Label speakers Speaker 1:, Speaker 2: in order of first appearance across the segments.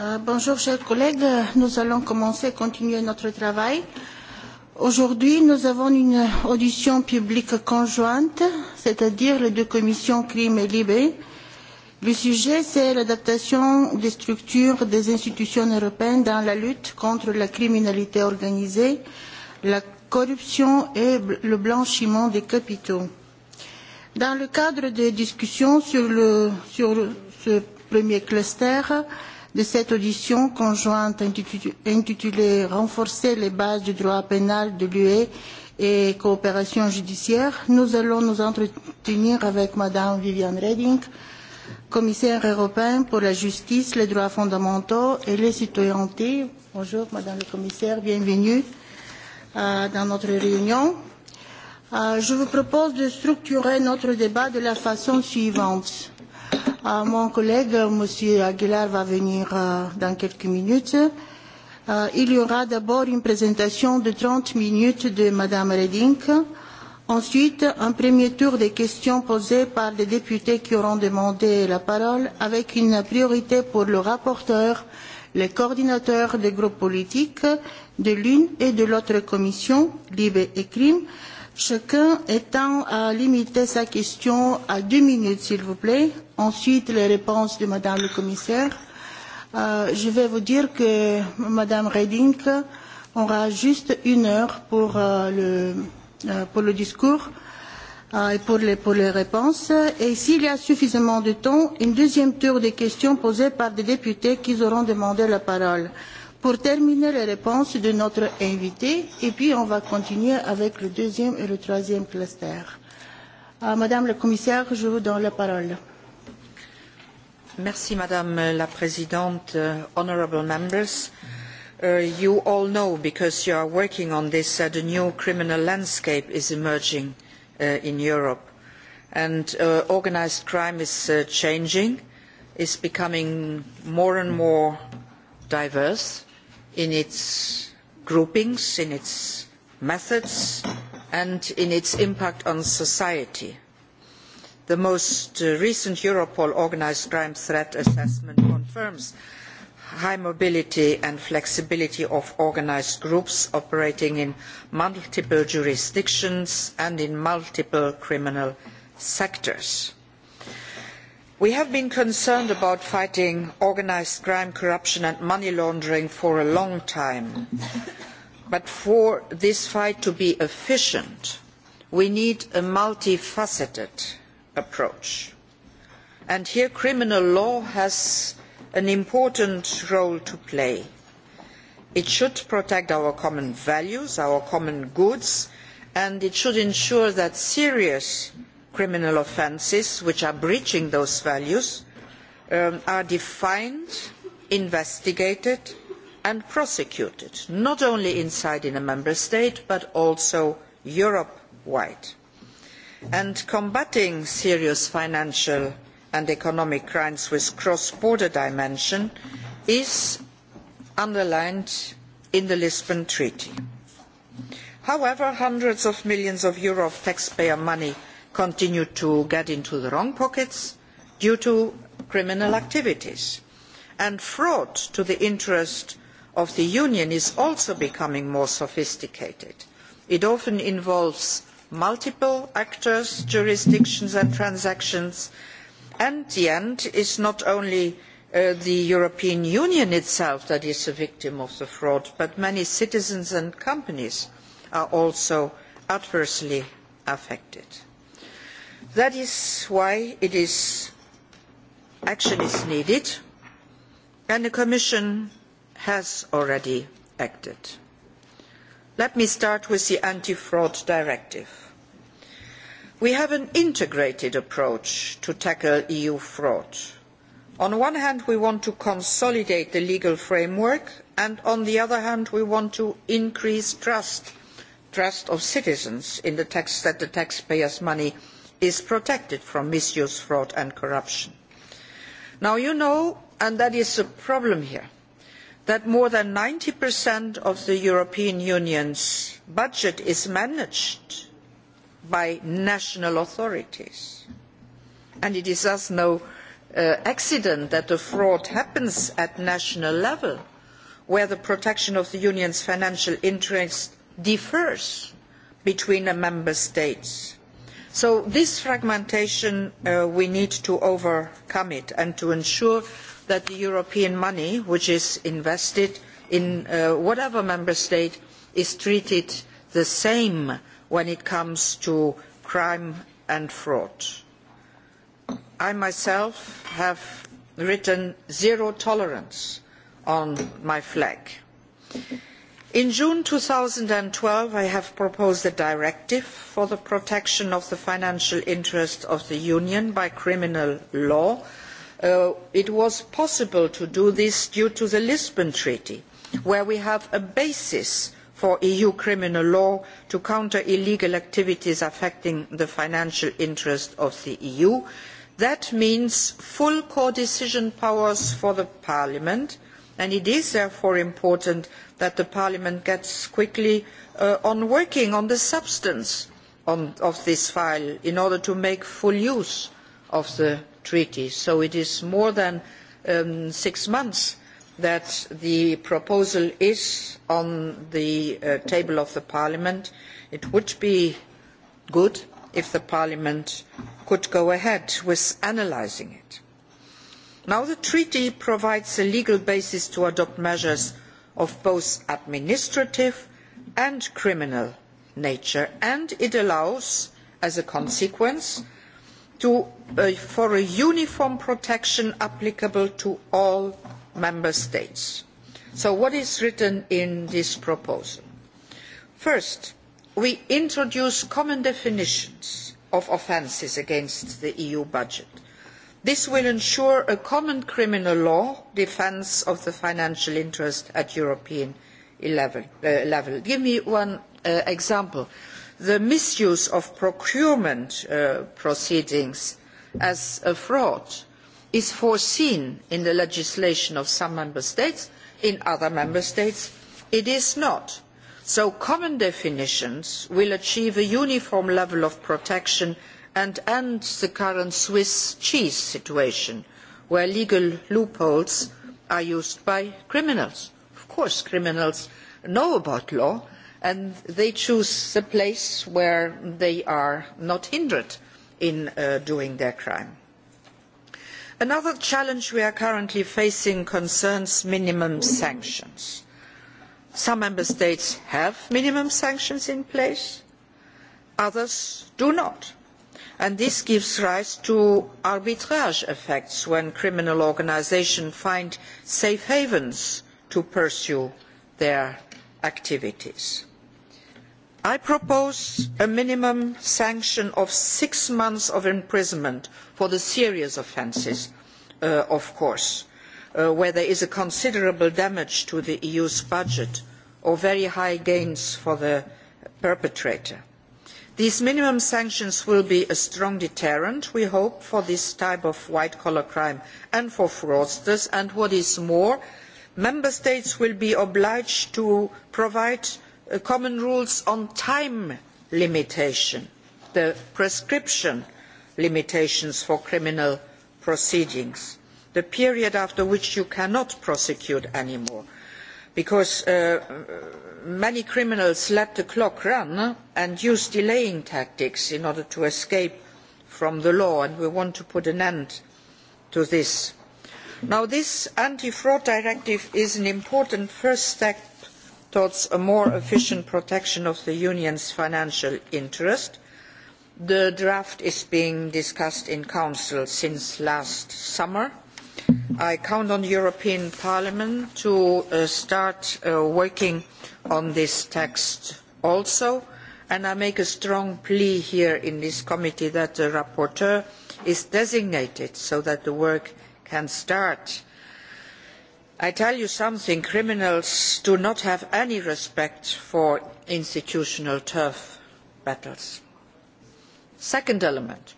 Speaker 1: Euh, bonjour, chers collègues. Nous allons commencer, et continuer notre travail. Aujourd'hui, nous avons une audition publique conjointe, c'est-à-dire les deux commissions Crime et Libé. Le sujet, c'est l'adaptation des structures des institutions européennes dans la lutte contre la criminalité organisée, la corruption et le blanchiment des capitaux. Dans le cadre des discussions sur, le, sur ce premier cluster de cette audition conjointe intitulée Renforcer les bases du droit pénal de l'UE et coopération judiciaire, nous allons nous entretenir avec Madame Viviane Reding, commissaire européen pour la justice, les droits fondamentaux et les citoyennetés. Bonjour Madame la commissaire, bienvenue euh, dans notre réunion. Euh, je vous propose de structurer notre débat de la façon suivante. Euh, mon collègue, M. Aguilar, va venir euh, dans quelques minutes. Euh, il y aura d'abord une présentation de 30 minutes de Mme Reding. Ensuite, un premier tour des questions posées par les députés qui auront demandé la parole, avec une priorité pour le rapporteur, les coordinateurs des groupes politiques de l'une et de l'autre commission, LIBE et CRIM, chacun étant à limiter sa question à deux minutes, s'il vous plaît. Ensuite, les réponses de Madame le Commissaire. Euh, je vais vous dire que Madame Reding aura juste une heure pour, euh, le, euh, pour le discours euh, et pour les, pour les réponses. Et s'il y a suffisamment de temps, une deuxième tour des questions posées par des députés qui auront demandé la parole pour terminer les réponses de notre invité et puis on va continuer avec le deuxième et le troisième cluster. Euh, Madame la commissaire, je vous donne la parole.
Speaker 2: Merci, Madame la Présidente, honorable members. Uh, you all know, because you are working on this, uh, that a new criminal landscape is emerging uh, in Europe. And uh, organized crime is uh, changing, is becoming more and more diverse in its groupings in its methods and in its impact on society. the most uh, recent europol organised crime threat assessment confirms high mobility and flexibility of organised groups operating in multiple jurisdictions and in multiple criminal sectors we have been concerned about fighting organised crime corruption and money laundering for a long time but for this fight to be efficient we need a multifaceted approach and here criminal law has an important role to play. it should protect our common values our common goods and it should ensure that serious criminal offences which are breaching those values um, are defined investigated and prosecuted not only inside in a member state but also europe wide. And combating serious financial and economic crimes with a cross border dimension is underlined in the lisbon treaty. however hundreds of millions of euros of taxpayer money continue to get into the wrong pockets due to criminal activities and fraud to the interest of the union is also becoming more sophisticated. it often involves multiple actors jurisdictions and transactions and the end is not only uh, the european union itself that is a victim of the fraud but many citizens and companies are also adversely affected that is why action is needed and the commission has already acted. let me start with the anti fraud directive. we have an integrated approach to tackle eu fraud. on the one hand we want to consolidate the legal framework and on the other hand we want to increase trust trust of citizens in the tax that the taxpayers' money is protected from misuse fraud and corruption. now you know and that is a problem here that more than ninety of the european union's budget is managed by national authorities and it is thus no uh, accident that the fraud happens at national level where the protection of the union's financial interests differs between the member states so this fragmentation uh, we need to overcome it and to ensure that the european money which is invested in uh, whatever member state is treated the same when it comes to crime and fraud. i myself have written zero tolerance' on my flag in june two thousand and twelve i proposed a directive for the protection of the financial interests of the union by criminal law. Uh, it was possible to do this due to the lisbon treaty where we have a basis for eu criminal law to counter illegal activities affecting the financial interests of the eu. that means full codecision powers for parliament and it is therefore important that parliament gets quickly uh, on working on the substance of this file in order to make full use of the treaty. so it is more than um, six months that the proposal is on the uh, table of parliament. it would be good if parliament could go ahead with analysing it Now, the treaty provides a legal basis to adopt measures of both administrative and criminal nature and it allows as a consequence uh, for a uniform protection applicable to all member states. so what is written in this proposal? first we introduce common definitions of offences against the eu budget this will ensure a common criminal law defence of the financial interest at european level. Uh, give me one uh, example the misuse of procurement uh, proceedings as a fraud is foreseen in the legislation of some member states in other member states it is not. so common definitions will achieve a uniform level of protection and end the current swiss cheese situation where legal loopholes are used by criminals. of course criminals know about law and they choose the place where they are not hindered in uh, doing their crime. another challenge we are currently facing concerns minimum sanctions. some member states have minimum sanctions in place others do not and this gives rise to arbitrage effects when criminal organisations find safe havens to pursue their activities. i propose a minimum sanction of six months of imprisonment for the serious offences uh, of course uh, where there is considerable damage to the eu's budget or very high gains for the perpetrator these minimum sanctions will be a strong deterrent we hope for this type of white collar crime and for fraudsters and what is more member states will be obliged to provide uh, common rules on time limitation the prescription limitations for criminal proceedings the period after which you cannot prosecute any more because uh, many criminals let the clock run and use delaying tactics in order to escape from the law and we want to put an end to this. Now, this anti fraud directive is an important first step towards a more efficient protection of the union's financial interest. the draft is being discussed in council since last summer. i count on the european parliament to uh, start uh, working on on this text also and i make a strong plea here in this committee that a rapporteur is designated so that the work can start. i tell you something criminals do not have any respect for institutional turf battles. second element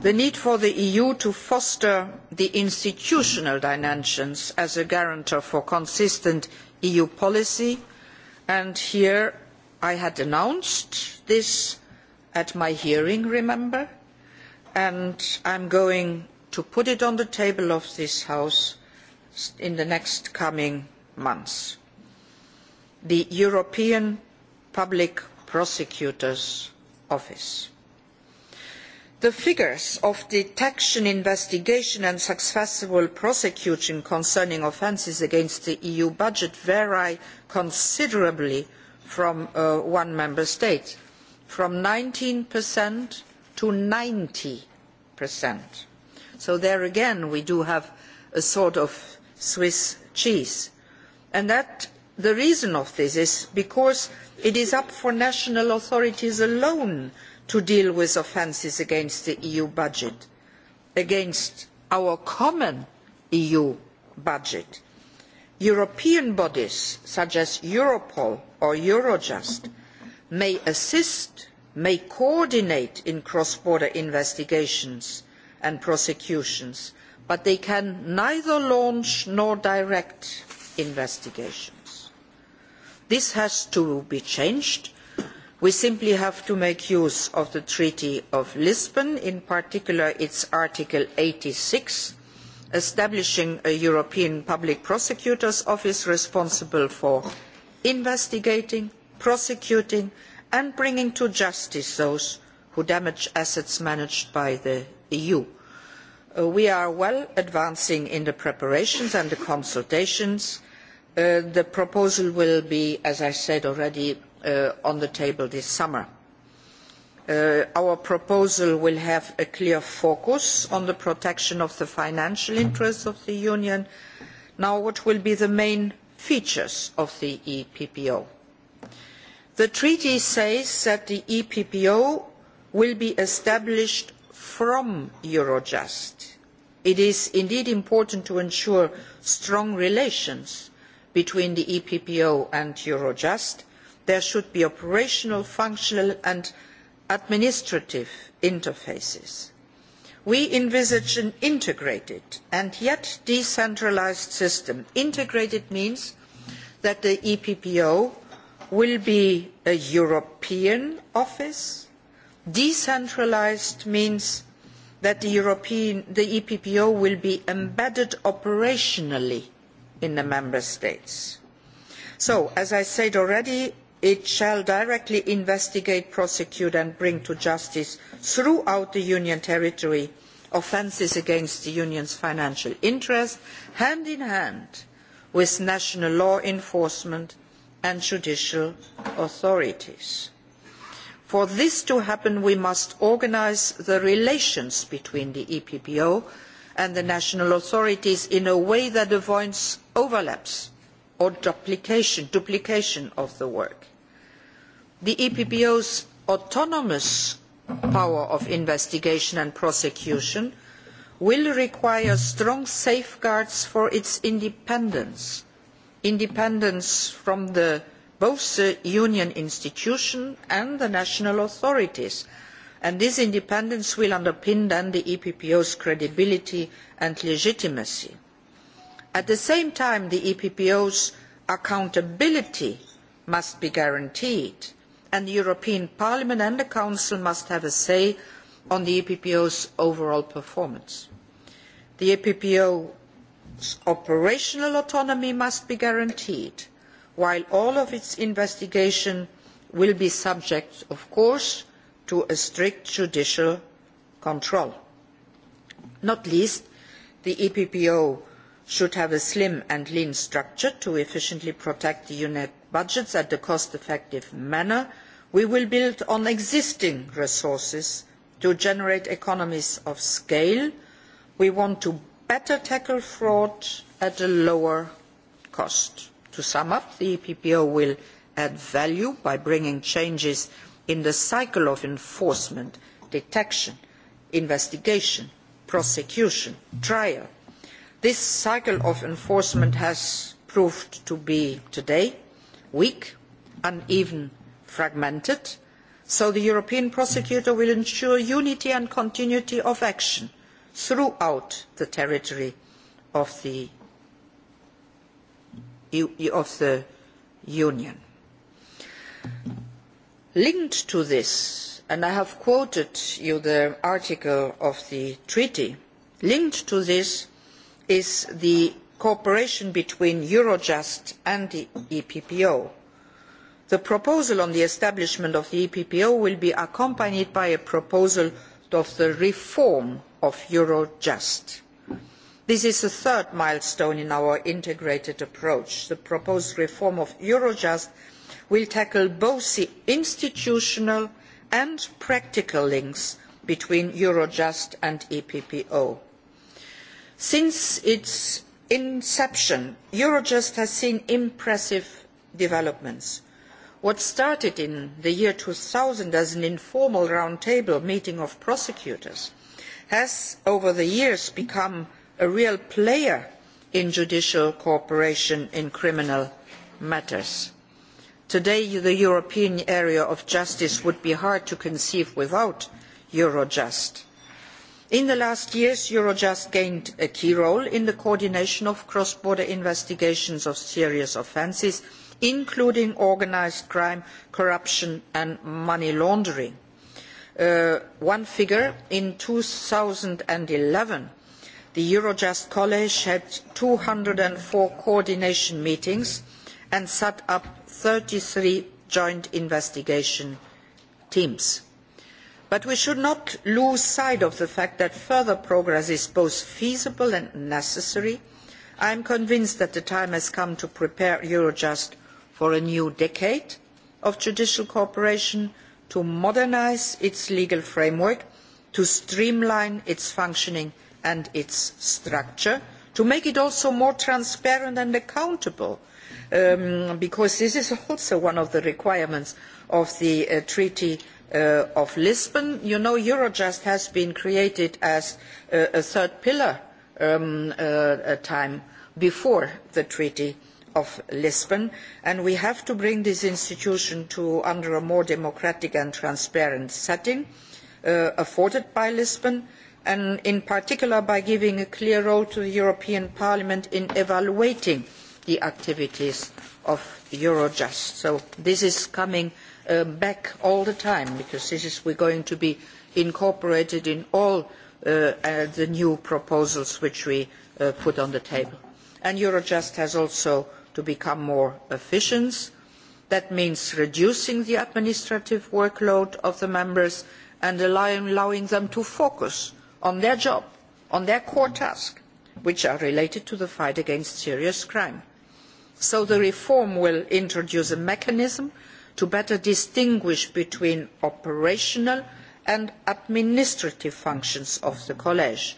Speaker 2: the need for the eu to foster the institutional dimensions as a guarantor for consistent eu policy and here i had announced this at my hearing remember and i am going to put it on the table of this house in the next coming months the european public prosecutor's office the figures of detection investigation and successful prosecution concerning offences against the eu budget vary considerably from uh, one member state from nineteen to ninety so there again we do have a sort of swiss cheese and the reason for this is because it is up to national authorities alone to to deal with offences against the eu budget against our common eu budget. european bodies such as europol or eurojust may assist may coordinate in cross border investigations and prosecutions but they can neither launch nor direct investigations. this has to be changed we simply have to make use of the treaty of lisbon in particular its article eighty six establishing a european public prosecutor's office responsible for investigating prosecuting and bringing to justice those who damage assets managed by the eu. Uh, we are well advanced in the preparations and the consultations. Uh, the proposal will be as i said already Uh, on the table this summer. Uh, our proposal will have a clear focus on the protection of the financial interests of the union. now what will be the main features of the eppo? the treaty says that the eppo will be established from eurojust. it is indeed important to ensure strong relations between the eppo and eurojust there should be operational functional and administrative interfaces. we envisage an integrated and yet decentralised system. integrated means that the eppo will be a european office. decentralised means that the, European, the eppo will be embedded operationally in the member states. so as i said already it shall directly investigate prosecute and bring to justice throughout the union territory offences against the union's financial interests hand in hand with national law enforcement and judicial authorities. for this to happen we must organise the relations between the eppo and the national authorities in a way that avoids overlaps or duplication of the work the eppo's autonomous power of investigation and prosecution will require strong safeguards for its independence independence from both the union institutions and the national authorities and this independence will underpin the eppo's credibility and legitimacy. at the same time the eppo's accountability must be guaranteed and the european parliament and the council must have a say on the eppo's overall performance. the eppo's operational autonomy must be guaranteed while all of its investigations will be subject of course to strict judicial control. not least the eppo should have a slim and lean structure to efficiently protect the budgets in a cost effective manner we will build on existing resources to generate economies of scale. we want to better tackle fraud at a lower cost. to sum up the eppo will add value by bringing changes in the cycle of enforcement detection investigation prosecution trial. this cycle of enforcement has proved to be today weak, uneven, fragmented, so the European prosecutor will ensure unity and continuity of action throughout the territory of the, of the Union. Linked to this, and I have quoted you the article of the treaty, linked to this is the cooperation between eurojust and the eppo. the proposal on the establishment of the eppo will be accompanied by a proposal for the reform of eurojust. this is the third milestone in our integrated approach. the proposed reform of eurojust will tackle both the institutional and practical links between eurojust and the eppo. since its inception eurojust has seen impressive developments. what started in the year two thousand as an informal round table meeting of prosecutors has over the years become a real player in judicial cooperation in criminal matters. today the european area of justice would be hard to conceive without eurojust in the last years eurojust gained a key role in the coordination of cross border investigations of serious offences including organised crime corruption and money laundering. Uh, one figure in two thousand and eleven the eurojust college had two hundred and four coordination meetings and set up thirty three joint investigation teams but we should not lose sight of the fact that further progress is both feasible and necessary. i am convinced that the time has come to prepare eurojust for a new decade of judicial cooperation to modernise its legal framework to streamline its functioning and its structure to make it also more transparent and accountable um, because this is also one of the requirements of the uh, Treaty uh, of Lisbon. You know, Eurojust has been created as uh, a third pillar um, a time before the Treaty of Lisbon, and we have to bring this institution to under a more democratic and transparent setting afforded by Lisbon, and in particular by giving a clear role to the European Parliament in evaluating the activities of Eurojust. So this is coming Uh, back all the time because this is going to be incorporated in all uh, uh, the new proposals which we put on the table. And Eurojust has also to become more efficient. That means reducing the administrative workload of the members and allowing, allowing them to focus on their job, on their core tasks, which are related to the fight against serious crime. So the reform will introduce a mechanism to better distinguish between operational and administrative functions of the college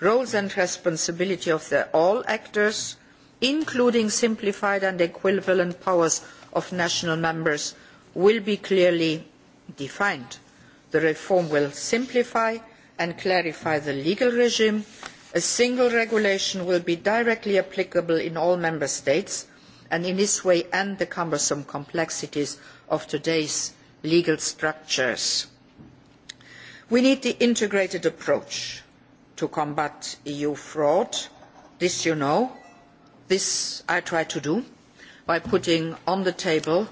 Speaker 2: the roles and responsibilities of the, all actors including simplified and equivalent powers of national members will be clearly defined. the reform will simplify and clarify the legal regime a single regulation will be directly applicable in all member states and in this way end the cumbersome complexities of today's legal structures. We need the integrated approach to combat EU fraud. This you know. This I try to do by putting on the table,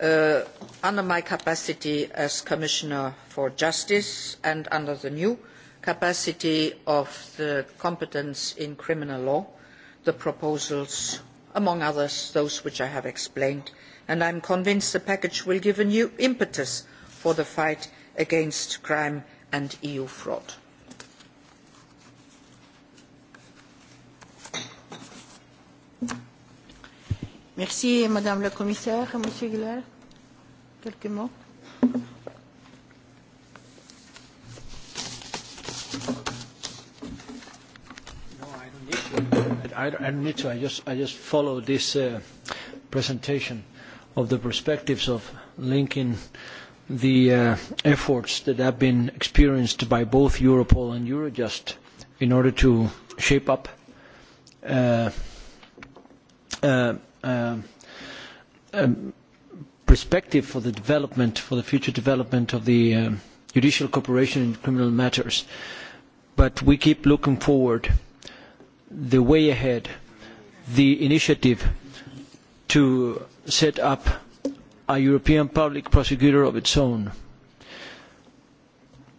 Speaker 2: uh, under my capacity as Commissioner for Justice and under the new capacity of the competence in criminal law, the proposals, among others, those which I have explained and i am convinced the package will give a new impetus to the fight against crime and eu fraud.
Speaker 1: Merci, madame
Speaker 3: I just, follow this uh, presentation of the perspectives of linking the uh, efforts that have been experienced by both Europol and Eurojust in order to shape up uh, uh, uh um, perspective for the development, for the future development of the uh, judicial cooperation in criminal matters. But we keep looking forward, the way ahead, the initiative to set up a European public prosecutor of its own,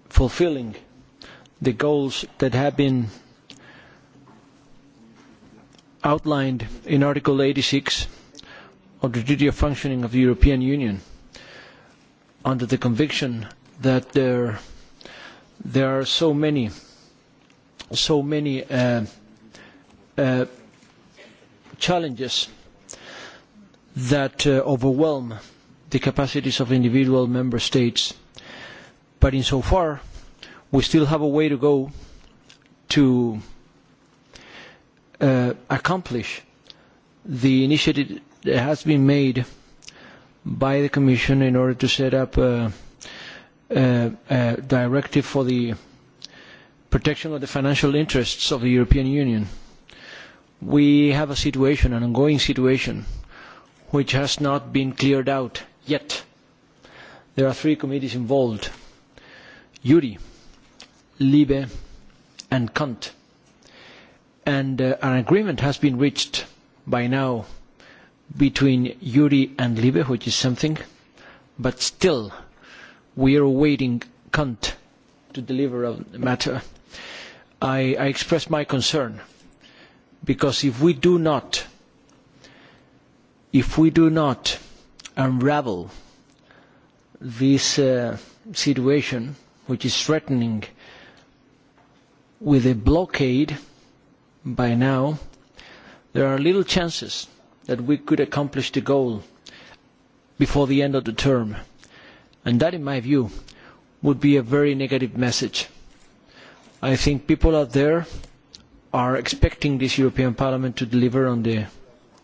Speaker 3: fulfilling the goals that have been outlined in Article 86 of the Treaty of Functioning of the European Union under the conviction that there, there are so many, so many uh, uh, challenges that uh, overwhelm the capacities of individual member states. But insofar, we still have a way to go to uh, accomplish the initiative that has been made by the Commission in order to set up a, uh, a, uh, a directive for the protection of the financial interests of the European Union. We have a situation, an ongoing situation, which has not been cleared out yet. There are three committees involved, Juri, Libe and Kant. And uh, an agreement has been reached by now between Juri and Libe, which is something, but still we are awaiting Kant to deliver on the matter. I, I express my concern because if we do not If we do not unravel this uh, situation, which is threatening with a blockade by now, there are little chances that we could accomplish the goal before the end of the term. And that, in my view, would be a very negative message. I think people out there are expecting this European Parliament to deliver on the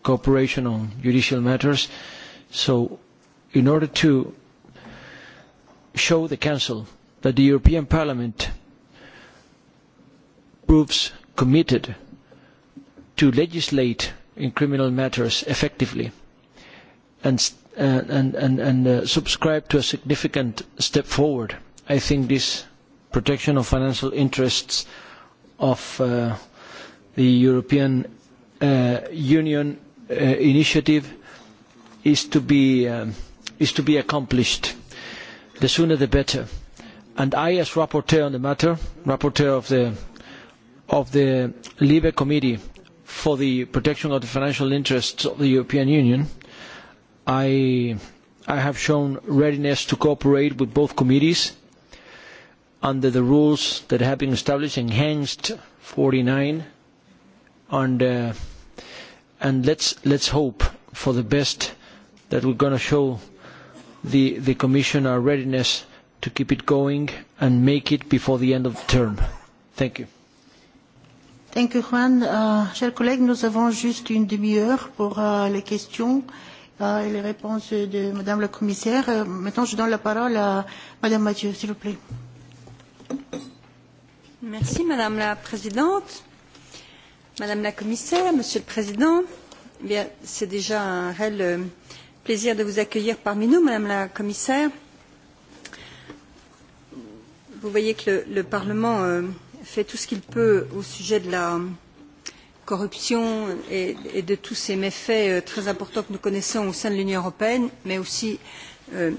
Speaker 3: cooperation on judicial matters. So in order to show the Council that the European Parliament proves committed to legislate in criminal matters effectively and, uh, and, and, and uh, subscribe to a significant step forward, I think this protection of financial interests of uh, the European uh, Union Uh, initiative is to be um, is to be accomplished the sooner the better and i as rapporteur on the matter rapporteur of the of the libe committee for the protection of the financial interests of the european union i i have shown readiness to cooperate with both committees under the rules that have been established enhanced 49 and uh, and let's let's hope for the best that we're going to show the the commission our readiness to keep it going and make it before the end of the term thank you
Speaker 1: thank you juan uh, chers collègues nous avons juste une demi-heure pour uh, les questions uh, et les réponses de madame la commissaire uh, maintenant je donne la parole à madame Mathieu s'il vous plaît
Speaker 4: merci madame la présidente Madame la Commissaire, Monsieur le Président, eh c'est déjà un réel euh, plaisir de vous accueillir parmi nous, Madame la Commissaire. Vous voyez que le, le Parlement euh, fait tout ce qu'il peut au sujet de la corruption et, et de tous ces méfaits euh, très importants que nous connaissons au sein de l'Union européenne, mais aussi euh,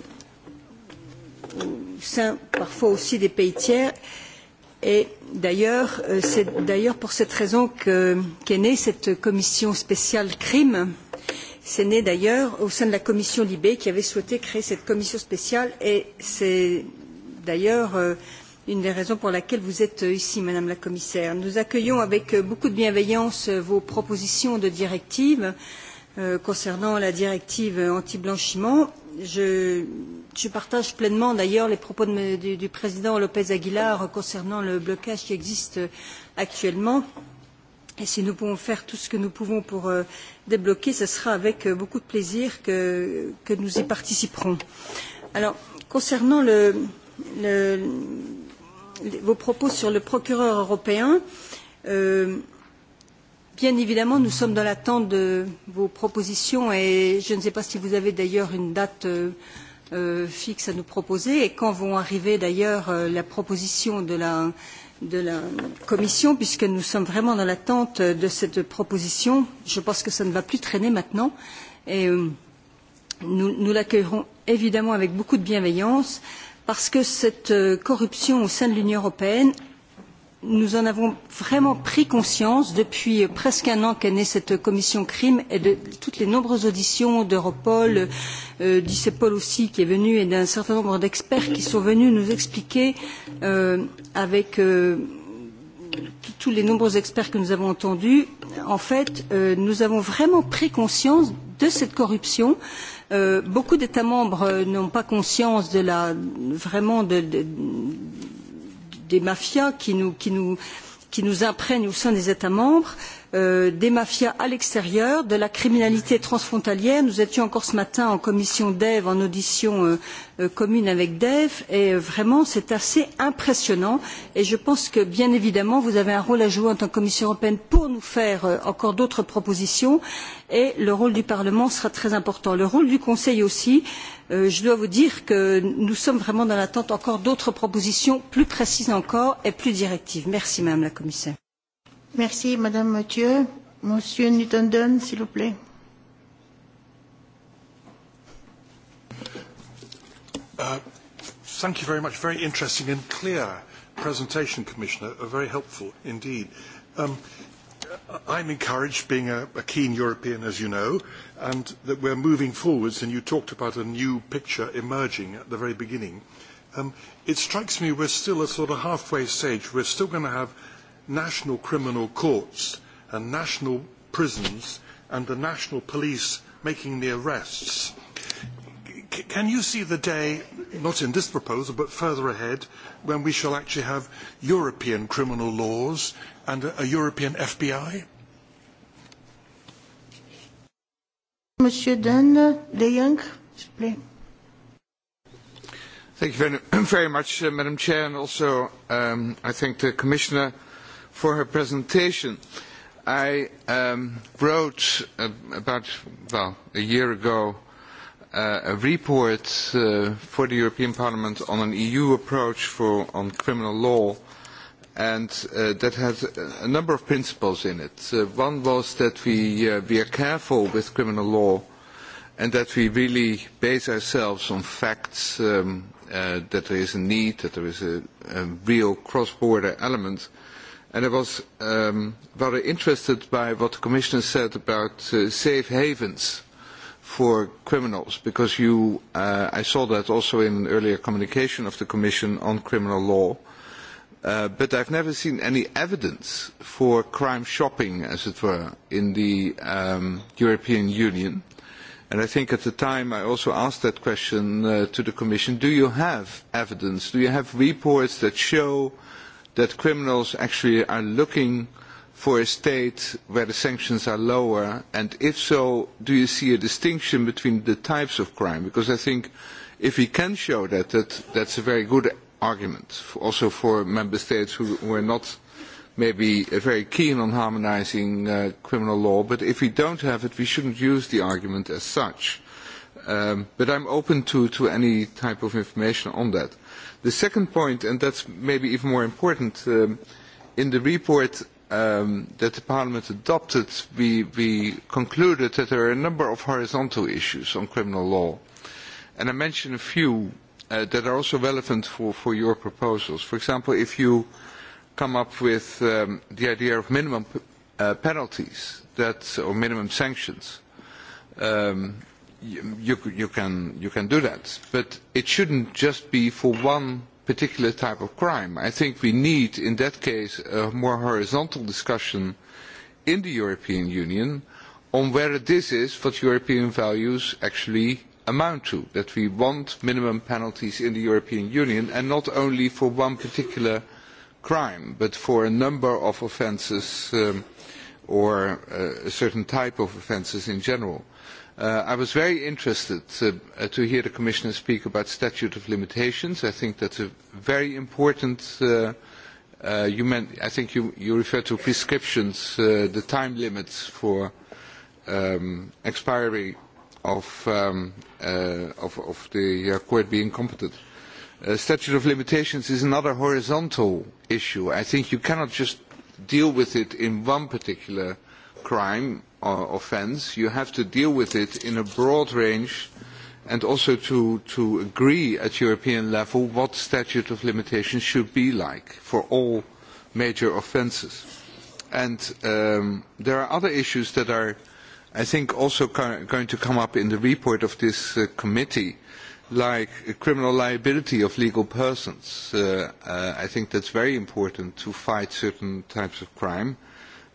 Speaker 4: au sein parfois aussi des pays tiers. Euh, Et d'ailleurs, euh, c'est d'ailleurs pour cette raison qu'est qu née cette commission spéciale crime. C'est né d'ailleurs au sein de la commission Libé qui avait souhaité créer cette commission spéciale et c'est d'ailleurs euh, une des raisons pour laquelle vous êtes ici, Madame la Commissaire. Nous accueillons avec beaucoup de bienveillance vos propositions de directive euh, concernant la directive anti-blanchiment je, je partage pleinement d'ailleurs les propos de, du, du président Lopez Aguilar concernant le blocage qui existe actuellement. Et si nous pouvons faire tout ce que nous pouvons pour euh, débloquer, ce sera avec euh, beaucoup de plaisir que, que nous y participerons. Alors, concernant le, le, vos propos sur le procureur européen, euh, Bien évidemment, nous sommes dans l'attente de vos propositions et je ne sais pas si vous avez d'ailleurs une date euh, euh fixe à nous proposer et quand vont arriver d'ailleurs euh, la proposition de la, de la Commission, puisque nous sommes vraiment dans l'attente de cette proposition. Je pense que ça ne va plus traîner maintenant et euh, nous, nous l'accueillerons évidemment avec beaucoup de bienveillance parce que cette euh, corruption au sein de l'Union européenne nous en avons vraiment pris conscience depuis presque un an qu'est née cette commission crime et de toutes les nombreuses auditions d'Europol, euh, d'ICEPOL aussi qui est venu et d'un certain nombre d'experts qui sont venus nous expliquer euh, avec euh, tous les nombreux experts que nous avons entendus, en fait, euh, nous avons vraiment pris conscience de cette corruption. Euh, beaucoup d'États membres n'ont pas conscience de la, vraiment de, de, des mafias qui nous, qui nous, qui nous imprègnent au sein des États membres. Euh, des mafias à l'extérieur, de la criminalité transfrontalière. Nous étions encore ce matin en commission DEV, en audition euh, euh, commune avec DEV, et euh, vraiment c'est assez impressionnant. Et je pense que bien évidemment vous avez un rôle à jouer en tant que Commission européenne pour nous faire euh, encore d'autres propositions, et le rôle du Parlement sera très important. Le rôle du Conseil aussi. je dois vous dire que nous sommes vraiment dans l'attente encore d'autres propositions plus précises encore et plus directives.
Speaker 1: Merci Madame la Commissaire. Merci, Madame Mathieu. Monsieur newton s'il vous plaît.
Speaker 5: Uh, thank you very much. Very interesting and clear presentation, Commissioner. Uh, very helpful indeed. Um, I'm encouraged, being a, a keen European, as you know, and that we're moving forwards, and you talked about a new picture emerging at the very beginning. Um, it strikes me we're still a sort of halfway stage. We're still going to have national criminal courts and national prisons and the national police making the arrests. C can you see the day, not in this proposal, but further ahead, when we shall actually have European criminal laws and a, a European FBI?
Speaker 1: Monsieur Dan De Jong, please.
Speaker 6: Thank you very, very much, uh, Madam Chair, and also um, I thank the Commissioner for her presentation. I um, wrote uh, about well a year ago uh, a report uh, for the European Parliament on an EU approach for on criminal law, and uh, that had a number of principles in it. Uh, one was that we uh, we are careful with criminal law, and that we really base ourselves on facts um, uh, that there is a need, that there is a, a real cross-border element. Uh, And I was um, very interested by what the Commissioner said about uh, safe havens for criminals, because you, uh, I saw that also in an earlier communication of the Commission on criminal law. Uh, but I've never seen any evidence for crime shopping, as it were, in the um, European Union. And I think at the time I also asked that question uh, to the Commission, do you have evidence? Do you have reports that show that criminals actually are looking for a state where the sanctions are lower? And if so, do you see a distinction between the types of crime? Because I think if we can show that, that that's a very good argument, also for member states who, who are not maybe uh, very keen on harmonizing uh, criminal law, but if we don't have it, we shouldn't use the argument as such. Um, but I'm open to, to any type of information on that. The second point, and that's maybe even more important, um, in the report um, that the Parliament adopted, we, we concluded that there are a number of horizontal issues on criminal law. And I mention a few uh, that are also relevant for, for your proposals. For example, if you come up with um, the idea of minimum uh, penalties that, or minimum sanctions, um, you, can, do that. But it should not just be for one particular type of crime. I think we need, in that case, a more horizontal discussion in the European Union on whether this is what European values actually amount to, that we want minimum penalties in the European Union, and not only for one particular crime, but for a number of offences um, or uh, a certain type of offences in general. Uh, I was very interested uh, to hear the Commissioner speak about statute of limitations. I think that's a very important, uh, uh, you meant, I think you, you referred to prescriptions, uh, the time limits for um, expiry of, um, uh, of, of the uh, court being competent. Uh, statute of limitations is another horizontal issue. I think you cannot just deal with it in one particular crime Uh, offence, you have to deal with it in a broad range and also to, to agree at European level what statute of limitations should be like for all major offences. And um, there are other issues that are, I think, also going to come up in the report of this uh, committee, like criminal liability of legal persons. Uh, uh, I think that's very important to fight certain types of crime. Uh,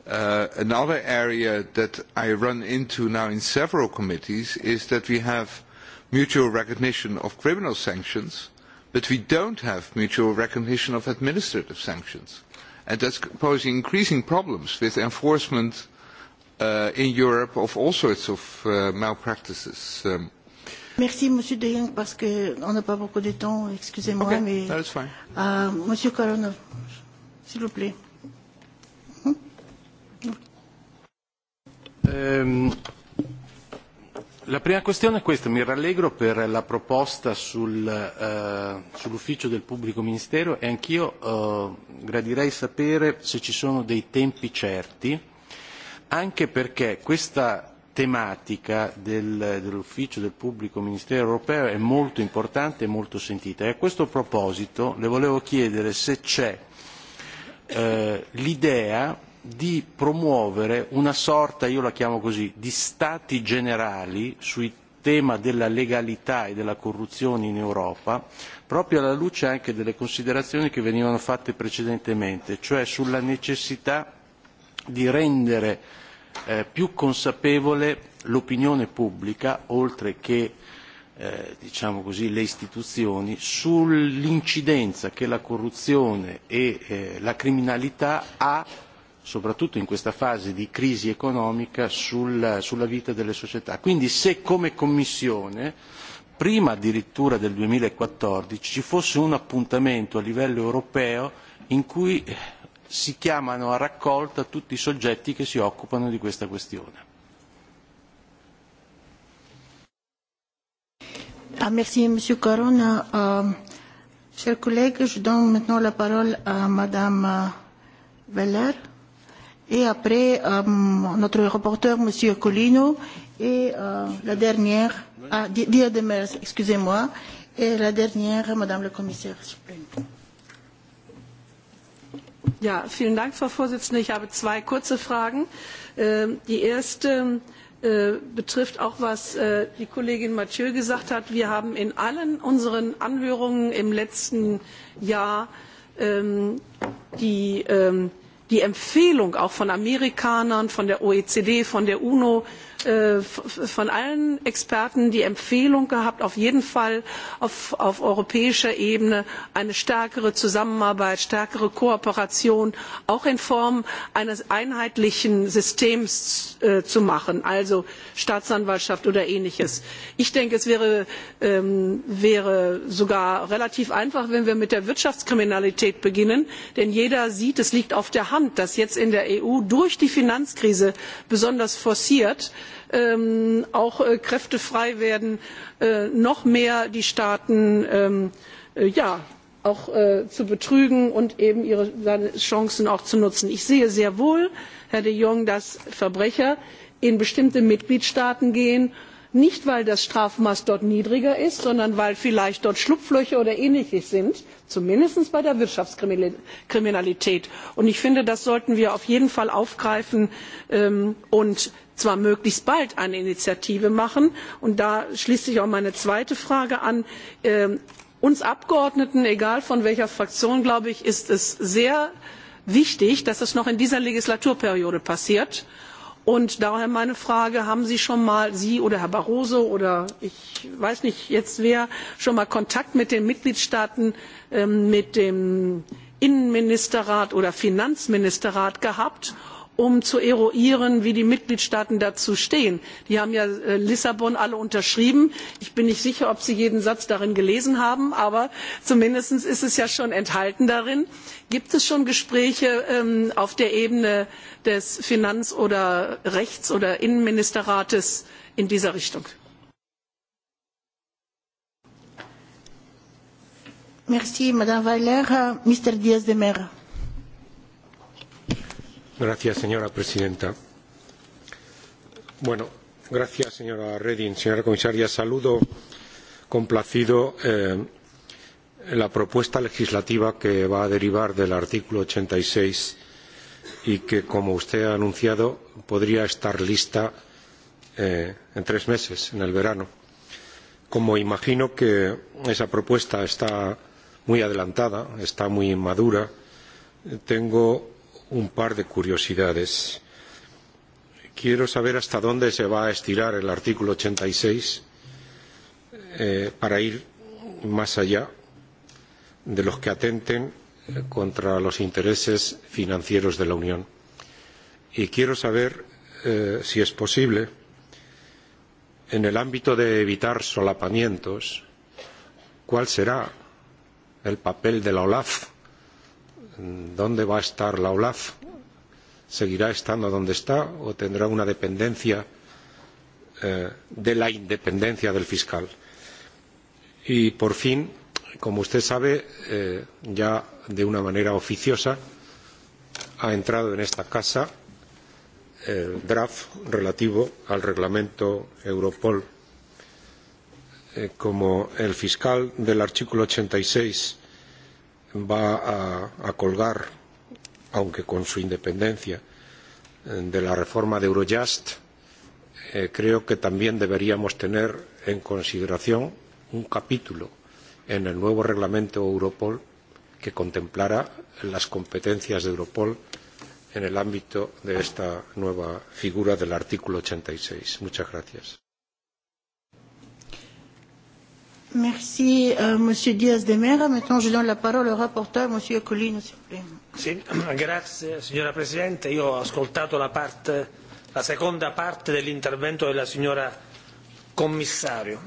Speaker 6: Uh, another area that I run into now in several committees is that we have mutual recognition of criminal sanctions, but we don't have mutual recognition of administrative sanctions. And that's posing increasing problems with enforcement uh, in Europe of all sorts of uh, malpractices. Um,
Speaker 1: Merci, Monsieur De Jong, parce qu'on n'a pas beaucoup de temps, excusez-moi, okay. mais... that's fine. Uh, Monsieur s'il vous plaît.
Speaker 7: Um, la prima questione è questa, mi rallegro per la proposta sul, uh, sull'ufficio del pubblico ministero e anch'io uh, gradirei sapere se ci sono dei tempi certi, anche perché questa tematica del, dell'ufficio del pubblico ministero europeo è molto importante e molto sentita e a questo proposito le volevo chiedere se c'è eh, l'idea di promuovere una sorta, io la chiamo così, di stati generali sui tema della legalità e della corruzione in Europa, proprio alla luce anche delle considerazioni che venivano fatte precedentemente, cioè sulla necessità di rendere eh, più consapevole l'opinione pubblica, oltre che eh, diciamo così, le istituzioni, sull'incidenza che la corruzione e eh, la criminalità ha soprattutto in questa fase di crisi economica sulla vita delle società. Quindi se come Commissione prima addirittura del duemilaquattordici ci fosse un appuntamento a livello europeo in cui si chiamano a raccolta tutti i soggetti che si occupano di questa questione.
Speaker 1: Ah, merci, Monsieur Corona. Euh, chers collègues, je donne maintenant la parole à Madame Veller. Euh, et après euh, notre Colino, et euh, la dernière, ah, Dia de Mers, excusez-moi, et la dernière, Madame la Commissaire, s'il vous plaît.
Speaker 8: Ja, vielen Dank, Frau Vorsitzende. Ich habe zwei kurze Fragen. Ähm, die erste äh, betrifft auch, was äh, die Kollegin Mathieu gesagt hat. Wir haben in allen unseren Anhörungen im letzten Jahr ähm, die ähm, die empfehlung auch von amerikanern von der oecd von der uno Äh, von allen Experten die Empfehlung gehabt, auf jeden Fall auf, auf europäischer Ebene eine stärkere Zusammenarbeit, stärkere Kooperation auch in Form eines einheitlichen Systems äh, zu machen, also Staatsanwaltschaft oder ähnliches. Ich denke, es wäre, ähm, wäre sogar relativ einfach, wenn wir mit der Wirtschaftskriminalität beginnen, denn jeder sieht, es liegt auf der Hand, dass jetzt in der EU durch die Finanzkrise besonders forciert, Ähm, auch äh, Kräfte frei werden, äh, noch mehr die Staaten ähm, äh, ja, auch zu betrügen und eben ihre Chancen auch zu nutzen. Ich sehe sehr wohl, Herr de Jong, dass Verbrecher in bestimmte Mitgliedstaaten gehen, nicht weil das Strafmaß dort niedriger ist, sondern weil vielleicht dort Schlupflöcher oder ähnliches sind, zumindest bei der Wirtschaftskriminalität. Und ich finde, das sollten wir auf jeden Fall aufgreifen ähm, und zwar möglichst bald eine initiative machen und da schließt sich auch meine zweite frage an ähm, uns abgeordneten egal von welcher fraktion glaube ich ist es sehr wichtig dass das noch in dieser legislaturperiode passiert und daher meine frage haben sie schon mal sie oder herr barroso oder ich weiß nicht jetzt wer schon mal kontakt mit den mitgliedstaaten ähm, mit dem innenministerrat oder finanzministerrat gehabt um zu eruieren wie die mitgliedstaaten dazu stehen. die haben ja äh, lissabon alle unterschrieben. ich bin nicht sicher ob sie jeden satz darin gelesen haben aber zumindest ist es ja schon enthalten gibt es schon gespräche ähm, auf der ebene des finanz oder rechts oder innenministerrates in dieser richtung?
Speaker 9: Gracias, señora presidenta. Bueno, gracias, señora Reding. Señora comisaria, saludo complacido eh, la propuesta legislativa que va a derivar del artículo 86 y que, como usted ha anunciado, podría estar lista eh, en tres meses, en el verano. Como imagino que esa propuesta está muy adelantada, está muy inmadura, tengo un par de curiosidades. Quiero saber hasta dónde se va a estirar el artículo 86 eh, para ir más allá de los que atenten contra los intereses financieros de la Unión. Y quiero saber eh, si es posible, en el ámbito de evitar solapamientos, cuál será el papel de la OLAF dónde va a estar la OLAF? ¿Seguirá estando donde está o tendrá una dependencia eh, de la independencia del fiscal? Y, por fin, como usted sabe, eh, ya de una manera oficiosa ha entrado en esta casa el eh, draft relativo al reglamento Europol. Eh, como el fiscal del artículo 86 va a, a colgar, aunque con su independencia, de la reforma de Eurojust, eh, creo que también deberíamos tener en consideración un capítulo en el nuevo reglamento Europol que contemplara las competencias de Europol en el ámbito de esta nueva figura del artículo 86. Muchas gracias.
Speaker 1: Merci, euh, Monsieur Diaz de Mera. Maintenant, je donne la parole au rapporteur, Monsieur Collino, s'il vous plaît.
Speaker 9: Sì,
Speaker 10: grazie, signora Presidente. Io ho ascoltato la, parte, la seconda parte dell'intervento della signora Commissario.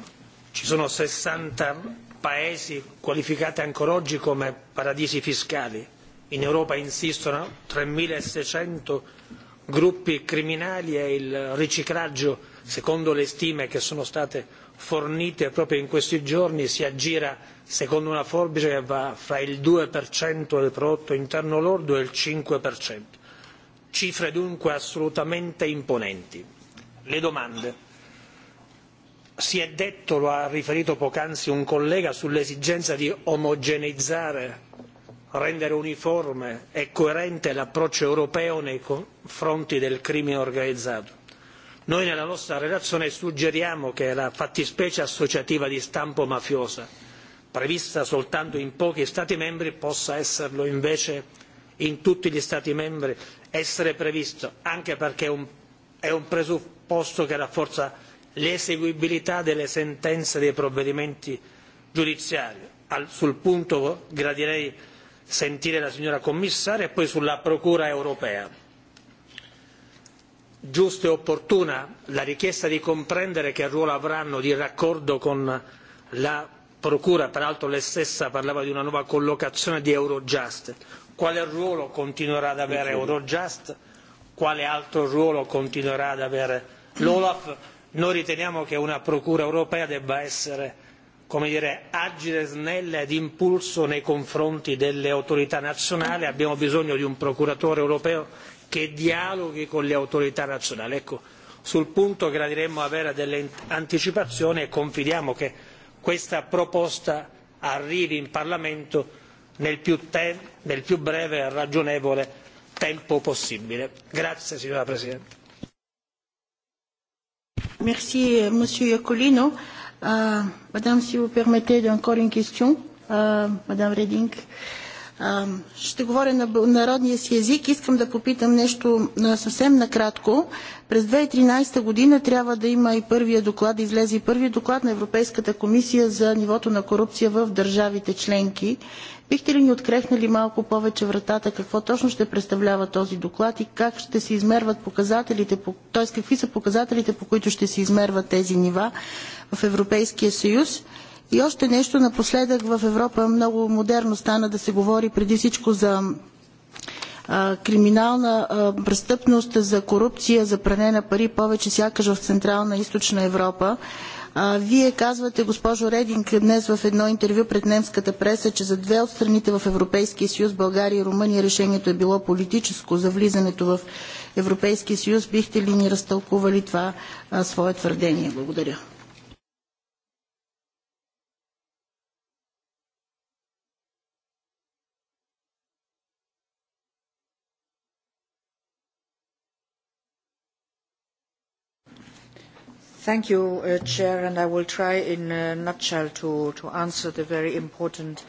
Speaker 10: Ci sono 60 paesi qualificati ancora oggi come paradisi fiscali. In Europa insistono 3.600 gruppi criminali e il riciclaggio, secondo le stime che sono state fornite proprio in questi giorni si aggira secondo una forbice che va fra il 2% del prodotto interno lordo e il 5%. Cifre dunque assolutamente imponenti. Le domande. Si è detto, lo ha riferito poc'anzi un collega, sull'esigenza di omogeneizzare, rendere uniforme e coerente l'approccio europeo nei confronti del crimine organizzato Noi nella nostra relazione suggeriamo che la fattispecie associativa di stampo mafiosa, prevista soltanto in pochi Stati membri, possa esserlo invece in tutti gli Stati membri, essere previsto, anche perché è un, è un presupposto che rafforza l'eseguibilità delle sentenze dei provvedimenti giudiziari. Al, sul punto gradirei sentire la signora commissaria e poi sulla Procura europea giusta e opportuna la richiesta di comprendere che ruolo avranno di raccordo con la procura peraltro lei stessa parlava di una nuova collocazione di eurojust quale ruolo continuerà ad avere eurojust quale altro ruolo continuerà ad avere l'olaf noi riteniamo che una procura europea debba essere come dire agile snella e impulso nei confronti delle autorità nazionali abbiamo bisogno di un procuratore europeo che dialoghi con le autorità nazionali. Ecco, sul punto gradiremmo avere delle anticipazioni e confidiamo che questa proposta arrivi in Parlamento nel più, te- nel più breve e ragionevole tempo possibile. Grazie signora Presidente.
Speaker 1: Merci euh, Monsieur Iacolino. Euh, Madame, si vous permettez encore une question, euh, Madame Reding. Ще говоря на народния си език. Искам да попитам нещо съвсем накратко. През 2013 година трябва да има и първия доклад, да излезе и първия доклад на Европейската комисия за нивото на корупция в държавите членки. Бихте ли ни открехнали малко повече вратата, какво точно ще представлява този доклад и как ще се измерват показателите, т.е. какви са показателите, по които ще се измерват тези нива в Европейския съюз? И още нещо напоследък в Европа много модерно стана да се говори преди всичко за криминална престъпност, за корупция, за пране на пари, повече сякаш в Централна и Източна Европа. Вие казвате, госпожо Рединг, днес в едно интервю пред немската преса, че за две от страните в Европейския съюз, България и Румъния, решението е било политическо за влизането в Европейския съюз. Бихте ли ни разтълкували това свое твърдение? Благодаря.
Speaker 2: Thank you, uh, Chair, and I will try in a nutshell to, to answer the very important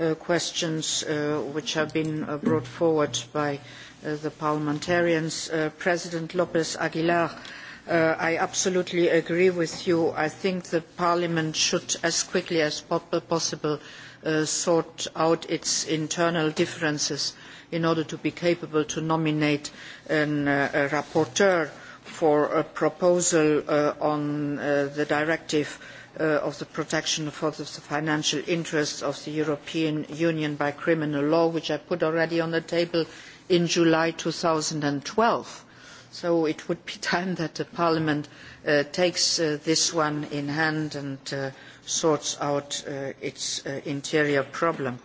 Speaker 2: uh, questions uh, which have been uh, brought forward by uh, the parliamentarians. President Lopez Aguilar, I absolutely agree with you. I think the Parliament should, as quickly as possible, sort out its internal differences in order to be capable to nominate an, a rapporteur for a proposal uh, on uh, the directive uh, of the protection for the financial interests of the European Union by criminal law, which I put already on the table in July 2012. So it would be time that the Parliament uh, takes uh, this one in hand and uh, sorts out uh, its uh, interior problem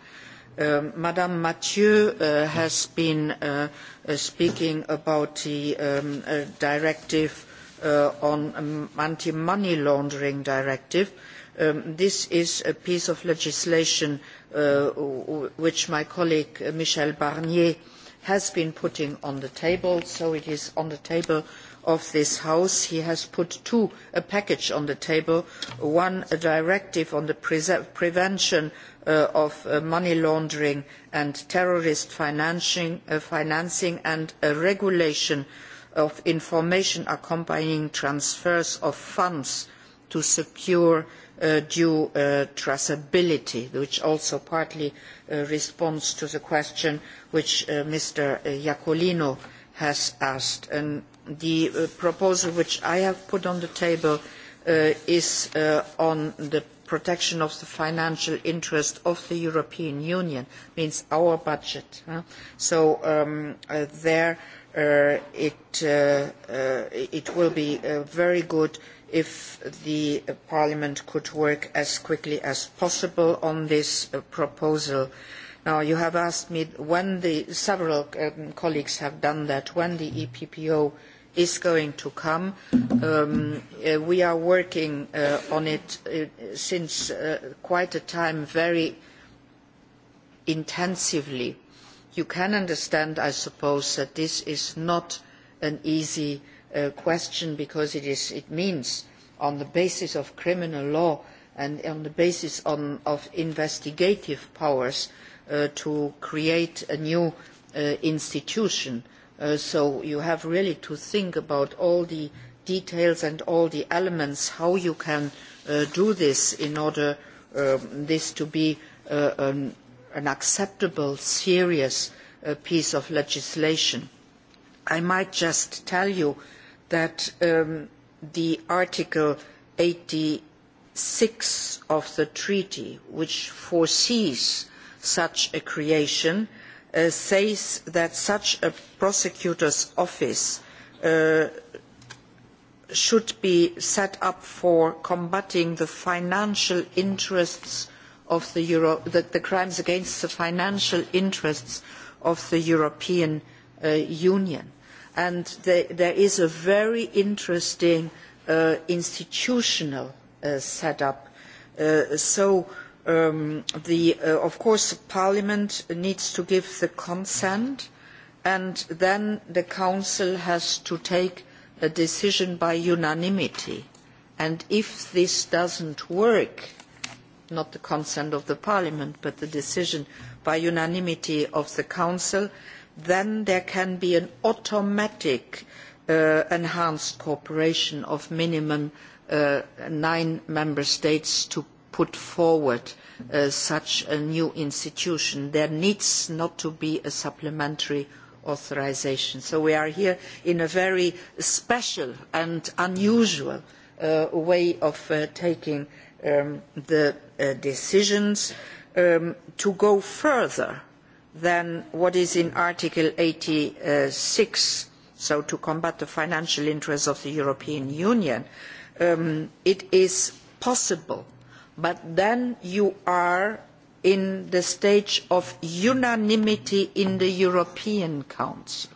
Speaker 2: Um, Madam, Mathieu uh, has been uh, uh, speaking about the um, directive on um, anti-money laundering directive. this is a piece of legislation which my colleague Michel Barnier has been putting on the table, so it is on the table of this house he has put two, a package on the table one a directive on the prevention uh, of uh, money laundering and terrorist uh, financing, and a regulation of information accompanying transfers of funds to secure due traceability which also partly responds to the question which mr iacolino has asked the uh, proposal which I have put on the table uh, is uh, on the protection of the financial interest of the European Union, means our budget. So um, there it, will be very good if the Parliament could work as quickly as possible on this proposal. Now, you have asked me when the several um, colleagues have done that, when the EPPO is going to come. Um, uh, we are working uh, on it for uh, since quite a time very intensively. You can understand, I suppose, that this is not an easy question because it, is, it means on the basis of criminal law and on the basis of investigative powers to create a new institution Uh, so you have really to think about all the details and all the elements, how you can uh, do this in order for um, this to be uh, an, acceptable, serious piece of legislation. I might just tell you that um, the Article 86 of the treaty, which foresees such a creation, Uh, says that such a prosecutor's office uh, should be set up for combating the financial interests of the, Euro the, the crimes against the financial interests of the European uh, Union. And there is a very interesting institutional setup. so Um, uh, of course parliament needs to give the consent and then the council has to take a decision by unanimity and if this does not work not the consent of parliament but the decision by unanimity of the council then there can be an automatic uh, enhanced cooperation of minimum uh, nine member states to put forward uh, such a new institution. There needs not to be a supplementary authorisation. So we are here in a very special and unusual uh, way of uh, taking um, the uh, decisions um, to go further than what is in Article 86, so to combat the financial interests of the European Union. Um, it is possible but then you are in the stage of unanimity in the European Council.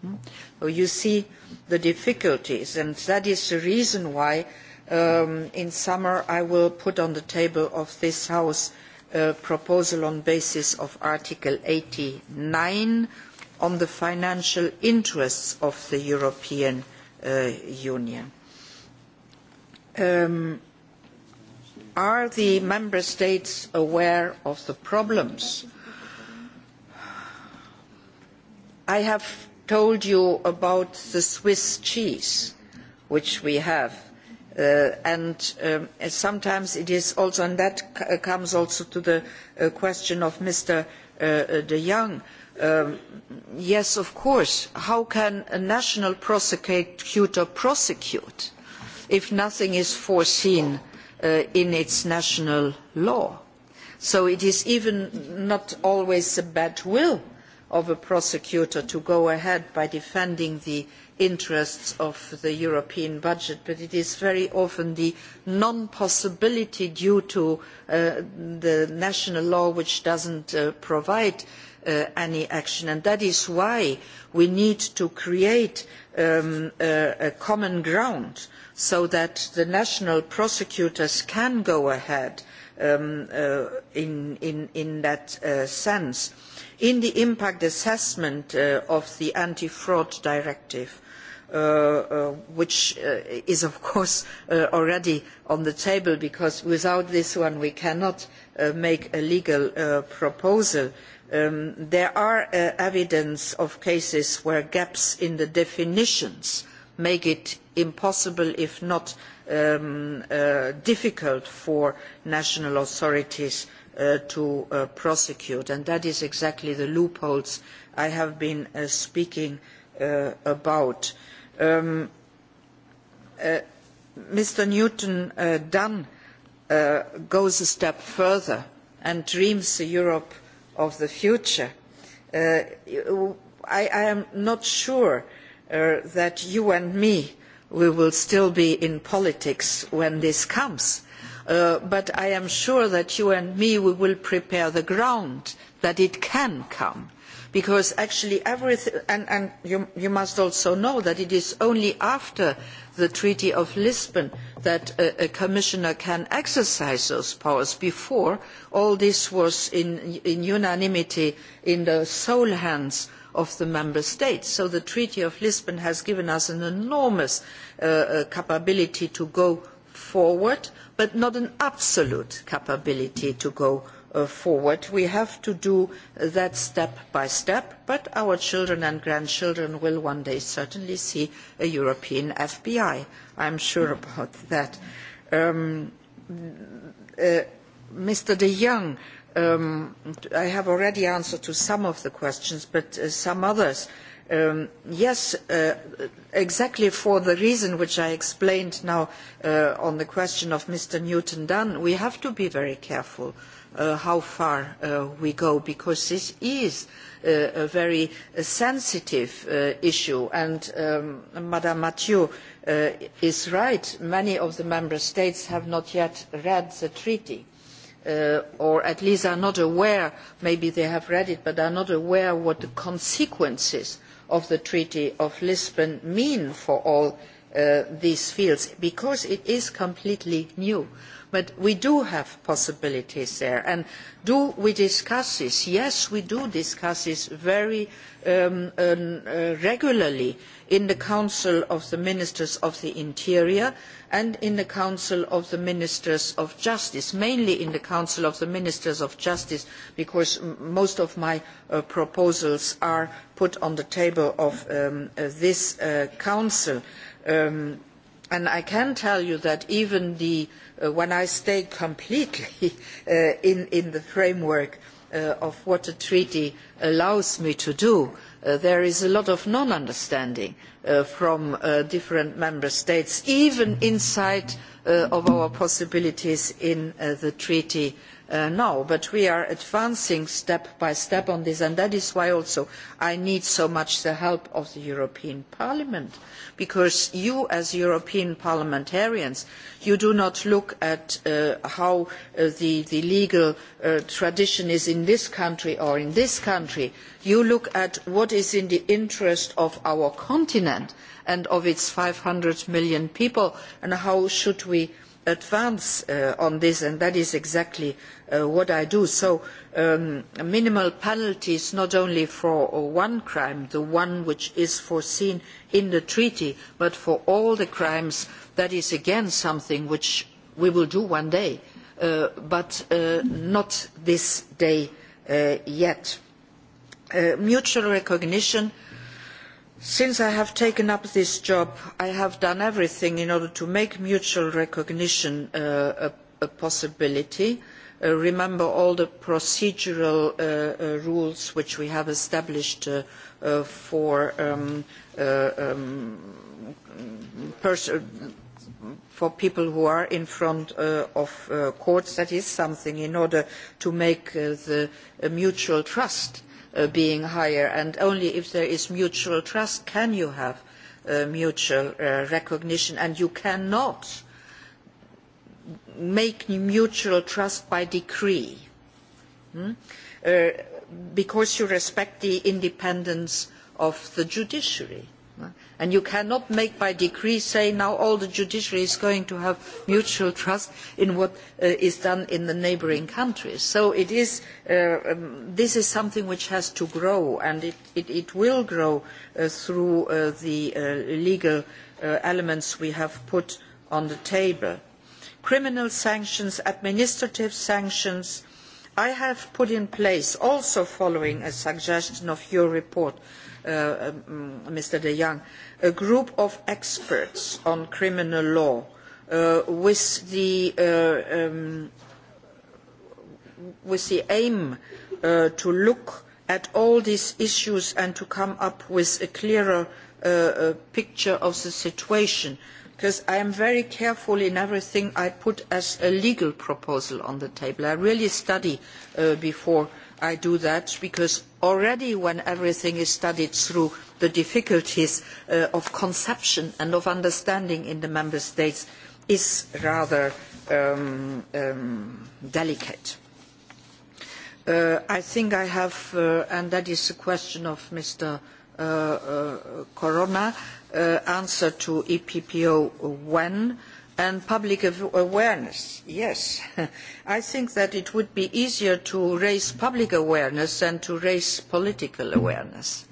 Speaker 2: Hmm? So you see the difficulties, and that is the reason why in um, in summer I will put on the table of this House a proposal on basis of Article 89 on the financial interests of the European uh, Union. Um, are the member states aware of the problems? I have told you about the Swiss cheese, which we have, uh, and um, sometimes it is also, and that comes also to the uh, question of Mr. Uh, de Young. Um, yes, of course. How can a national prosecutor prosecute if nothing is foreseen? Uh, in its national law. So it is even not always the bad will of a prosecutor to go ahead by defending the interests of the european budget but it is very often the non possibility due to uh, the national law which does not uh, provide any action and that is why we need to create um, a common ground so that the national prosecutors can go ahead um, uh, in, that uh, sense. In the impact assessment uh, of the anti-fraud directive, which is of course already on the table because without this one we cannot make a legal proposal, um, there are evidence of cases where gaps in the definitions make it impossible if not um, uh, difficult for national authorities uh, to uh, prosecute and that is exactly the loopholes i have been speaking about. mr um, newton dunn goes a step further and dreams the europe of the future. I, i am not sure that Uh, that you and me we will still be in politics when this comes uh, but i am sure that you and me we will prepare the ground that it can come because actually everything and, you, must also know that it is only after the treaty of lisbon that a, commissioner can exercise those powers. before all this was in, in unanimity in the sole hands of of the member states. so the treaty of lisbon has given us an enormous uh, uh, capability to go forward but not an absolute capability to go uh, forward. we have to do that step by step but our children and grandchildren will one day certainly see a european fbi i am sure about that. mr um, de jong Um, I have already answered some of the questions, but uh, some others. Um, yes, uh, exactly for the reason which I explained now uh, on the question of Mr. Newton Dunn, we have to be very careful uh, how far we go because this is a very sensitive issue. And um, Mathieu is right, many of the member states have not yet read the treaty Uh, or at least are not aware maybe they have read it but are not aware what the consequences of the treaty of lisbon mean for all uh, these fields because it is completely new but we do have possibilities there. And do we discuss this? Yes, we do discuss this very um, um, uh, regularly in the Council of the Ministers of the Interior and in the Council of the Ministers of Justice, mainly in the Council of the Ministers of Justice, because most of my uh, proposals are put on the table of um, uh, this Council. Um, and i can tell you that even uh, when i stay completely uh, in, the framework uh, of what the treaty allows me to do there is a lot of non understanding from different member states even inside of our possibilities in the treaty itself Uh, now but we are advancing step by step on this and that is why i also need so much the help of the european parliament because you as european parliamentarians do not look at uh, how uh, the, legal tradition is in this country or in this country you look at what is in the interest of our continent and of its five hundred million people and how we should advance uh, on this and that is exactly uh, what i do so um, minimal penalties not only for one crime the one which is foreseen in the treaty but for all the crimes that is again something which we will do one day uh, but not this day yet. mutual recognition since i have taken up this job i have done everything in order to make mutual recognition uh, a, possibility. Uh, remember all the procedural uh, uh, rules which we have established for, um, um, for people who are in front of courts that is something in order to make the mutual trust Uh, being higher and only if there is mutual trust can you have uh, mutual uh, recognition and you cannot make mutual trust by decree hmm? because you respect the independence of the judiciary and you cannot make by decree say now all the judiciary is going to have mutual trust in what uh, is done in the neighbouring countries. so uh, um, this is something which has to grow and it, will grow uh, through the legal elements we have put on the table. criminal sanctions administrative sanctions i have put in place also following a suggestion of your report Uh, Mr. De Jong, a group of experts on criminal law uh, uh, um, with the aim uh, to look at all these issues and to come up with a clearer picture of the situation because i am very careful in everything i put as a legal proposal on the table. i really study before i do that because already when everything is studied through the difficulties uh, of conception and of understanding in the member states is rather um, um, delicate. Uh, I think I have, uh, and that is a question of Mr. Corona, answer to EPPO when and public awareness yes i think that it would be easier to raise public awareness than to raise political awareness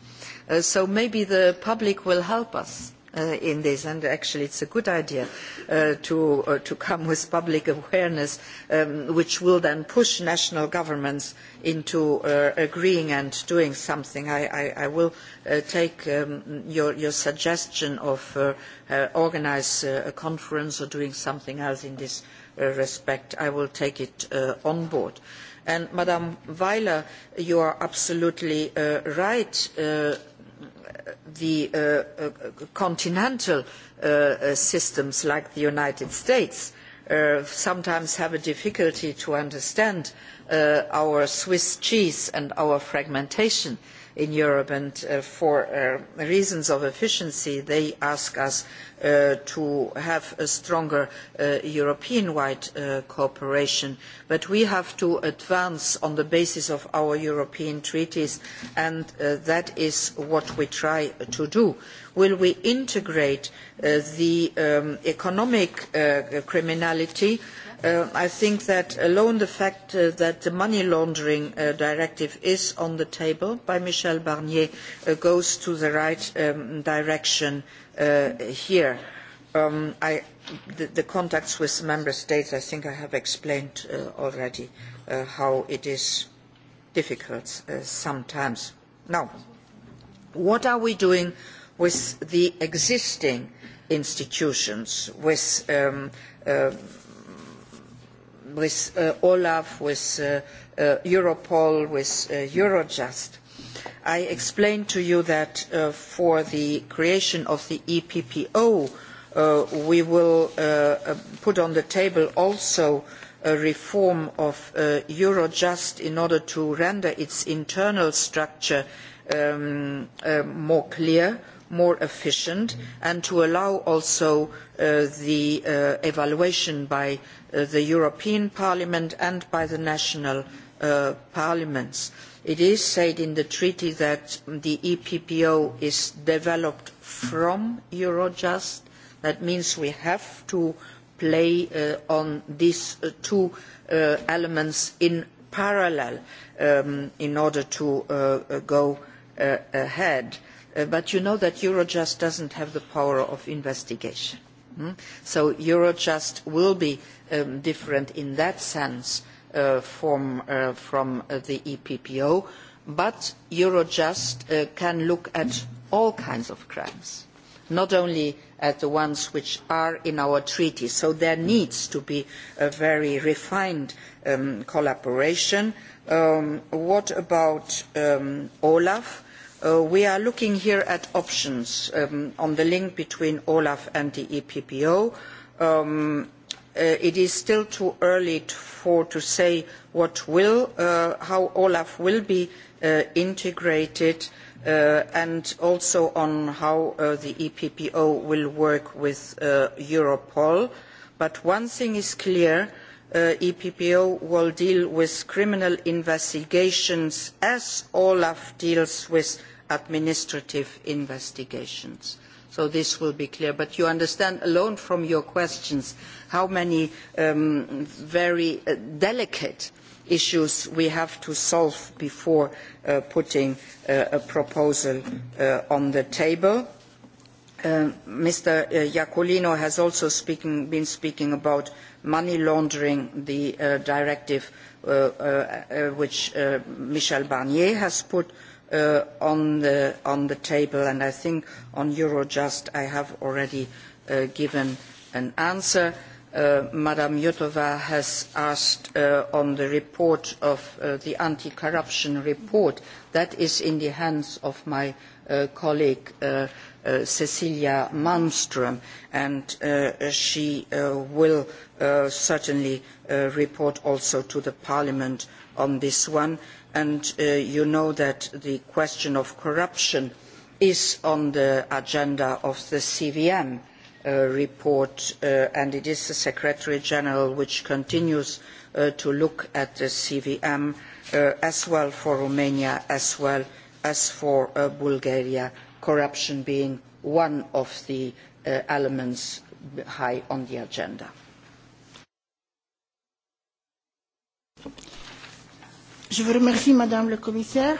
Speaker 2: uh, so maybe the public will help us. Uh, in this and actually it's a good idea uh, to, uh, to come with public awareness um, which will then push national governments into uh, agreeing and doing something. I, I, I will uh, take um, your, your, suggestion of uh, organising a conference or doing something else in this respect. I will take it on board. And Madam Weiler, you are absolutely right. Uh, the uh, uh continental uh, uh, systems like the United States sometimes have a difficulty to understand our Swiss cheese and our fragmentation. Uh, in Europe. And uh, for uh, reasons of efficiency, they ask us uh, to have a stronger European-wide cooperation. But we have to advance on the basis of our European treaties, and that is what we try to do will we integrate the um, economic criminality Uh, I think that alone the fact uh, that the money laundering uh, directive is on the table by Michel Barnier goes to the right um, direction here. Um, the, contacts with member states, I think I have explained already how it is difficult sometimes. Now, what are we doing with the existing institutions, with um, with uh, olaf with uh, uh, europol with eurojust i explained to you that for the creation of the eppo we will put on the table also a reform of eurojust in order to render its internal structure um, more clear and more efficient and to allow also uh, the uh, evaluation by uh, the european parliament and by the national parliaments. it is said in the treaty that the eppo is developed from eurojust that means we have to play on these two elements in parallel um, in order to go ahead. Uh, but you know that Eurojust does not have the power of investigation. Hmm? So Eurojust will be um, different in that sense uh, from, uh, the EPPO, but Eurojust can look at all kinds of crimes, not only at the ones which are in our treaty. So there needs to be a very refined um, collaboration. Um, what about OLAF? Uh, we are looking here at options um, on the link between olaf and the eppo. Um, uh, it is still too early to, for to say what will uh, how olaf will be integrated and also on how the eppo will work with europol but one thing is clear Uh, eppo will deal with criminal investigations as olaf deals with administrative investigations so this will be clear but you understand alone from your questions how many um, very uh, delicate issues we have to solve before uh, putting a proposal on the table. Uh, Mr. Uh, Iacolino has also been speaking about money laundering, the uh, directive which Michel Barnier has put on the, table, and I think on Eurojust I have already given an answer. Madam Jotova has asked on the report of the anti-corruption report. That is in the hands of my colleague, Uh, Cecilia malmstrm and uh, she uh, will certainly report also to Parliament on this one. you know that the question of corruption is on the agenda of the CVM report, and it is the Secretary General who continues to look at the CVM as well for Romania as well as for Bulgaria corruption being one of the uh, elements high on
Speaker 1: the agenda. Je vous remercie, Madame la Commissaire.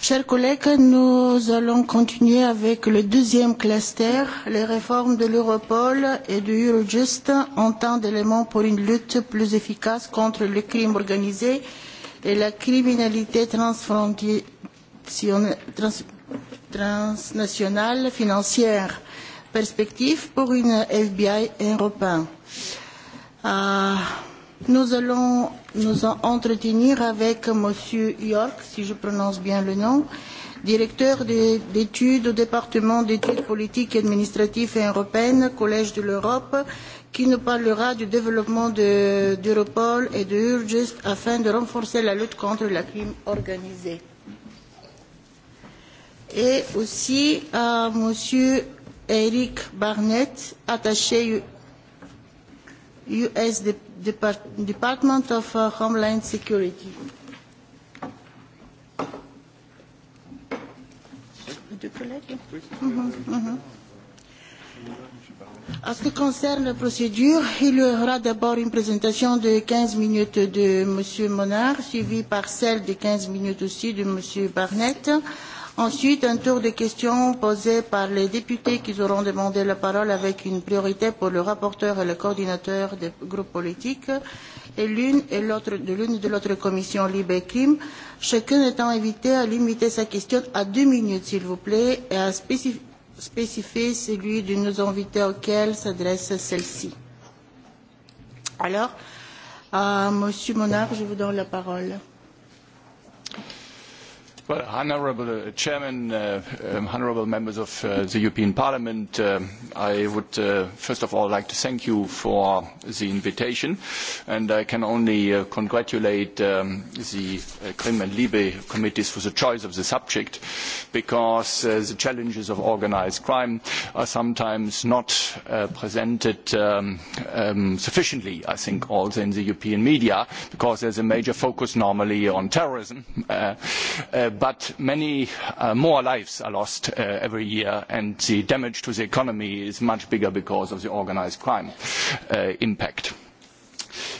Speaker 1: Chers collègues, nous allons continuer avec le deuxième cluster, les réformes de l'Europol et de Eurojust en tant d'éléments pour une lutte plus efficace contre le crime organisé et la criminalité transfrontière, transnationale financière, perspective pour une FBI européen. Euh, nous allons nous en entretenir avec M. York, si je prononce bien le nom, directeur d'études au département d'études politiques et administratives et européennes, Collège de l'Europe, qui nous parlera du développement d'Europol de, et de Urgest afin de renforcer la lutte contre la crime organisée et aussi à euh, M. Eric Barnett, attaché US Department of euh, Homeland Security. Mm-hmm, mm-hmm. En ce qui concerne la procédure, il y aura d'abord une présentation de 15 minutes de M. Monard, suivie par celle de 15 minutes aussi de M. Barnett. Euh, Ensuite, un tour de questions posées par les députés qui auront demandé la parole avec une priorité pour le rapporteur et le coordinateur des groupes politiques et l'une et l'autre de l'une de l'autre commission libé et Crime, chacun étant invité à limiter sa question à deux minutes, s'il vous plaît, et à spécifier spécifier celui de nos invités auquel s'adresse celle-ci. Alors, Monsieur Monard, je vous donne la parole.
Speaker 11: Well, honourable uh, Chairman, uh, um, honourable members of uh, the European Parliament, uh, I would uh, first of all like to thank you for the invitation, and I can only uh, congratulate um, the Krim and Libe committees for the choice of the subject, because the challenges of organised crime are sometimes not presented um, um, sufficiently, I think, also in the European media, because there's a major focus normally on terrorism but many uh, more lives are lost uh, every year, and the damage to the economy is much bigger because of the organised crime uh, impact.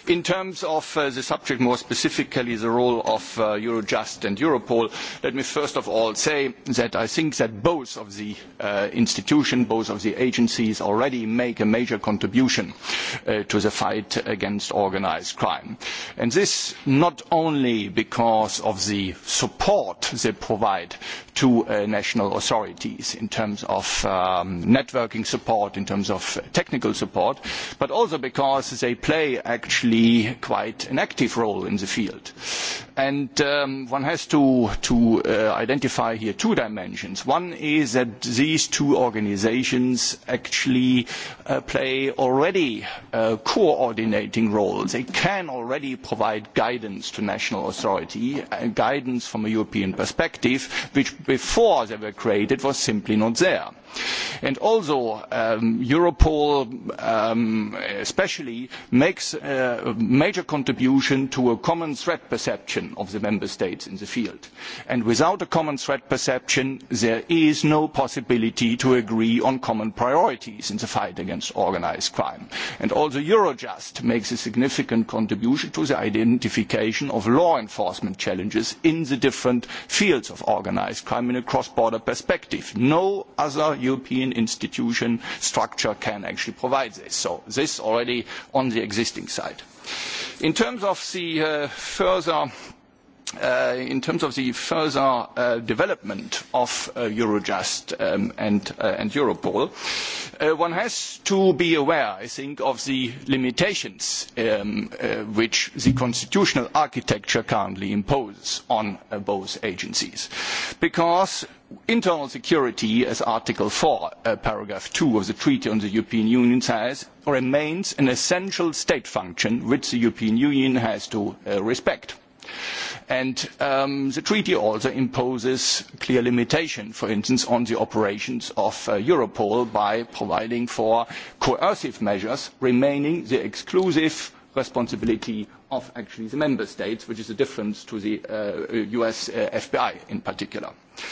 Speaker 11: In terms of uh, the subject, more specifically the role of uh, Eurojust and Europol, let me first of all say that I think that both of the uh, institutions, both of the agencies already make a major contribution uh, to the fight against organized crime. And this not only because of the support they provide to uh, national authorities in terms of um, networking support, in terms of technical support, but also because they play a actually quite an active role in the field. And um, one has to, to uh, identify here two dimensions. One is that these two organizations actually uh, play already a uh, coordinating role. They can already provide guidance to national authority, uh, guidance from a European perspective, which before they were created was simply not there. And also, um, Europol um, especially makes Uh, major contribution to a common threat perception of the member states in the field. And without a common threat perception, there is no possibility to agree on common priorities in the fight against organized crime. And also Eurojust makes a significant contribution to the identification of law enforcement challenges in the different fields of organized crime in a cross-border perspective. No other European institution structure can actually provide this. So this already on the existing side. in terms of the uh, further Uh, in terms of the further uh, development of uh, Eurojust um, and, Europol, one has to be aware, I think, of the limitations um, which the constitutional architecture currently imposes on both agencies. Because internal security, as Article 4, paragraph 2 of the Treaty on the European Union says, remains an essential state function which the European Union has to respect. And um, the treaty also imposes clear limitation, for instance, on the operations of uh, Europol by providing for coercive measures remaining the exclusive responsibility of actually the member states, which is a difference to the uh, US uh, FBI in particular. Uh,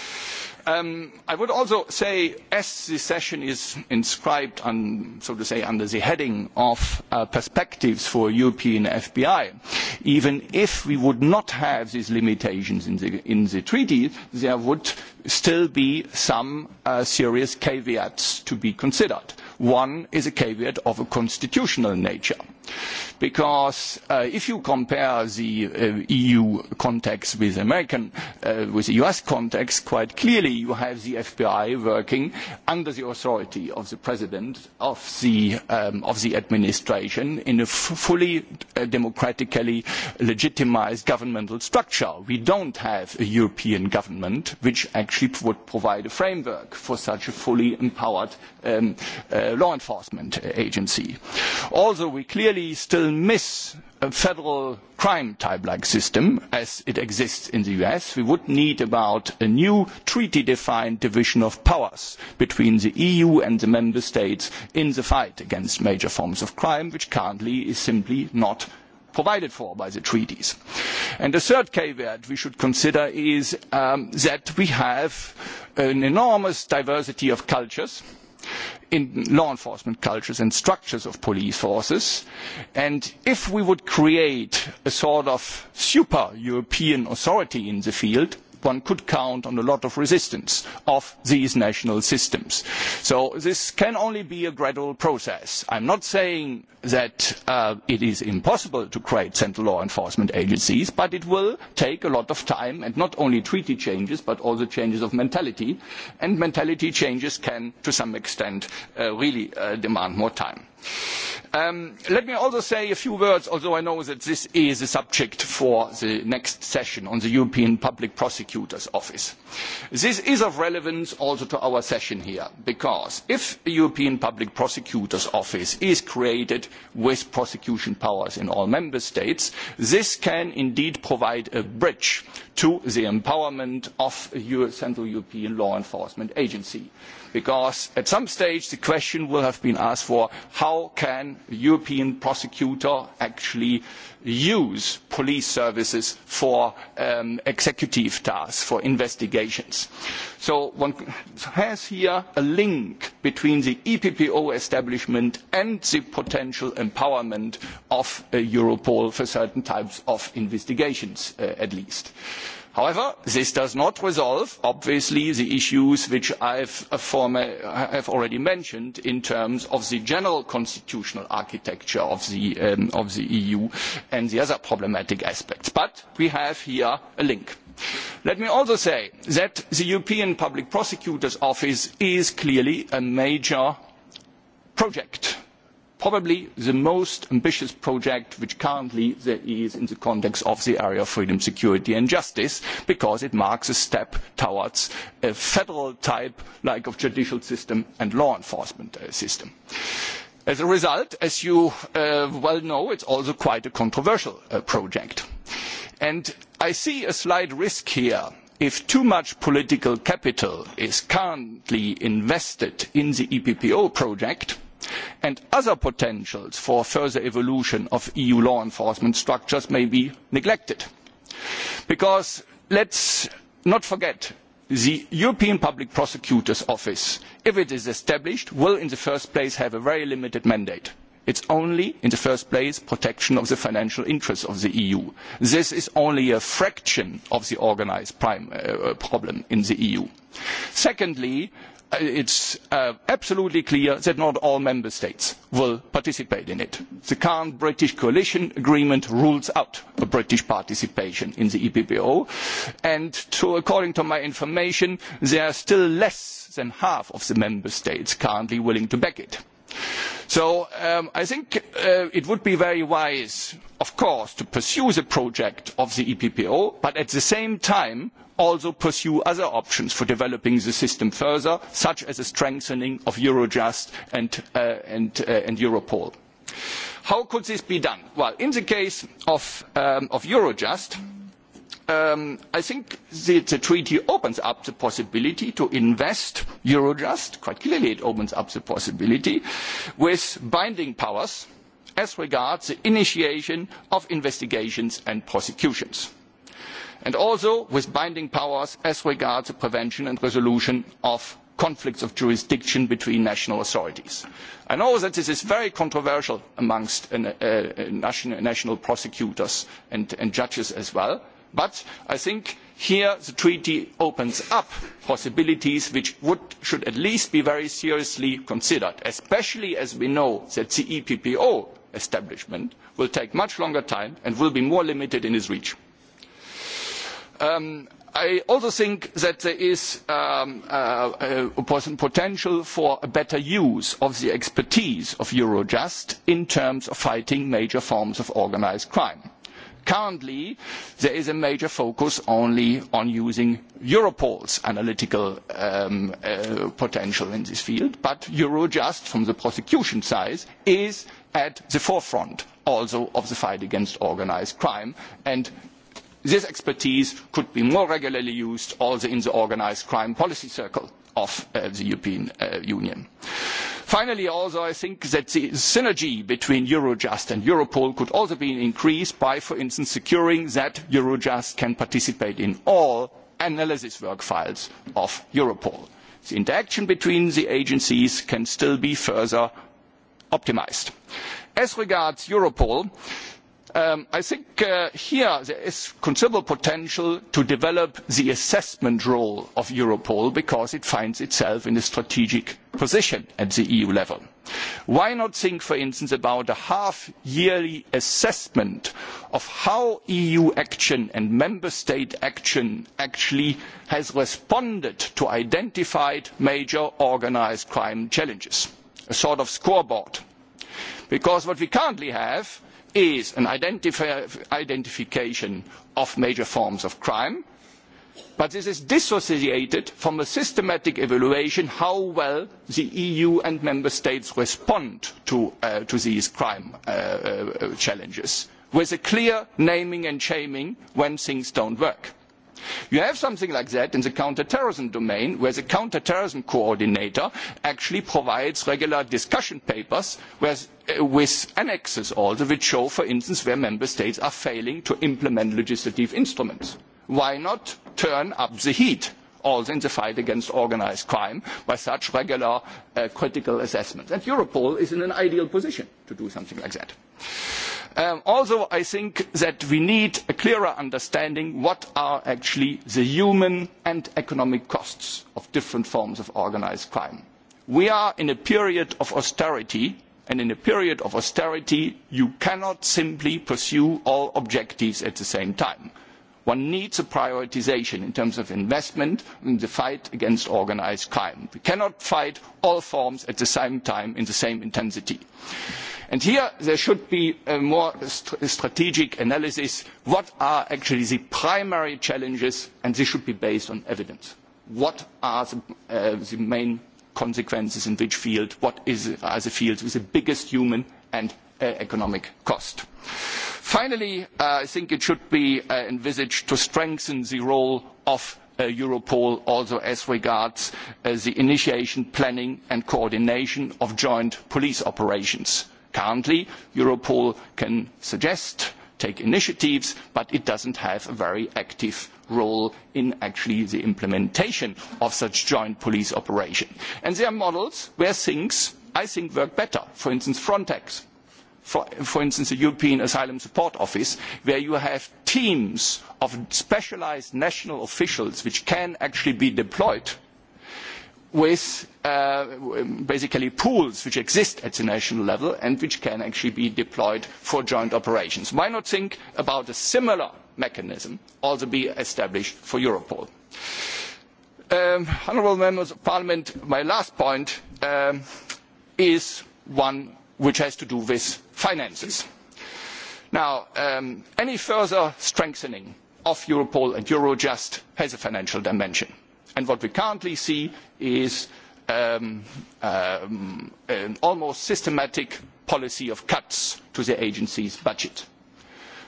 Speaker 11: Um, I would also say, as this session is inscribed, on, so to say, under the heading of uh, perspectives for European FBI, even if we would not have these limitations in the, in the treaty, there would still be some uh, serious caveats to be considered. One is a caveat of a constitutional nature. Because uh, if you compare the uh, EU context with American, uh, with the US context, quite clearly you have the FBI working under the authority of the President of the, um, of the administration in a fully uh, democratically legitimized governmental structure. We don't have a European government which actually SHIP would provide a framework for such a fully empowered um, uh, law enforcement uh, agency. Also, we clearly still miss a federal crime type like system as it exists in the US. We would need about a new treaty defined division of powers between the EU and the member states in the fight against major forms of crime, which currently is simply not provided for by the treaties. And the third caveat we should consider is um, that we have an enormous diversity of cultures in law enforcement cultures and structures of police forces. And if we would create a sort of super European authority in the field, one could count on a lot of resistance of these national systems. So this can only be a gradual process. I'm not saying that uh, it is impossible to create central law enforcement agencies, but it will take a lot of time and not only treaty changes, but also changes of mentality. And mentality changes can, to some extent, uh, really uh, demand more time. Um, let me also say a few words, although I know that this is a subject for the next session on the European Public Prosecutor prosecutor's office. This is of relevance also to our session here, because if a European Public Prosecutor's Office is created with prosecution powers in all member states, this can indeed provide a bridge to the empowerment of a Central European law enforcement agency because at some stage the question will have been asked how can a European prosecutor actually use police services for um, executive tasks, for investigations. So one has here a link between the EPPO establishment and the potential empowerment of uh, Europol for certain types of investigations, uh, at least. However, this does not resolve, obviously, the issues which I uh, have already mentioned in terms of the general constitutional architecture of the um, EU e and the other problematic aspects. But we have here a link. Let me also say that the European Public Prosecutor's Office is clearly a major project probably the most ambitious project which currently there is in the context of the area of freedom, security and justice because it marks a step towards a federal type like of judicial system and law enforcement uh, system. As a result, as you uh, well know, it's also quite a controversial uh, project. And I see a slight risk here if too much political capital is currently invested in the EPPO project, and other potentials for further evolution of eu law enforcement structures may be neglected because let's not forget the european public prosecutor's office if it is established will in the first place have a very limited mandate it is only in the first place protection of the financial interests of the eu. this is only a fraction of the organised crime uh, problem in the eu. secondly Uh, it is uh, absolutely clear that not all member states will participate in it. The current British coalition agreement rules out the British participation in the EPPO, and according to my information, there are still less than half of the member states currently willing to back it. So um, I think uh, it would be very wise, of course, to pursue the project of the EPPO, but at the same time also pursue other options for developing the system further, such as a strengthening of Eurojust and, uh, uh, Europol. How could this be done? Well, in the case of, um, Eurojust, um, I think the treaty opens up the possibility to invest Eurojust, quite clearly it opens up the possibility, with binding powers as regards the initiation of investigations and prosecutions and also with binding powers as regards the prevention and resolution of conflicts of jurisdiction between national authorities. I know that this is very controversial amongst uh, uh, national, prosecutors and, judges as well, but I think here the treaty opens up possibilities which should at least be very seriously considered, especially as we know that the EPPO establishment will take much longer time and will be more limited in its reach. Um, i also think that there is um, uh, potential for a better use of the expertise of eurojust in terms of fighting major forms of organised crime. currently there is a major focus only on using europol's analytical um, uh, potential in this field but eurojust from the prosecution side is at the forefront also of the fight against organised crime and this expertise could be more regularly used also in the organised crime policy circle of uh, the European uh, Union. Finally, also, I think that the synergy between Eurojust and Europol could also be increased by, for instance, securing that Eurojust can participate in all analysis work files of Europol. The interaction between the agencies can still be further optimised. As regards Europol, Um, I think uh, here there is considerable potential to develop the assessment role of Europol because it finds itself in a strategic position at the EU level. Why not think, for instance, about a half-yearly assessment of how EU action and member state action actually has responded to identified major organised crime challenges, a sort of scoreboard? Because what we currently have is an identification of major forms of crime, but this is dissociated from a systematic evaluation how well the EU and member states respond to, uh, to these crime uh, uh, challenges, with a clear naming and shaming when things don't work You have something like that in the counterterrorism domain, where the counterterrorism coordinator actually provides regular discussion papers with, uh, with annexes also, which show, for instance, where member states are failing to implement legislative instruments. Why not turn up the heat? also in the fight against organised crime by such regular uh, critical assessments. And Europol is in an ideal position to do something like that. Um, also, I think that we need a clearer understanding what are actually the human and economic costs of different forms of organised crime. We are in a period of austerity, and in a period of austerity, you cannot simply pursue all objectives at the same time. One needs a prioritisation in terms of investment in the fight against organised crime. We cannot fight all forms at the same time in the same intensity. And here there should be a uh, more strategic analysis. of What are actually the primary challenges? And this should be based on evidence. What are the, uh, the main consequences in which field? What is, are the fields with the biggest human and uh, economic cost? Finally, uh, I think it should be uh, envisaged to strengthen the role of Uh, Europol also as regards uh, the initiation, planning, and coordination of joint police operations Currently, Europol can suggest, take initiatives, but it doesn't have a very active role in actually the implementation of such joint police operation. And there are models where things, I think, work better. For instance, Frontex. For, for instance, the European Asylum Support Office, where you have teams of specialized national officials which can actually be deployed with uh, basically pools which exist at the national level and which can actually be deployed for joint operations. Why not think about a similar mechanism also be established for Europol? Um, honourable members of parliament, my last point um, is one which has to do with finances. Now, um, any further strengthening of Europol and Eurojust has a financial dimension and what we currently see is um, uh, an almost systematic policy of cuts to the agency's budget.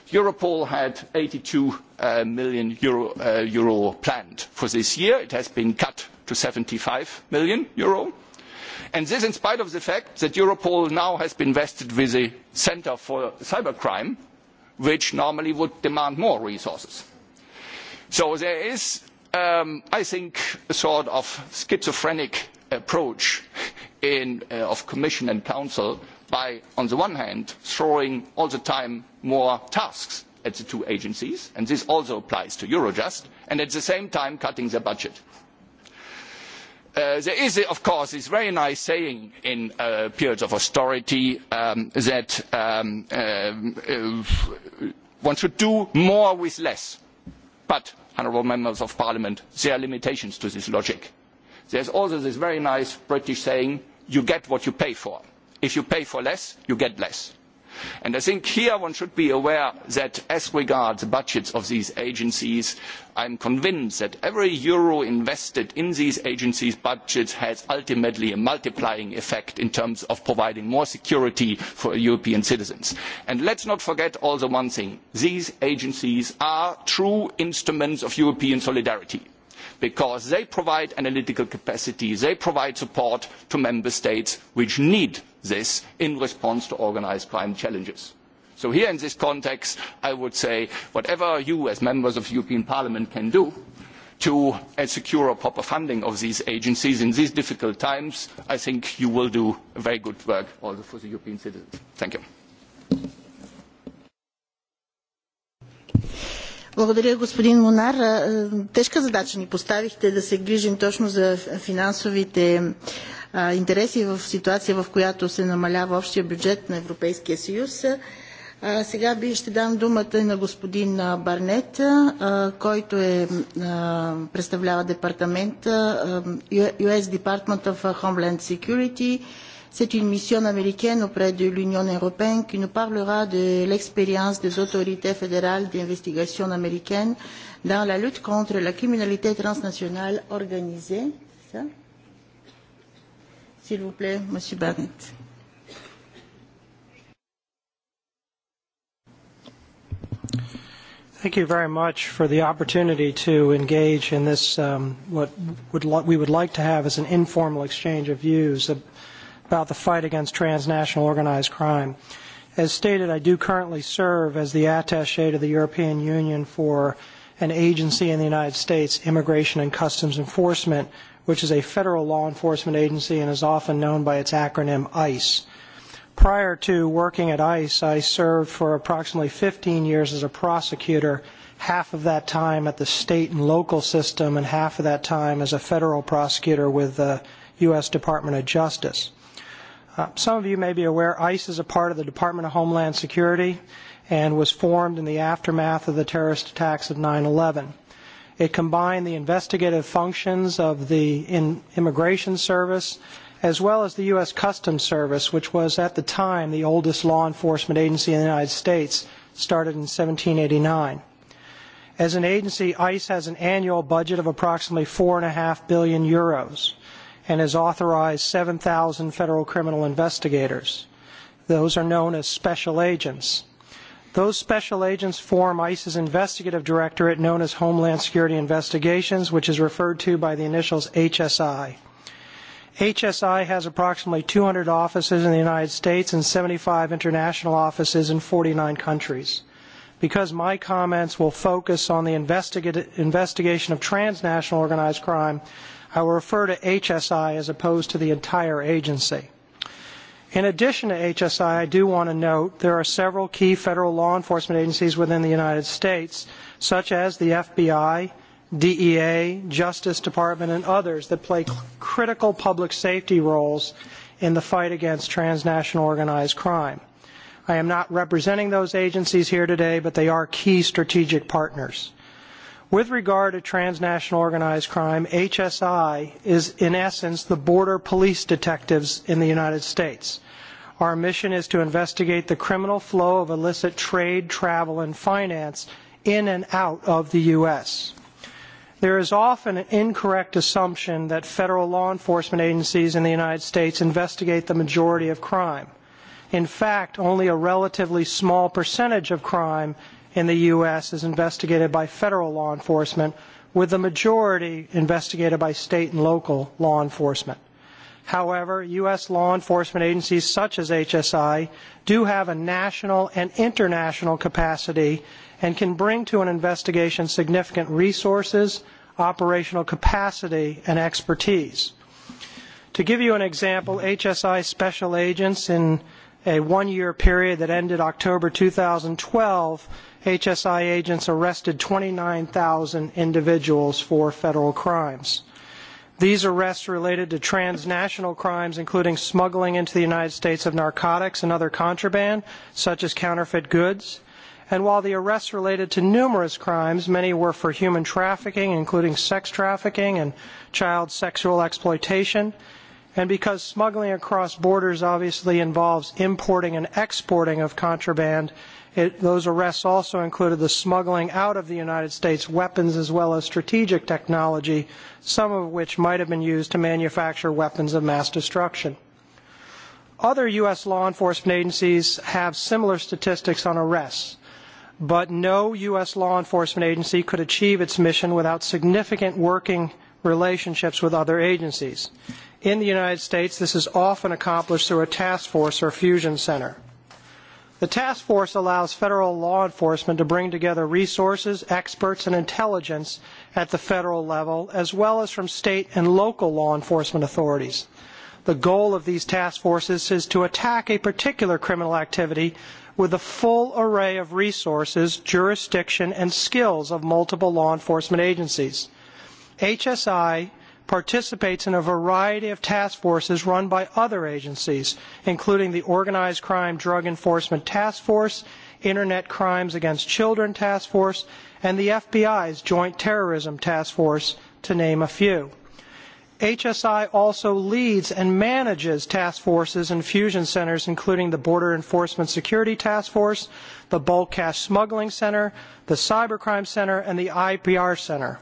Speaker 11: Europol had 82 uh, million euro, uh, planned for this year. It has been cut to eur 75 million And this in spite of the fact that Europol now has been vested with a Centre for Cybercrime, which normally would demand more resources. So there is Um, I think, a sort of schizophrenic approach by the uh, of Commission and Council by, on the one hand, throwing all the time more tasks at the two agencies, and this also applies to Eurojust, and at the same time cutting their budget. Uh, there is, of course, this very nice saying in uh, periods of austerity um, that um, one should do more with less. But honourable members of parliament, there are limitations to this logic. There's also this very nice British saying, you get what you pay for. If you pay for less, you get less And I think here one should be aware that as regards the budgets of these agencies, i am convinced that every euro invested in these agencies' budgets has ultimately a multiplying effect in terms of providing more security for European citizens. And let us not forget also one thing. These agencies are true instruments of European solidarity because they provide analytical capacity, they provide support to member states which need this in response to organised crime challenges. So here in this context, I would say whatever you as members of the European Parliament can do to secure a proper funding of these agencies in these difficult times, I think you will do very good work also for the European citizens. Thank you.
Speaker 1: Благодаря, господин Монар. Тежка задача ни поставихте да се грижим точно за финансовите интереси в ситуация, в която се намалява общия бюджет на Европейския съюз. сега би ще дам думата на господин Барнет, който е, представлява департамент US Department of Homeland Security. C'est une mission américaine auprès de l'Union européenne qui nous parlera de l'expérience des autorités fédérales d'investigation américaine dans la lutte contre la criminalité transnationale organisée. Ça S'il vous plaît, Monsieur Barnett.
Speaker 12: Thank you very much for the opportunity to engage in this, um, what would we would like to have as an informal exchange of views about the fight against transnational organized crime. As stated, I do currently serve as the attache to the European Union for an agency in the United States, Immigration and Customs Enforcement, which is a federal law enforcement agency and is often known by its acronym ICE. Prior to working at ICE, I served for approximately 15 years as a prosecutor, half of that time at the state and local system, and half of that time as a federal prosecutor with the U.S. Department of Justice. Uh, some of you may be aware ICE is a part of the Department of Homeland Security and was formed in the aftermath of the terrorist attacks of 9 11. It combined the investigative functions of the Immigration Service as well as the U.S. Customs Service, which was at the time the oldest law enforcement agency in the United States, started in 1789. As an agency, ICE has an annual budget of approximately 4.5 billion euros and has authorized 7,000 federal criminal investigators. Those are known as special agents. Those special agents form ICE's investigative directorate known as Homeland Security Investigations, which is referred to by the initials HSI. HSI has approximately 200 offices in the United States and 75 international offices in 49 countries. Because my comments will focus on the investigation of transnational organized crime, I will refer to HSI as opposed to the entire agency. In addition to HSI, I do want to note there are several key federal law enforcement agencies within the United States, such as the FBI, DEA, Justice Department, and others that play critical public safety roles in the fight against transnational organized crime. I am not representing those agencies here today, but they are key strategic partners. With regard to transnational organized crime, HSI is in essence the border police detectives in the United States. Our mission is to investigate the criminal flow of illicit trade, travel, and finance in and out of the U.S. There is often an incorrect assumption that federal law enforcement agencies in the United States investigate the majority of crime. In fact, only a relatively small percentage of crime in the U.S. is investigated by federal law enforcement, with the majority investigated by state and local law enforcement. However, U.S. law enforcement agencies such as HSI do have a national and international capacity and can bring to an investigation significant resources, operational capacity, and expertise. To give you an example, HSI special agents in a one-year period that ended October 2012 HSI agents arrested 29,000 individuals for federal crimes. These arrests related to transnational crimes, including smuggling into the United States of narcotics and other contraband, such as counterfeit goods. And while the arrests related to numerous crimes, many were for human trafficking, including sex trafficking and child sexual exploitation. And because smuggling across borders obviously involves importing and exporting of contraband, It, those arrests also included the smuggling out of the United States weapons as well as strategic technology, some of which might have been used to manufacture weapons of mass destruction. Other U.S. law enforcement agencies have similar statistics on arrests, but no U.S. law enforcement agency could achieve its mission without significant working relationships with other agencies. In the United States, this is often accomplished through a task force or fusion center. The task force allows federal law enforcement to bring together resources, experts, and intelligence at the federal level, as well as from state and local law enforcement authorities. The goal of these task forces is to attack a particular criminal activity with a full array of resources, jurisdiction, and skills of multiple law enforcement agencies. HSI participates in a variety of task forces run by other agencies, including the Organized Crime Drug Enforcement Task Force, Internet Crimes Against Children Task Force, and the FBI's Joint Terrorism Task Force, to name a few. HSI also leads and manages task forces and fusion centers, including the Border Enforcement Security Task Force, the Bulk Cash Smuggling Center, the Cybercrime Center, and the IPR Center.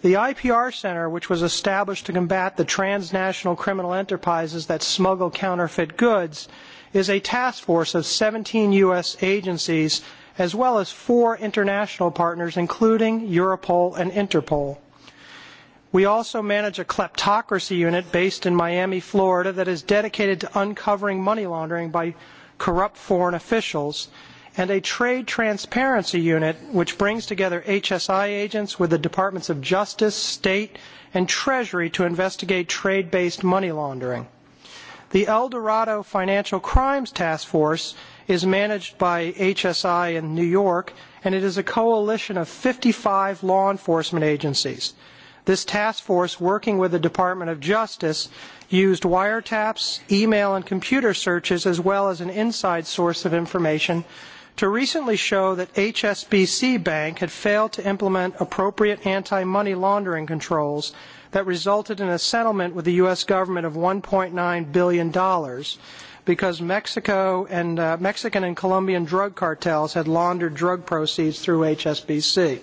Speaker 12: The IPR Center, which was established to combat the transnational criminal enterprises that smuggle counterfeit goods, is a task force of 17 U.S. agencies as well as four international partners, including Europol and Interpol. We also manage a kleptocracy unit based in Miami, Florida, that is dedicated to uncovering money laundering by corrupt foreign officials and a trade transparency unit which brings together HSI agents with the Departments of Justice, State, and Treasury to investigate trade-based money laundering. The El Dorado Financial Crimes Task Force is managed by HSI in New York, and it is a coalition of 55 law enforcement agencies. This task force, working with the Department of Justice, used wiretaps, email, and computer searches as well as an inside source of information to recently show that HSBC Bank had failed to implement appropriate anti-money laundering controls that resulted in a settlement with the U.S. government of $1.9 billion because Mexico and uh, Mexican and Colombian drug cartels had laundered drug proceeds through HSBC.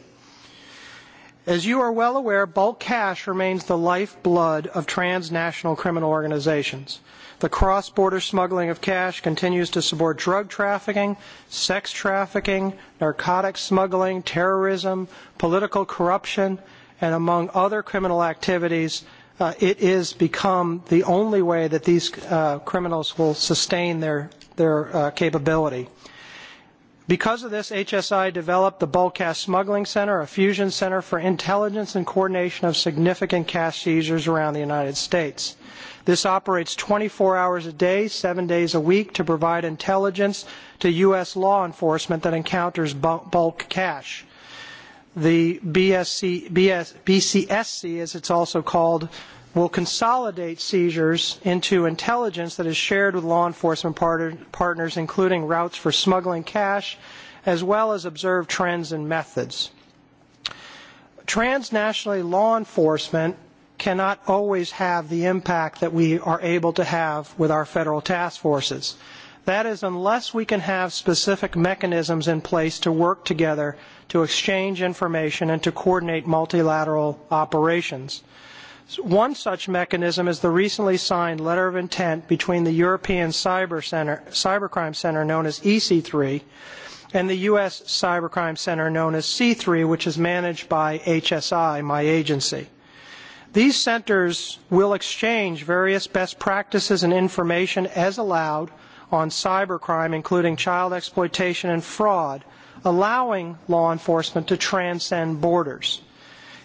Speaker 12: As you are well aware, bulk cash remains the lifeblood of transnational criminal organizations. The cross border smuggling of cash continues to support drug trafficking, sex trafficking, narcotics smuggling, terrorism, political corruption, and among other criminal activities. Uh, it has become the only way that these uh, criminals will sustain their, their uh, capability. Because of this, HSI developed the Bulk Cash Smuggling Center, a fusion center for intelligence and coordination of significant cash seizures around the United States. This operates 24 hours a day, seven days a week to provide intelligence to U.S. law enforcement that encounters bulk cash. The BSC, BS, BCSC, as it's also called, will consolidate seizures into intelligence that is shared with law enforcement part partners, including routes for smuggling cash, as well as observed trends and methods. Transnationally, law enforcement cannot always have the impact that we are able to have with our federal task forces. That is, unless we can have specific mechanisms in place to work together, to exchange information, and to coordinate multilateral operations. One such mechanism is the recently signed letter of intent between the European Cyber Center, Cybercrime Center, known as EC3, and the U.S. Cybercrime Center, known as C3, which is managed by HSI, my agency. These centers will exchange various best practices and information as allowed on cybercrime, including child exploitation and fraud, allowing law enforcement to transcend borders.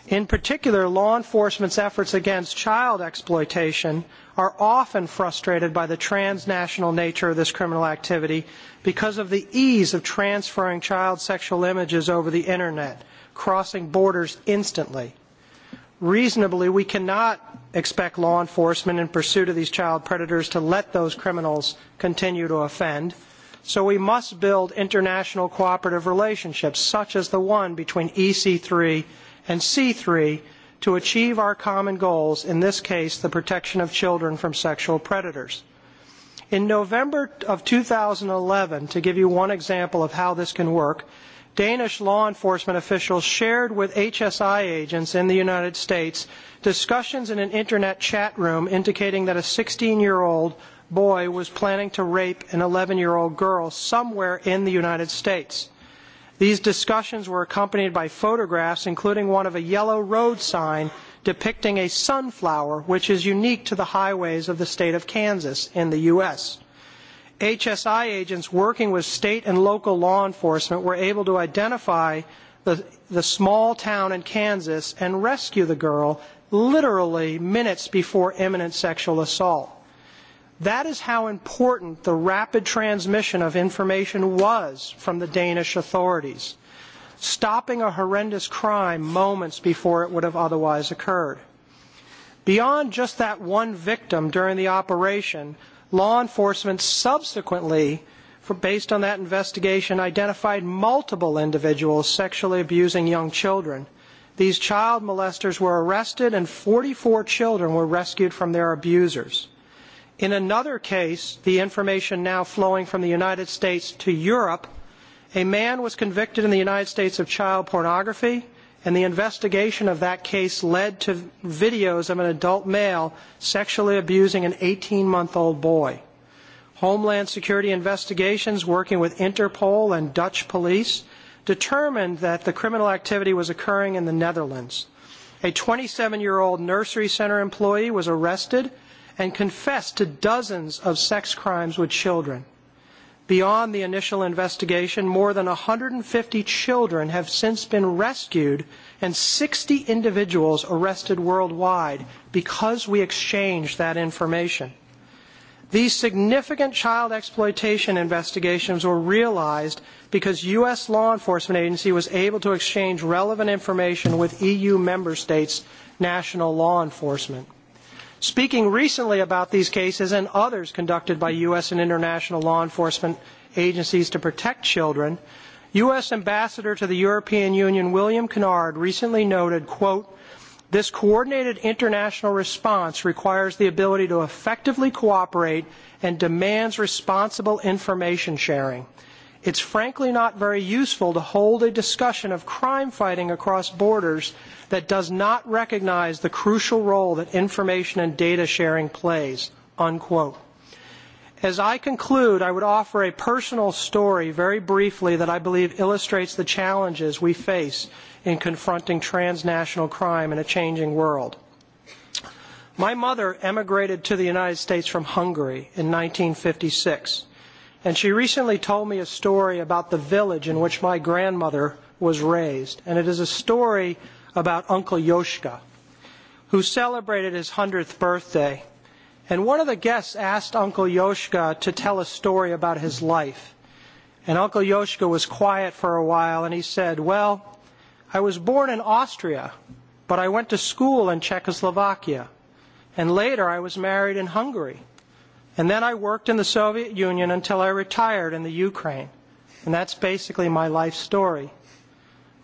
Speaker 12: In particular, law enforcement's efforts against child exploitation are often frustrated by the transnational nature of this criminal activity because of the ease of transferring child sexual images over the internet, crossing borders instantly reasonably, we cannot expect law enforcement in pursuit of these child predators to let those criminals continue to offend. So we must build international cooperative relationships, such as the one between EC3 and C3, to achieve our common goals, in this case, the protection of children from sexual predators. In November of 2011, to give you one example of how this can work, Danish law enforcement officials shared with HSI agents in the United States discussions in an internet chat room indicating that a 16 year old boy was planning to rape an 11 year old girl somewhere in the United States. These discussions were accompanied by photographs, including one of a yellow road sign depicting a sunflower, which is unique to the highways of the state of Kansas in the U.S. HSI agents working with state and local law enforcement were able to identify the, the small town in Kansas and rescue the girl literally minutes before imminent sexual assault. That is how important the rapid transmission of information was from the Danish authorities, stopping a horrendous crime moments before it would have otherwise occurred. Beyond just that one victim during the operation, Law enforcement subsequently, for, based on that investigation, identified multiple individuals sexually abusing young children. These child molesters were arrested, and 44 children were rescued from their abusers. In another case, the information now flowing from the United States to Europe, a man was convicted in the United States of child pornography and the investigation of that case led to videos of an adult male sexually abusing an 18 month old boy. Homeland Security investigations working with Interpol and Dutch police determined that the criminal activity was occurring in the Netherlands. A 27 year old nursery center employee was arrested and confessed to dozens of sex crimes with children. Beyond the initial investigation, more than 150 children have since been rescued and 60 individuals arrested worldwide because we exchanged that information. These significant child exploitation investigations were realized because U.S. law enforcement agency was able to exchange relevant information with EU member states' national law enforcement speaking recently about these cases and others conducted by U.S. and international law enforcement agencies to protect children, U.S. Ambassador to the European Union William Kennard recently noted, quote, this coordinated international response requires the ability to effectively cooperate and demands responsible information sharing. It's frankly not very useful to hold a discussion of crime fighting across borders that does not recognize the crucial role that information and data sharing plays. Unquote. As I conclude, I would offer a personal story very briefly that I believe illustrates the challenges we face in confronting transnational crime in a changing world. My mother emigrated to the United States from Hungary in 1956. And she recently told me a story about the village in which my grandmother was raised. And it is a story about Uncle Yoshka, who celebrated his 100th birthday. And one of the guests asked Uncle Yoshka to tell a story about his life. And Uncle Yoshka was quiet for a while and he said, Well, I was born in Austria, but I went to school in Czechoslovakia. And later I was married in Hungary. And then I worked in the Soviet Union until I retired in the Ukraine. And that's basically my life story.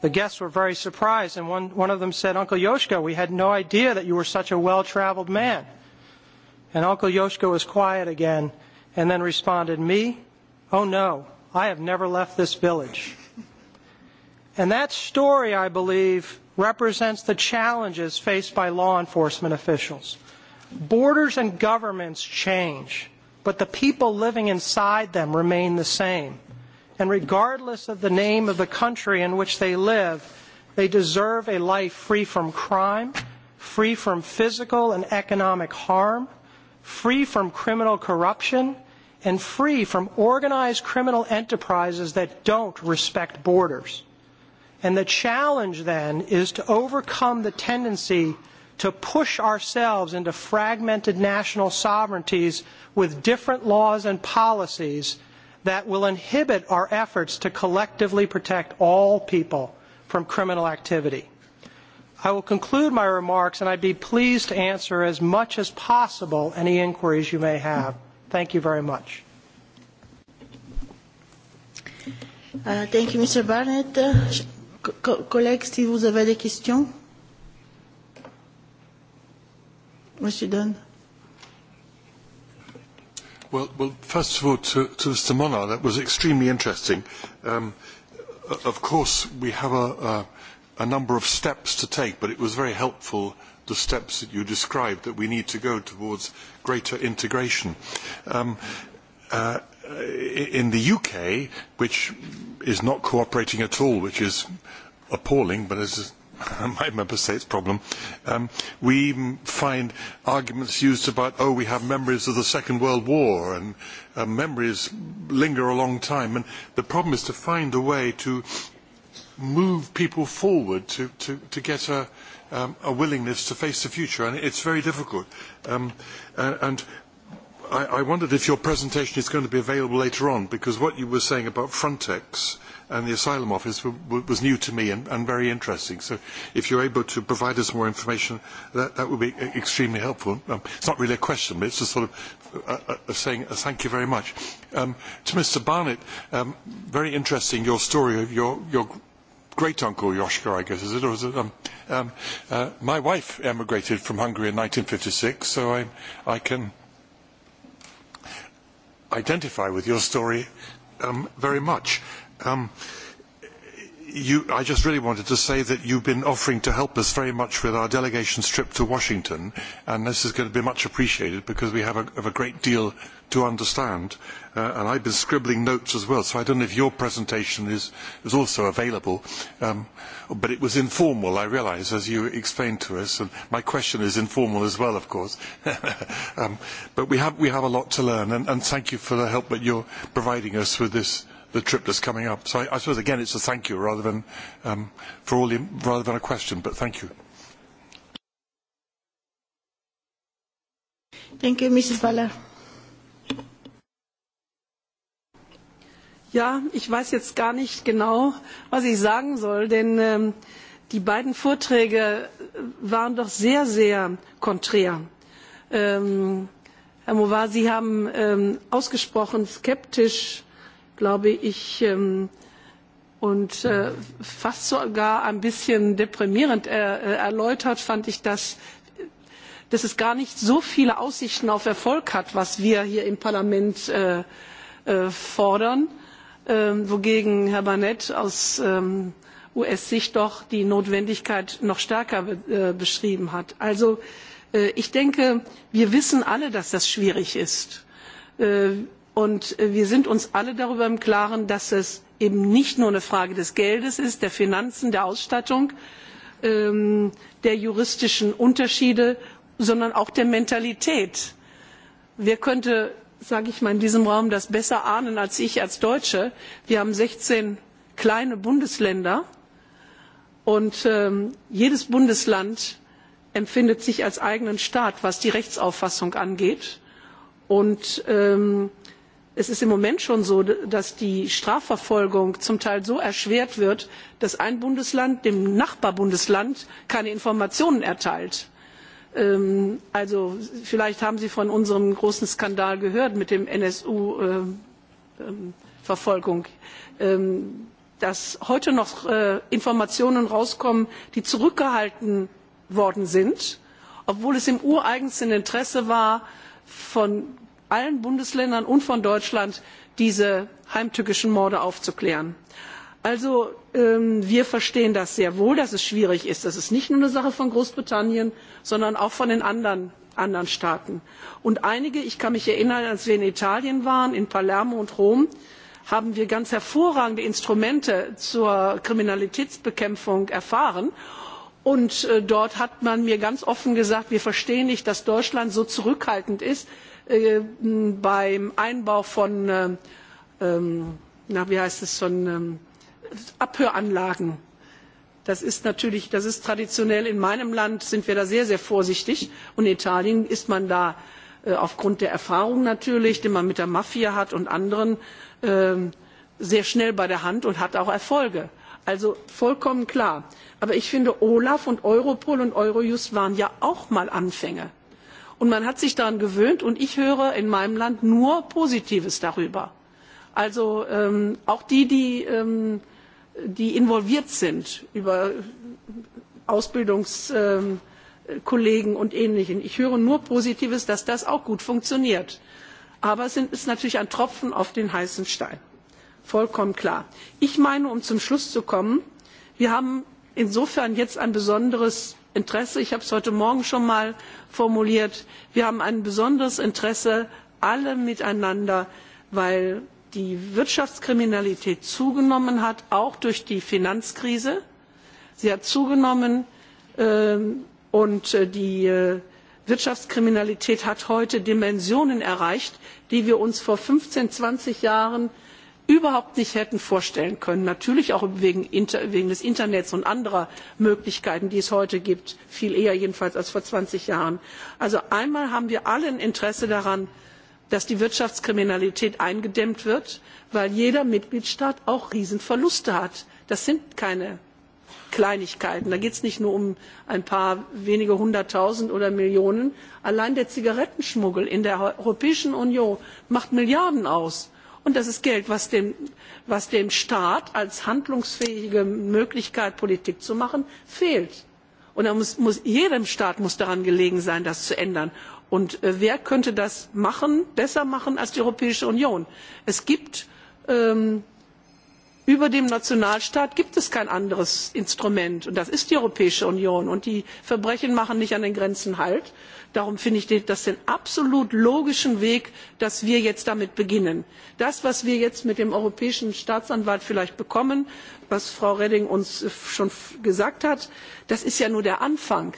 Speaker 12: The guests were very surprised, and one, one of them said, Uncle Yoshko, we had no idea that you were such a well traveled man. And Uncle Yoshko was quiet again and then responded, Me? Oh no, I have never left this village. And that story, I believe, represents the challenges faced by law enforcement officials. Borders and governments change, but the people living inside them remain the same. And regardless of the name of the country in which they live, they deserve a life free from crime, free from physical and economic harm, free from criminal corruption, and free from organized criminal enterprises that don't respect borders. And the challenge then is to overcome the tendency to push ourselves into fragmented national sovereignties with different laws and policies that will inhibit our efforts to collectively protect all people from criminal activity. I will conclude my remarks and I'd be pleased to answer as much as possible any inquiries you may have. Thank you very much.
Speaker 1: Uh, thank you, Mr. Barnett. Uh, co co collègues, si vous avez des questions. Mr. Dunn.
Speaker 5: Well, well, first of all, to, to Mr. Monar, that was extremely interesting. Um, of course, we have a, a, a number of steps to take, but it was very helpful, the steps that you described, that we need to go towards greater integration. Um, uh, in the UK, which is not cooperating at all, which is appalling, but as my member state's problem, um, we find arguments used about, oh, we have memories of the Second World War, and uh, memories linger a long time. And the problem is to find a way to move people forward, to, to, to get a, um, a willingness to face the future, and it's very difficult. Um, and i, wondered if your presentation is going to be available later on, because what you were saying about Frontex and the asylum office was new to me and, and very interesting. So if you're able to provide us more information, that, that would be e, extremely helpful. Um, it's not really a question, but it's just sort of a, a, a saying a thank you very much. Um, to Mr. Barnett, um, very interesting your story of your, your great uncle Yoshka, I guess, is it? Or is it um, um, uh, my wife emigrated from Hungary in 1956, so I, I can identify with your story um, very much. Um, you, I just really wanted to say that you've been offering to help us very much with our delegation's trip to Washington, and this is going to be much appreciated because we have a, have a great deal to understand. Uh, and I've been scribbling notes as well, so I don't know if your presentation is, is also available. Um, but it was informal, I realise, as you explained to us. And my question is informal as well, of course. um, but we have, we have a lot to learn, and, and thank you for the help that you're providing us with this the trip that's coming up. So I, I suppose again it's a thank you rather than um, for all the, rather than a question, but thank you.
Speaker 1: Thank you, Mrs. Baller.
Speaker 5: Ja,
Speaker 8: ich weiß jetzt gar nicht genau, was ich sagen soll, denn ähm, die beiden Vorträge äh, waren doch sehr, sehr konträr. Ähm, Herr Mowar, Sie haben ähm, ausgesprochen skeptisch, glaube ich, ähm, und äh, fast sogar ein bisschen deprimierend er, äh, erläutert, fand ich das, dass es gar nicht so viele Aussichten auf Erfolg hat, was wir hier im Parlament äh, äh, fordern. Äh, Ähm, wogegen Herr Barnett aus ähm, US-Sicht doch die Notwendigkeit noch stärker äh, beschrieben hat. Also äh, ich denke, wir wissen alle, dass das schwierig ist. Äh, und wir sind uns alle darüber im Klaren, dass es eben nicht nur eine Frage des Geldes ist, der Finanzen, der Ausstattung, ähm, der juristischen Unterschiede, sondern auch der Mentalität. Wer könnte sage ich mal in diesem raum das besser ahnen als ich als deutsche wir haben sechzehn kleine bundesländer und ähm, jedes bundesland empfindet sich als eigenen staat was die rechtsauffassung angeht und ähm, es ist im moment schon so dass die strafverfolgung zum teil so erschwert wird dass ein bundesland dem nachbarbundesland keine informationen erteilt. Ähm, also vielleicht haben Sie von unserem großen Skandal gehört mit der NSU. Ähm, ähm, Verfolgung, ähm, dass heute noch äh, Informationen herauskommen die zurückgehalten worden sind, obwohl es im ureigensten Interesse war, von allen Bundesländern und von Deutschland diese heimtückischen Morde aufzuklären also ähm, wir verstehen das sehr wohl dass es schwierig ist das ist nicht nur eine sache von großbritannien sondern auch von den anderen, anderen staaten. und einige ich kann mich erinnern als wir in italien waren in palermo und rom haben wir ganz hervorragende instrumente zur kriminalitätsbekämpfung erfahren und äh, dort hat man mir ganz offen gesagt wir verstehen nicht dass deutschland so zurückhaltend ist äh, beim einbau von äh, ähm, na, wie heißt es von ähm, abhöranlagen das ist natürlich das ist traditionell in meinem land sind wir da sehr sehr vorsichtig und in italien ist man da äh, aufgrund der erfahrung natürlich die man mit der mafia hat und anderen ähm, sehr schnell bei der hand und hat auch erfolge also vollkommen klar. aber ich finde olaf und europol und eurojust waren ja auch mal anfänge und man hat sich daran gewöhnt und ich höre in meinem land nur positives darüber. also ähm, auch die die ähm, die involviert sind über Ausbildungskollegen und Ähnliches. Ich höre nur Positives, dass das auch gut funktioniert. Aber es ist natürlich ein Tropfen auf den heißen Stein. Vollkommen klar. Ich meine, um zum Schluss zu kommen, wir haben insofern jetzt ein besonderes Interesse, ich habe es heute Morgen schon mal formuliert, wir haben ein besonderes Interesse, alle miteinander, weil die wirtschaftskriminalität zugenommen hat auch durch die finanzkrise sie hat zugenommen ähm, und äh, die äh, wirtschaftskriminalität hat heute dimensionen erreicht die wir uns vor fünfzehn zwanzig jahren überhaupt nicht hätten vorstellen können natürlich auch wegen, des internets und anderer möglichkeiten die es heute gibt viel eher jedenfalls als vor zwanzig jahren. also einmal haben wir alle ein interesse daran dass die wirtschaftskriminalität eingedämmt wird weil jeder mitgliedstaat auch riesenverluste hat. das sind keine kleinigkeiten da geht es nicht nur um ein paar wenige hunderttausend oder millionen allein der zigarettenschmuggel in der europäischen union macht milliarden aus und das ist geld das dem, was dem staat als handlungsfähige möglichkeit politik zu machen fehlt. Und muss, muss, jedem staat muss daran gelegen sein das zu ändern und äh, wer könnte das besser machen als die europäische union? es gibt ähm, über dem nationalstaat gibt es kein anderes instrument und das ist die europäische union die verbrechen machen nicht an den grenzen halt. darum finde ich das den absolut logischen weg dass wir jetzt damit beginnen. das was wir jetzt mit dem europäischen staatsanwalt vielleicht bekommen was frau reding uns schon gesagt hat das ist ja nur der anfang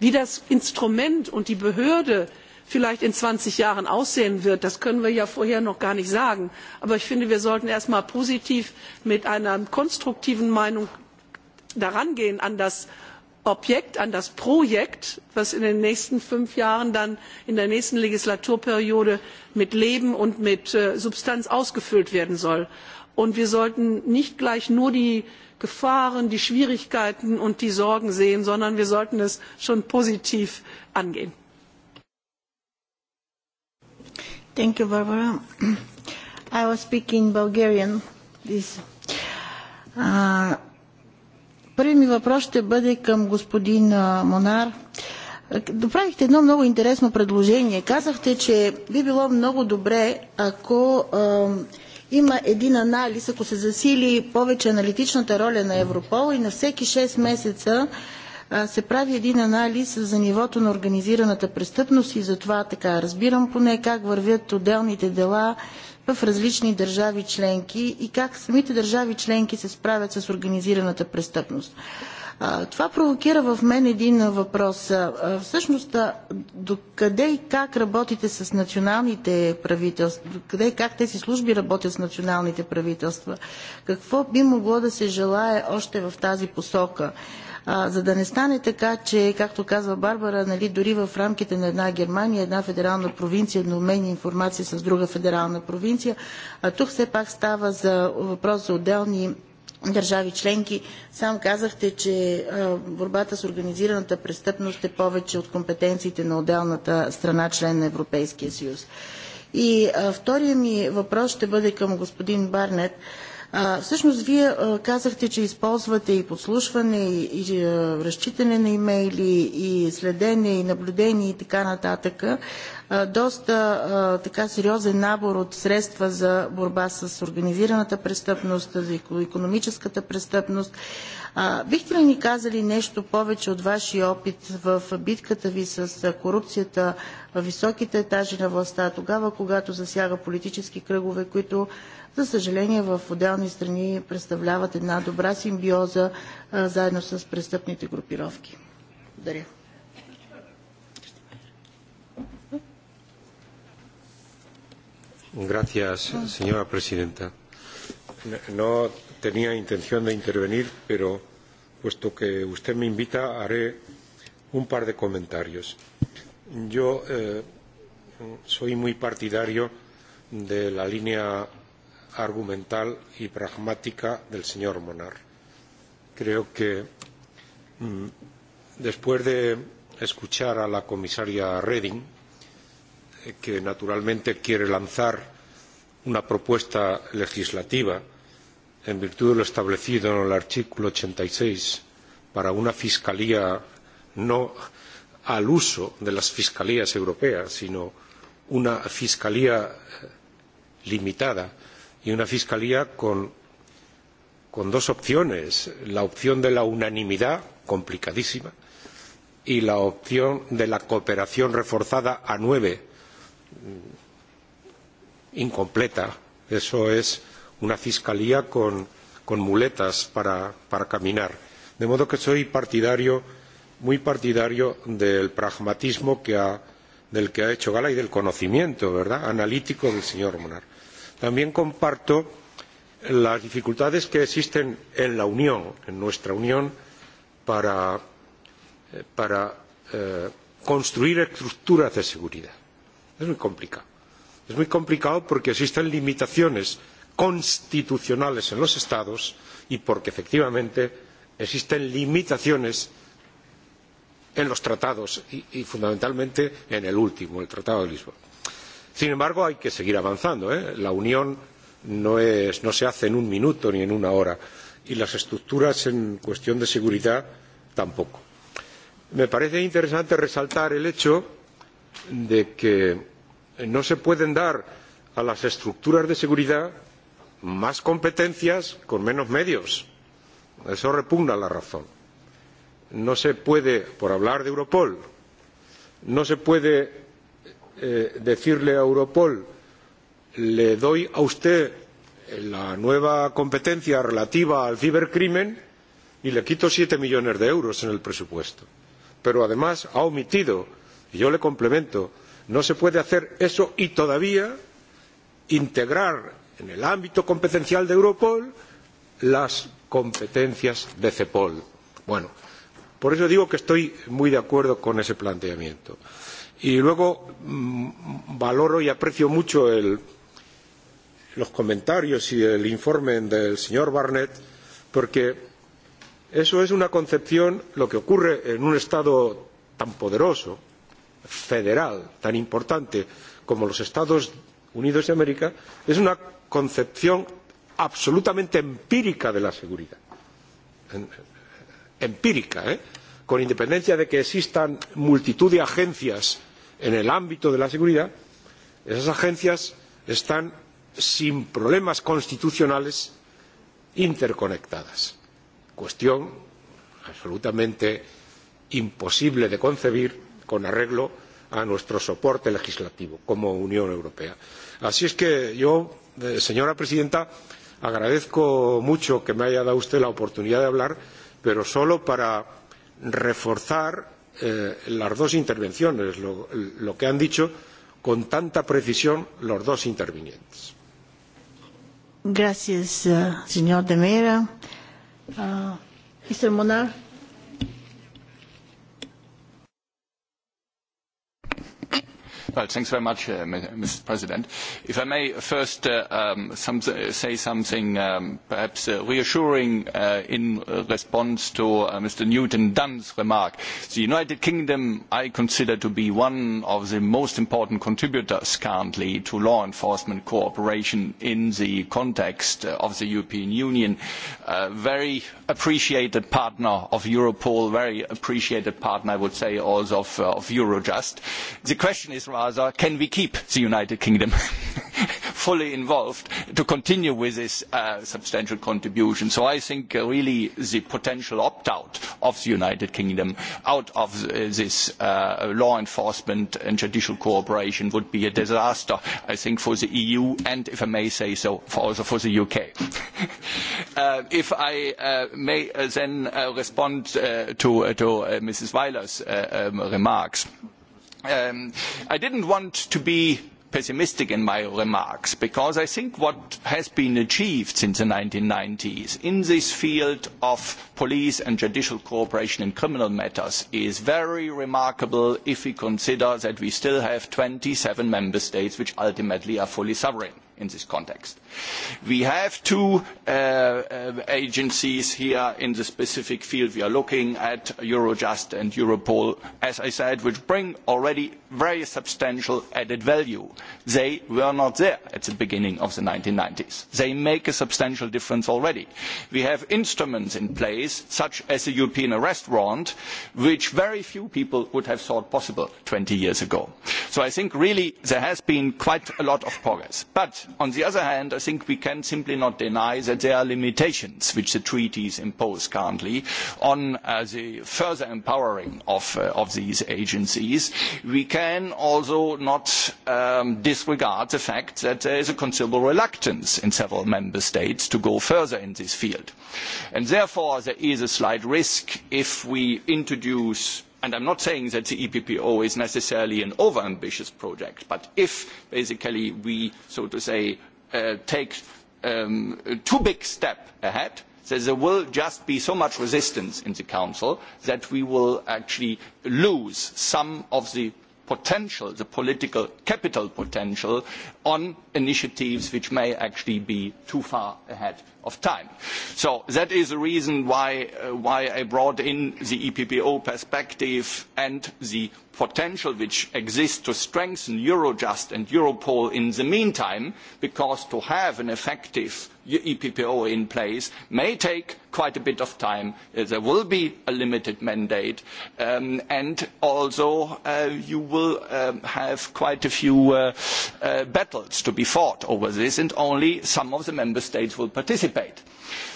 Speaker 8: wie das instrument und die behörde vielleicht in zwanzig jahren aussehen werden das können wir ja vorher noch gar nicht sagen aber ich finde wir sollten erst einmal positiv mit einer konstruktiven meinung darangehen an das objekt an das projekt das in den nächsten fünf jahren dann in der nächsten legislaturperiode mit leben und mit äh, substanz ausgefüllt werden soll. und wir sollten nicht gleich nur die gefahren die schwierigkeiten und die sorgen sehen sondern wir sollten es schon positiv angehen.
Speaker 1: Thank you, Barbara. I will speak Bulgarian. This. Uh, ми въпрос ще бъде към господин uh, Монар. Доправихте едно много интересно предложение. Казахте, че би било много добре, ако uh, има един анализ, ако се засили повече аналитичната роля на Европол и на всеки 6 месеца се прави един анализ за нивото на организираната престъпност и за това така разбирам поне как вървят отделните дела в различни държави членки и как самите държави членки се справят с организираната престъпност. Това провокира в мен един въпрос. Всъщност, докъде и как работите с националните правителства? Докъде и как тези служби работят с националните правителства? Какво би могло да се желае още в тази посока? за да не стане така, че, както казва Барбара, нали, дори в рамките на една Германия, една федерална провинция но мен информация с друга федерална провинция, а тук все пак става за въпрос за отделни държави членки. Сам казахте, че борбата с организираната престъпност е повече от компетенциите на отделната страна член на Европейския съюз. И втория ми въпрос ще бъде към господин Барнет всъщност, вие казахте, че използвате и подслушване, и, разчитане на имейли, и следене, и наблюдение, и така нататък. доста така сериозен набор от средства за борба с организираната престъпност, за економическата престъпност. А, бихте ли ни казали нещо повече от вашия опит в битката ви с корупцията в високите етажи на властта, тогава когато засяга политически кръгове, които за съжаление в отделни страни представляват една добра симбиоза а, заедно с престъпните групировки? Благодаря.
Speaker 9: Gracias, señora presidenta. No tenía intención de intervenir, pero puesto que usted me invita, haré un par de comentarios. Yo eh, soy muy partidario de la línea argumental y pragmática del señor Monar. Creo que mm, después de escuchar a la comisaria Reding, eh, que naturalmente quiere lanzar una propuesta legislativa en virtud de lo establecido en el artículo 86, para una fiscalía no al uso de las fiscalías europeas, sino una fiscalía eh, limitada y una fiscalía con, con dos opciones, la opción de la unanimidad, complicadísima, y la opción de la cooperación reforzada a nueve, mm, incompleta. Eso es una fiscalía con, con muletas para, para caminar. De modo que soy partidario, muy partidario del pragmatismo que ha, del que ha hecho gala y del conocimiento ¿verdad? analítico del señor Monar. También comparto las dificultades que existen en la Unión, en nuestra Unión, para, eh, para eh, construir estructuras de seguridad. Es muy complicado. Es muy complicado porque existen limitaciones constitucionales en los Estados y porque efectivamente existen limitaciones en los tratados y, y fundamentalmente en el último, el Tratado de Lisboa. Sin embargo, hay que seguir avanzando. ¿eh? La Unión no, es, no se hace en un minuto ni en una hora y las estructuras en cuestión de seguridad tampoco. Me parece interesante resaltar el hecho de que no se pueden dar a las estructuras de seguridad más competencias con menos medios. Eso repugna la razón. No se puede, por hablar de Europol, no se puede eh, decirle a Europol le doy a usted la nueva competencia relativa al cibercrimen y le quito siete millones de euros en el presupuesto. Pero además ha omitido, y yo le complemento, no se puede hacer eso y todavía integrar en el ámbito competencial de Europol las competencias de CEPOL. Bueno, por eso digo que estoy muy de acuerdo con ese planteamiento. Y luego mmm, valoro y aprecio mucho el, los comentarios y el informe del señor Barnett, porque eso es una concepción, lo que ocurre en un Estado tan poderoso, federal, tan importante como los Estados Unidos de América, es una concepción absolutamente empírica de la seguridad. Empírica, ¿eh? con independencia de que existan multitud de agencias en el ámbito de la seguridad, esas agencias están sin problemas constitucionales interconectadas. Cuestión absolutamente imposible de concebir con arreglo a nuestro soporte legislativo como Unión Europea. Así es que yo, eh, señora presidenta, agradezco mucho que me haya dado usted la oportunidad de hablar, pero solo para reforzar eh, las dos intervenciones, lo, lo que han dicho con tanta precisión los dos intervinientes.
Speaker 1: Gracias, uh, señor de Mera. Uh, ah, Mr. Monar.
Speaker 11: Well, thanks very much, uh, Mr. President. If I may first uh, um, some, uh, say something um, perhaps uh, reassuring uh, in response to Mr. Newton Dunn's remark. The United Kingdom I consider to be one of the most important contributors currently to law enforcement cooperation in the context of the European Union. A very appreciated partner of Europol, very appreciated partner, I would say, also of, of Eurojust. The question is rather rather can we keep the united kingdom fully involved to continue with this uh, substantial contribution. So I think uh, really the potential opt-out of the United Kingdom out of uh, this uh, law enforcement and judicial cooperation would be a disaster, I think, for the EU and, if I may say so, for also for the UK. Uh, if I uh, may then respond to, to Mrs. Weiler's um, remarks. Um, I didn't want to be pessimistic in my remarks because I think what has been achieved since the 1990s in this field of police and judicial cooperation in criminal matters is very remarkable if we consider that we still have 27 member states which ultimately are fully sovereign in this context. We have two uh, uh, agencies here in the specific field we are looking at, Eurojust and Europol, as I said, which bring already very substantial added value. They were not there at the beginning of the 1990s. They make a substantial difference already. We have instruments in place, such as the European arrest warrant, which very few people would have thought possible 20 years ago. So I think really there has been quite a lot of progress. But on the other hand, I think we can simply not deny that there are limitations which the treaties impose currently on uh, the further empowering uh, of, these agencies. We can also not um, disregard the fact that there is a considerable reluctance in several member states to go further in this field. And therefore, there is a slight risk if we introduce and I'm not saying that the EPPO is necessarily an over-ambitious project, but if basically we, so to say, uh, take a um, too big a step ahead, then there will just be so much resistance in the Council that we will actually lose some of the potential, the political capital potential on initiatives which may actually be too far ahead of time. So that is the reason why, uh, why I brought in the EPPO perspective and the potential which exists to strengthen Eurojust and Europol in the meantime, because to have an effective EPPO e in place may take quite a bit of time. Uh, there will be a limited mandate, um, and also uh, you will um, have quite a few uh, battles to be fought over this, and only some of the member states will participate.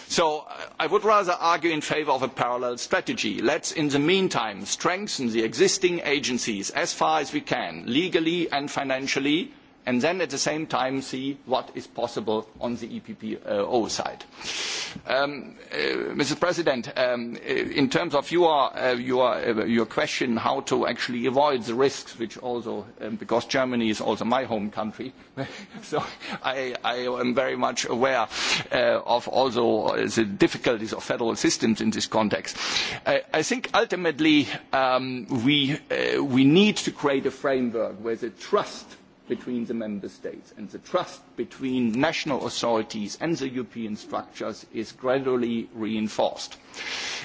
Speaker 11: So I would rather argue in favour of a parallel strategy. Let's, in the meantime, strengthen the existing agencies as far as we can, legally and financially, and then at the same time see what is possible on the EPPO side. Um, uh, Mr. President, um, uh, in terms of your, uh, your, uh, your question how to actually avoid the risks, which also, um, because Germany is also my home country, so I, I am very much aware uh, of also the difficulties of federal systems in this context. I, uh, I think ultimately um, we, uh, we need to create a framework where the trust between the member states and the trust between national authorities and the European structures is gradually reinforced.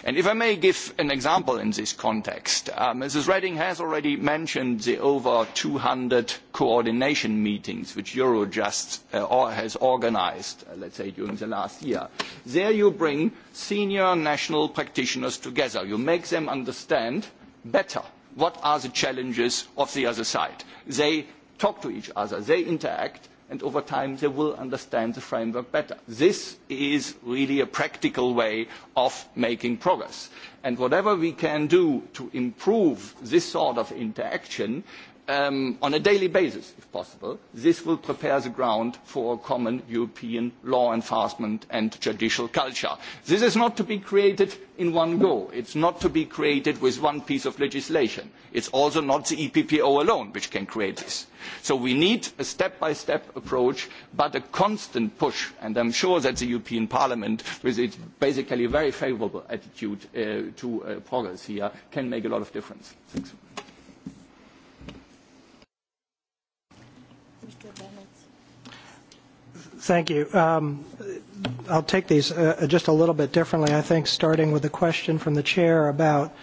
Speaker 11: And if I may give an example in this context, uh, Mrs. Redding has already mentioned the over 200 coordination meetings which Eurojust uh, has organized, uh, let's say, during the last year. There you bring senior national practitioners together. You make them understand better what are the challenges of the other side. They talk to each other, they interact, and over time they will understand the framework better. This is really a practical way of making progress. And whatever we can do to improve this sort of interaction Um, on a daily basis, if possible. This will prepare the ground for a common European law enforcement and judicial culture. This is not to be created in one go. It's not to be created with one piece of legislation. It's also not the EPPO alone which can create this. So we need a step-by-step -step approach, but a constant push. And I'm sure that the European Parliament, with its basically very favorable attitude uh, to uh, progress here, can make a lot of difference. Thanks.
Speaker 12: Thank you. Um, I'll take these uh, uh, just a little bit differently, I think, starting with a question from the chair about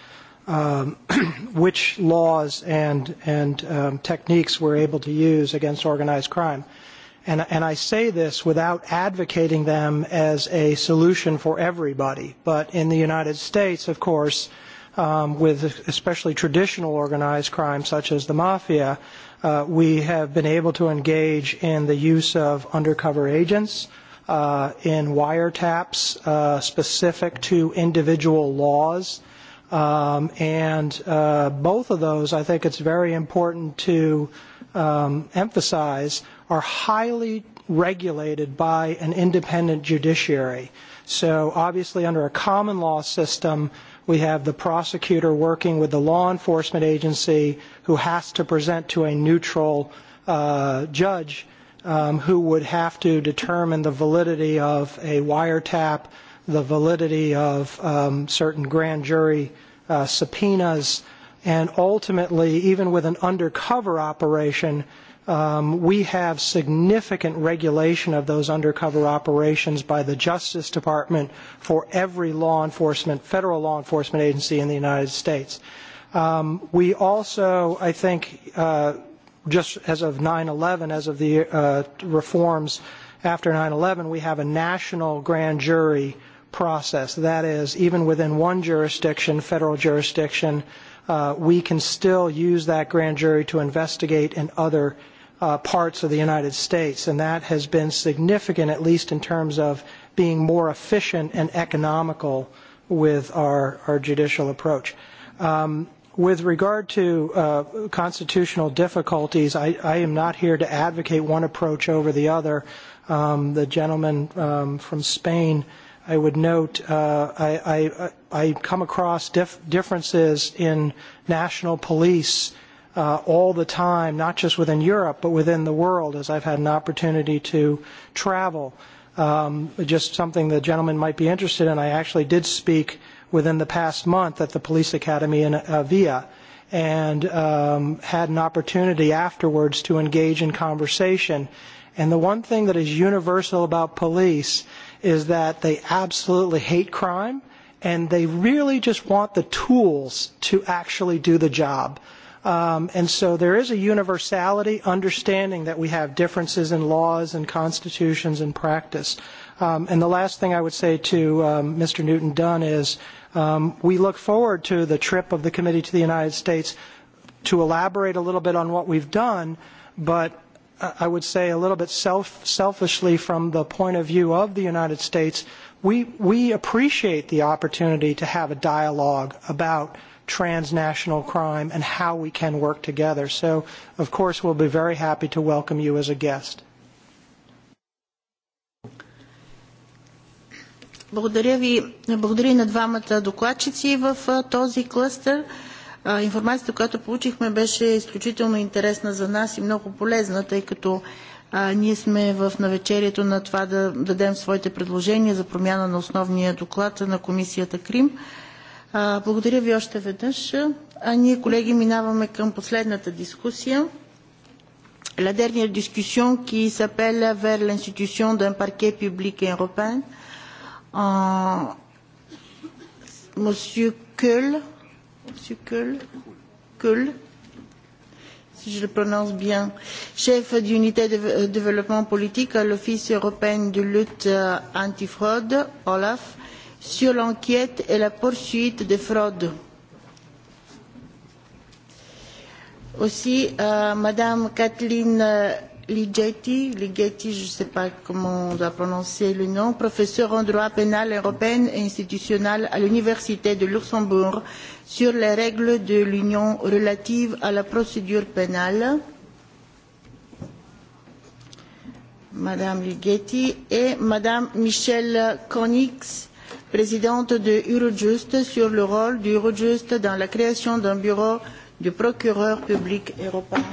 Speaker 12: um, which laws and, and um, techniques we're able to use against organized crime. And, and I say this without advocating them as a solution for everybody. But in the United States, of course, um, with especially traditional organized crime such as the mafia, Uh, we have been able to engage in the use of undercover agents uh, in wiretaps uh, specific to individual laws. Um, and uh, both of those, I think it's very important to um, emphasize, are highly regulated by an independent judiciary. So obviously under a common law system, We have the prosecutor working with the law enforcement agency who has to present to a neutral uh, judge um, who would have to determine the validity of a wiretap, the validity of um, certain grand jury uh, subpoenas, and ultimately, even with an undercover operation, Um, we have significant regulation of those undercover operations by the Justice Department for every law enforcement, federal law enforcement agency in the United States. Um, we also, I think, uh, just as of 9-11, as of the uh, reforms after 9-11, we have a national grand jury process. That is, even within one jurisdiction, federal jurisdiction, uh, we can still use that grand jury to investigate in other uh, parts of the United States, and that has been significant, at least in terms of being more efficient and economical with our, our judicial approach. Um, with regard to uh, constitutional difficulties, I, I am not here to advocate one approach over the other. Um, the gentleman um, from Spain, I would note, uh, I, I, I come across dif differences in national police uh, all the time, not just within Europe, but within the world, as I've had an opportunity to travel. Um, just something the gentleman might be interested in. I actually did speak within the past month at the Police Academy in Avia uh, Via and um, had an opportunity afterwards to engage in conversation. And the one thing that is universal about police is that they absolutely hate crime and they really just want the tools to actually do the job. Um, and so there is a universality, understanding that we have differences in laws and constitutions and practice. Um, and the last thing I would say to um, Mr. Newton Dunn is um, we look forward to the trip of the committee to the United States to elaborate a little bit on what we've done, but I would say a little bit self, selfishly from the point of view of the United States, we, we appreciate the opportunity to have a dialogue about transnational crime and how we can work together. So, of course, we'll be very happy to welcome you as a guest.
Speaker 1: Благодаря ви. Благодаря на двамата докладчици в този клъстър. Информацията, която получихме, беше изключително интересна за нас и много полезна, тъй като ние сме в навечерието на това да дадем своите предложения за промяна на основния доклад на комисията Крим. Благодаря ви още веднъж. А ние, колеги, минаваме към последната дискусия. La dernière discussion qui s'appelle vers l'institution d'un parquet public européen. Euh, monsieur Kull, Monsieur Kull, Kull, si je le prononce bien, chef d'unité de euh, développement politique à l'Office européen de lutte euh, antifraude, OLAF, sur l'enquête et la poursuite des fraudes. Aussi, euh, Madame Kathleen Ligeti, Ligeti, je ne sais pas comment on doit prononcer le nom, professeure en droit pénal européen et institutionnel à l'Université de Luxembourg sur les règles de l'Union relatives à la procédure pénale. Madame Ligeti et Madame Michelle Konix, présidente de Eurojust, sur le rôle d'Eurojust dans la création d'un bureau du procureur public européen.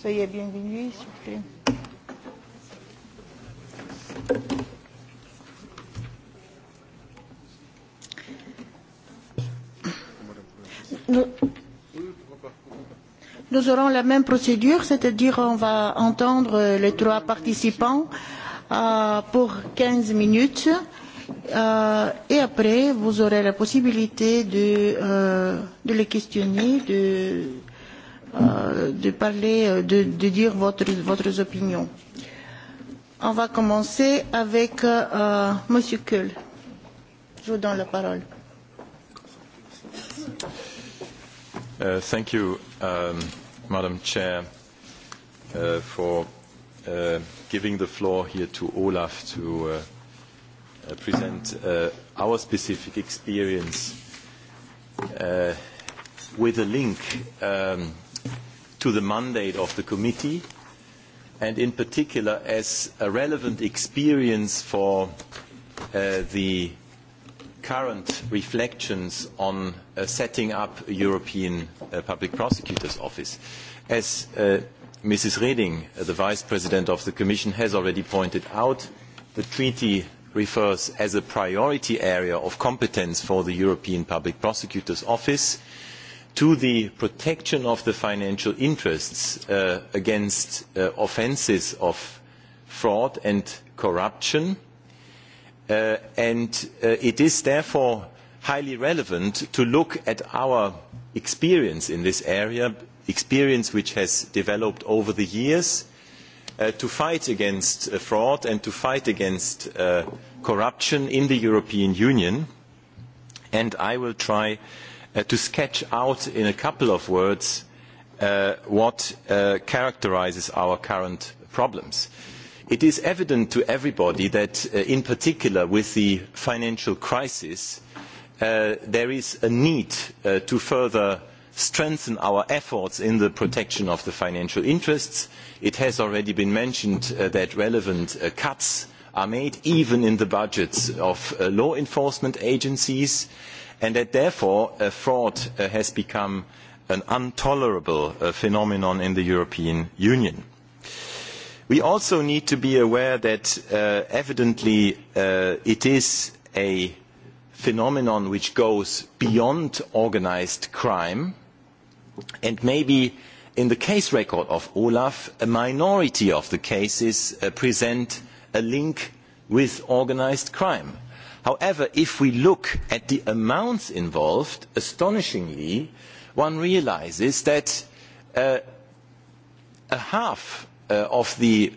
Speaker 1: Soyez bienvenue, s'il vous plaît. Nous, nous aurons la même procédure, c'est-à-dire on va entendre les trois participants. Euh, euh, pour 15 minutes. Euh, et après, vous aurez la possibilité de, euh, de les questionner, de, euh, de parler, euh, de, de dire votre, votre opinion. On va commencer avec euh, Monsieur Kuhl. Je vous donne la
Speaker 9: parole.
Speaker 13: Uh, thank you, um, euh, Madam Chair, uh, for Uh, giving the floor here to Olaf to uh, uh, present uh, our specific experience uh, with a link um, to the mandate of the committee and in particular as a relevant experience for uh, the current reflections on uh, setting up a European uh, Public Prosecutor's Office. As uh, Mrs. Reding, uh, the Vice President of the Commission, has already pointed out, the treaty refers as a priority area of competence for the European Public Prosecutor's Office to the protection of the financial interests uh, against uh, offences of fraud and corruption. Uh, and uh, it is therefore highly relevant to look at our experience in this area experience which has developed over the years uh, to fight against uh, fraud and to fight against uh, corruption in the European Union. And I will try uh, to sketch out in a couple of words uh, what characterises our current problems. It is evident to everybody that, in particular with the financial crisis, there is a need to further strengthen our efforts in the protection of the financial interests. It has already been mentioned uh, that relevant uh, cuts are made even in the budgets of uh, law enforcement agencies and that therefore uh, fraud uh, has become an intolerable uh, phenomenon in the European Union. We also need to be aware that evidently it is a phenomenon which goes beyond organised crime and maybe in the case record of Olaf, a minority of the cases uh, present a link with organised crime. However, if we look at the amounts involved, astonishingly, one realises that uh, a half uh, of the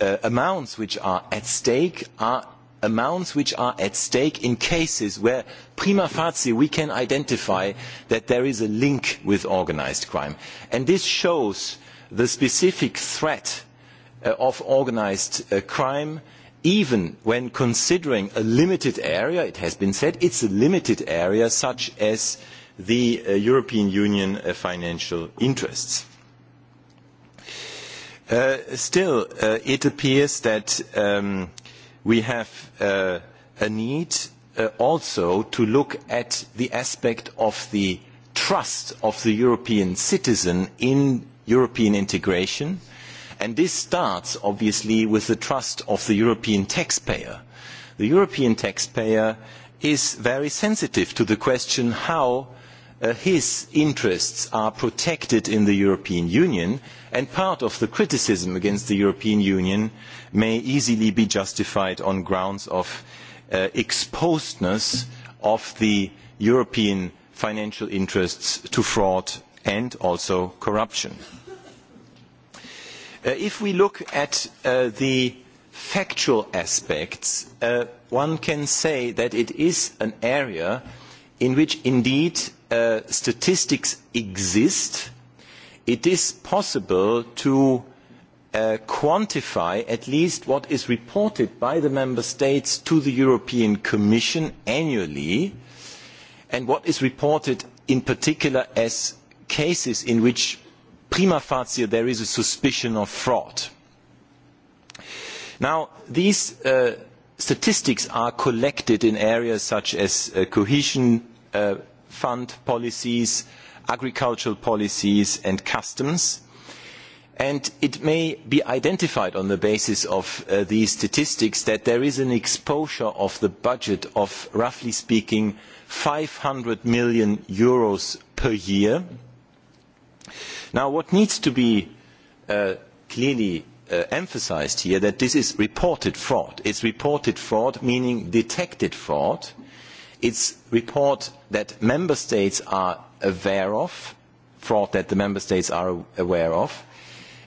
Speaker 13: uh, amounts which are at stake are amounts which are at stake in cases where prima facie we can identify that there is a link with organised crime. And this shows the specific threat uh, of organised uh, crime even when considering a limited area, it has been said, it's a limited area such as the uh, European Union uh, financial interests. Uh, still, uh, it appears that um, we have uh, a need uh, also to look at the aspect of the trust of the European citizen in European integration. And this starts, obviously, with the trust of the European taxpayer. The European taxpayer is very sensitive to the question how Uh, his interests are protected in the European Union, and part of the criticism against the European Union may easily be justified on grounds of uh, exposedness of the European financial interests to fraud and also corruption. Uh, if we look at uh, the factual aspects, uh, one can say that it is an area in which indeed Uh, statistics exist, it is possible to uh, quantify at least what is reported by the member states to the European Commission annually and what is reported in particular as cases in which prima facie there is a suspicion of fraud. Now, these uh, statistics are collected in areas such as uh, cohesion uh, fund policies, agricultural policies and customs. And it may be identified on the basis of uh, these statistics that there is an exposure of the budget of, roughly speaking, 500 million euros per year. Now, what needs to be uh, clearly uh, emphasized here that this is reported fraud. It's reported fraud, meaning detected fraud. Uh, It's report that member states are aware of, fraud that the member states are aware of,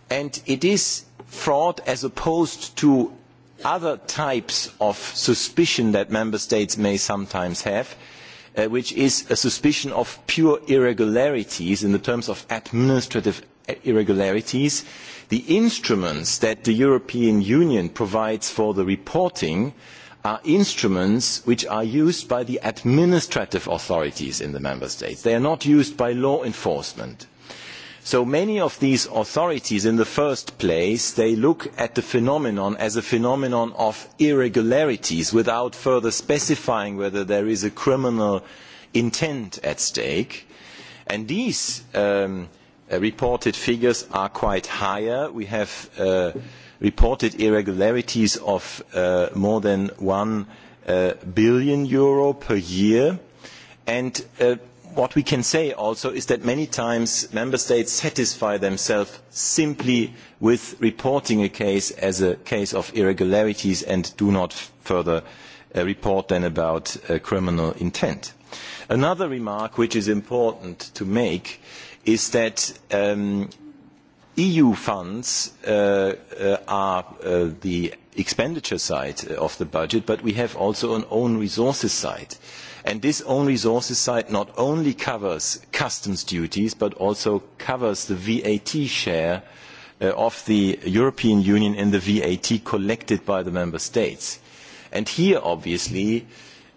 Speaker 13: and it is fraud as opposed to other types of suspicion that member states may sometimes have, uh, which is a suspicion of pure irregularities in the terms of administrative irregularities. The instruments that the European Union provides for the reporting are instruments which are used by the administrative authorities in the member states. They are not used by law enforcement. So many of these authorities, in the first place, they look at the phenomenon as a phenomenon of irregularities without further specifying whether there is a criminal intent at stake. And these um, uh, reported figures are quite higher. We have uh, reported irregularities of uh, more than 1 uh, billion euro per year. And uh, what we can say also is that many times member states satisfy themselves simply with reporting a case as a case of irregularities and do not further report then about criminal intent. Another remark which is important to make is that um, EU funds uh, uh, are uh, the expenditure side of the budget, but we have also an own resources side. And this own resources side not only covers customs duties, but also covers the VAT share uh, of the European Union in the VAT collected by the member states. And here, obviously,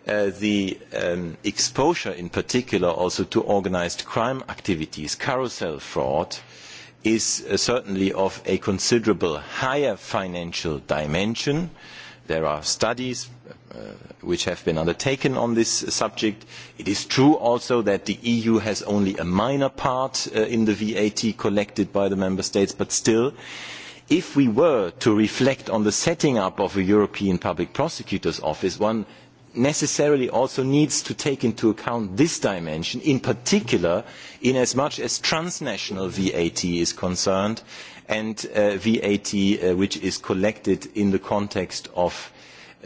Speaker 13: Uh, the um, exposure in particular also to organised crime activities, carousel fraud, is uh, certainly of a considerable higher financial dimension. There are studies uh, which have been undertaken on this subject. It is true also that the EU has only a minor part uh, in the VAT collected by the member states, but still, if we were to reflect on the setting up of a European Public Prosecutor's Office, one necessarily also needs to take into account this dimension, in particular, in as much as transnational VAT is concerned and uh, VAT uh, which is collected in the context of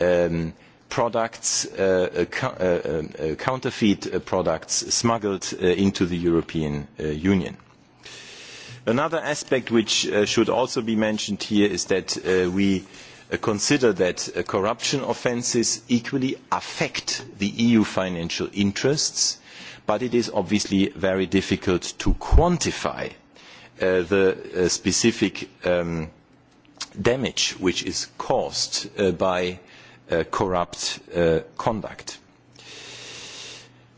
Speaker 13: um, products, uh, uh, uh, um, uh counterfeit products smuggled into the European Union. Another aspect which should also be mentioned here is that we Uh, consider that uh, corruption offences equally affect the EU financial interests, but it is obviously very difficult to quantify uh, the specific um, damage which is caused by corrupt conduct.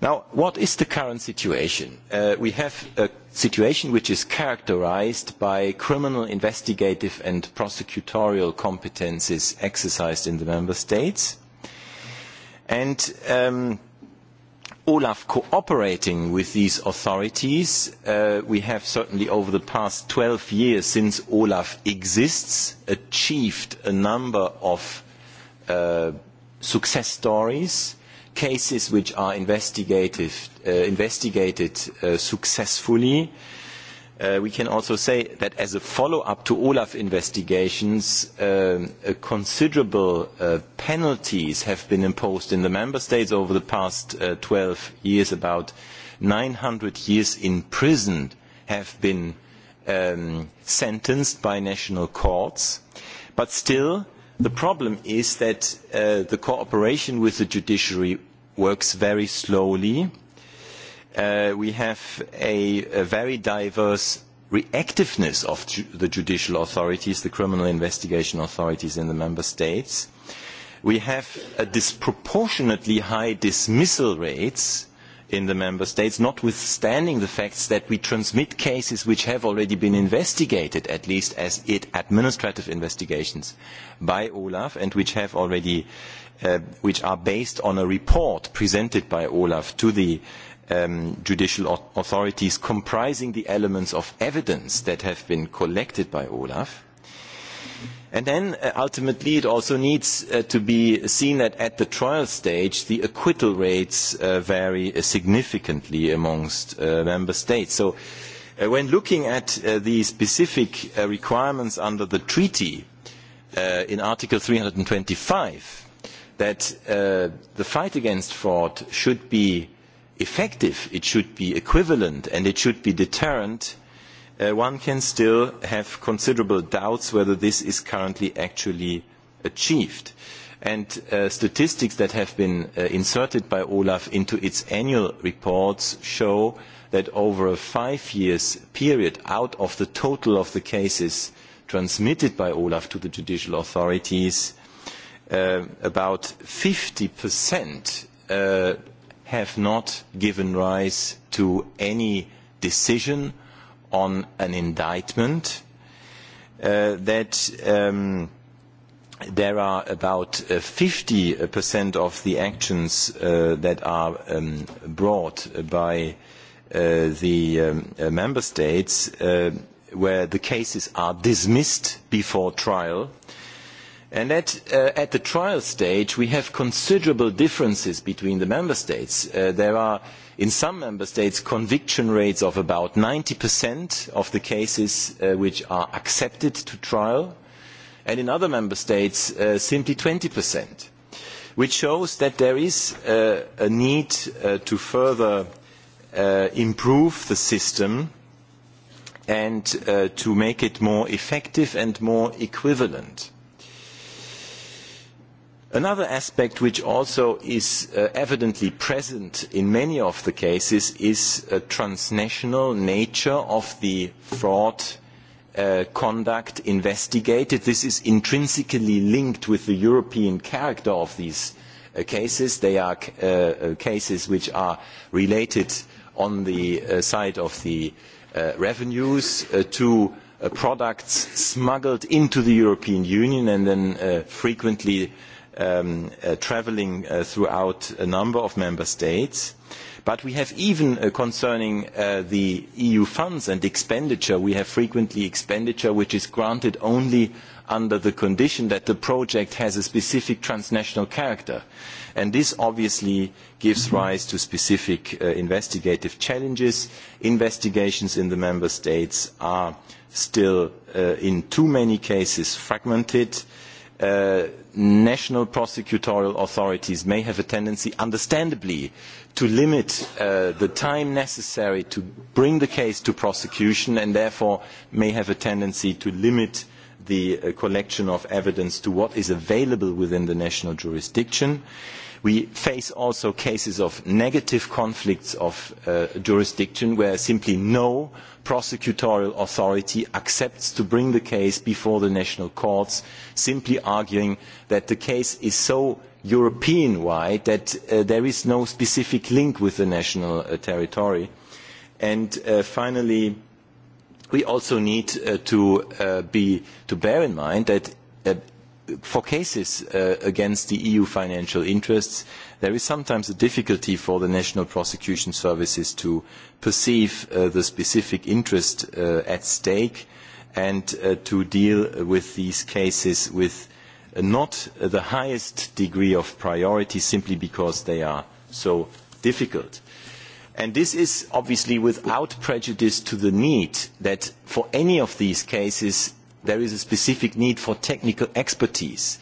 Speaker 13: Now, what is the current situation? Uh, we have a situation which is characterized by criminal investigative and prosecutorial competences exercised in the member states. And um, Olaf cooperating with these authorities, uh, we have certainly over the past 12 years since Olaf exists, achieved a number of uh, success stories cases which are investigated, uh, investigated uh, successfully. Uh, we can also say that as a follow-up to Olaf investigations, um, uh, considerable uh, penalties have been imposed in the member states over the past uh, 12 years. About 900 years in prison have been um, sentenced by national courts. But still, the problem is that uh, the cooperation with the judiciary works very slowly. Uh, we have a, very diverse reactiveness of the judicial authorities, the criminal investigation authorities in the member states. We have a disproportionately high dismissal rates in the member states, notwithstanding the facts that we transmit cases which have already been investigated, at least as it administrative investigations by Olaf, and which have already Uh, which are based on a report presented by Olaf to the um, judicial authorities comprising the elements of evidence that have been collected by Olaf. And then uh, ultimately it also needs uh, to be seen that at the trial stage the acquittal rates uh, vary uh, significantly amongst uh, member states. So when looking at the specific requirements under the treaty in Article 325, that uh, the fight against fraud should be effective, it should be equivalent, and it should be deterrent, uh, one can still have considerable doubts whether this is currently actually achieved. And uh, statistics that have been uh, inserted by Olaf into its annual reports show that over a five years period, out of the total of the cases transmitted by Olaf to the judicial authorities, Uh, about 50% uh, have not given rise to any decision on an indictment, uh, that um, there are about 50% uh, of the actions uh, that are um, brought by uh, the um, member states where the cases are dismissed before trial And at, uh, at, the trial stage, we have considerable differences between the member states. Uh, there are, in some member states, conviction rates of about 90% of the cases uh, which are accepted to trial, and in other member states, uh, simply 20%, which shows that there is uh, a need uh, to further improve the system and to make it more effective and more equivalent. Another aspect which also is uh, evidently present in many of the cases is a transnational nature of the fraud uh, conduct investigated. This is intrinsically linked with the European character of these uh, cases. They are uh, uh, cases which are related on the uh, side of the revenues to products smuggled into the European Union and then frequently um, uh, travelling uh, throughout a number of member states. But we have even uh, concerning uh, the EU funds and expenditure, we have frequently expenditure which is granted only under the condition that the project has a specific transnational character. And this obviously gives rise to specific uh, investigative challenges. Investigations in the member states are still, uh, in too many cases, fragmented. Uh, Uh, national prosecutorial authorities may have a tendency, understandably, to limit uh, the time necessary to bring the case to prosecution and therefore may have a tendency to limit the uh, collection of evidence to what is available within the national jurisdiction. Uh, We face also cases of negative conflicts of uh, jurisdiction where simply no prosecutorial authority accepts to bring the case before the national courts, simply arguing that the case is so European wide that uh, there is no specific link with the national uh, territory. And uh, finally, we also need uh, to, uh, be, to bear in mind that for cases uh, against the EU financial interests, there is sometimes a difficulty for the national prosecution services to perceive uh, the specific interest uh, at stake and uh, to deal with these cases with uh, not the highest degree of priority simply because they are so difficult. And this is obviously without prejudice to the need that for any of these cases there is a specific need for technical expertise.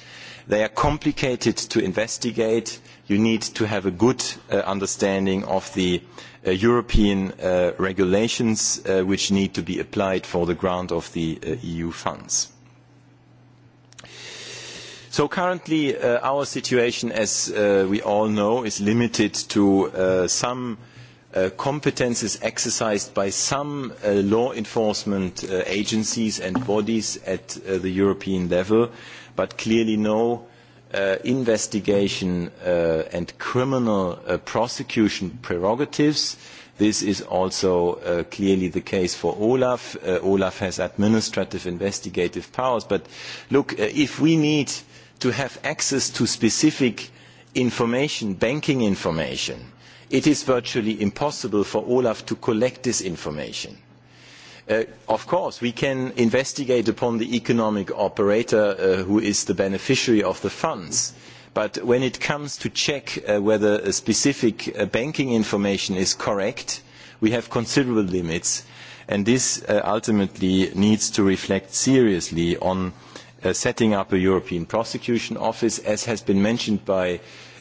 Speaker 13: They are complicated to investigate. You need to have a good uh, understanding of the uh, European uh, regulations uh, which need to be applied for the grant of the uh, EU funds. So currently, uh, our situation, as we all know, is limited to some uh, Uh, competences exercised by some uh, law enforcement uh, agencies and bodies at uh, the European level, but clearly no uh, investigation and criminal prosecution prerogatives. This is also clearly the case for Olaf. Olaf has administrative investigative powers. But look, if we need to have access to specific information, banking information, it is virtually impossible for Olaf to collect this information. Uh, of course, we can investigate upon the economic operator uh, who is the beneficiary of the funds. But when it comes to check uh, whether a specific uh, banking information is correct, we have considerable limits. And this uh, ultimately needs to reflect seriously on uh, setting up a European Prosecution Office, as has been mentioned by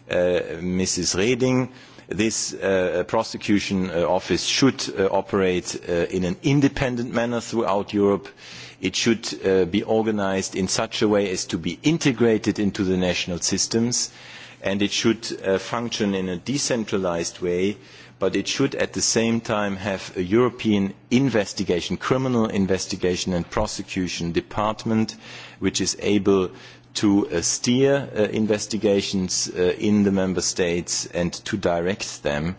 Speaker 13: uh, Mrs. Reding. Uh, this uh, prosecution uh, office should uh, operate uh, in an independent manner throughout Europe. It should be organised in such a way as to be integrated into the national systems and it should function in a decentralised way but it should at the same time have a European investigation, criminal investigation and prosecution department which is able to uh, steer uh, investigations uh, in the member states and to direct them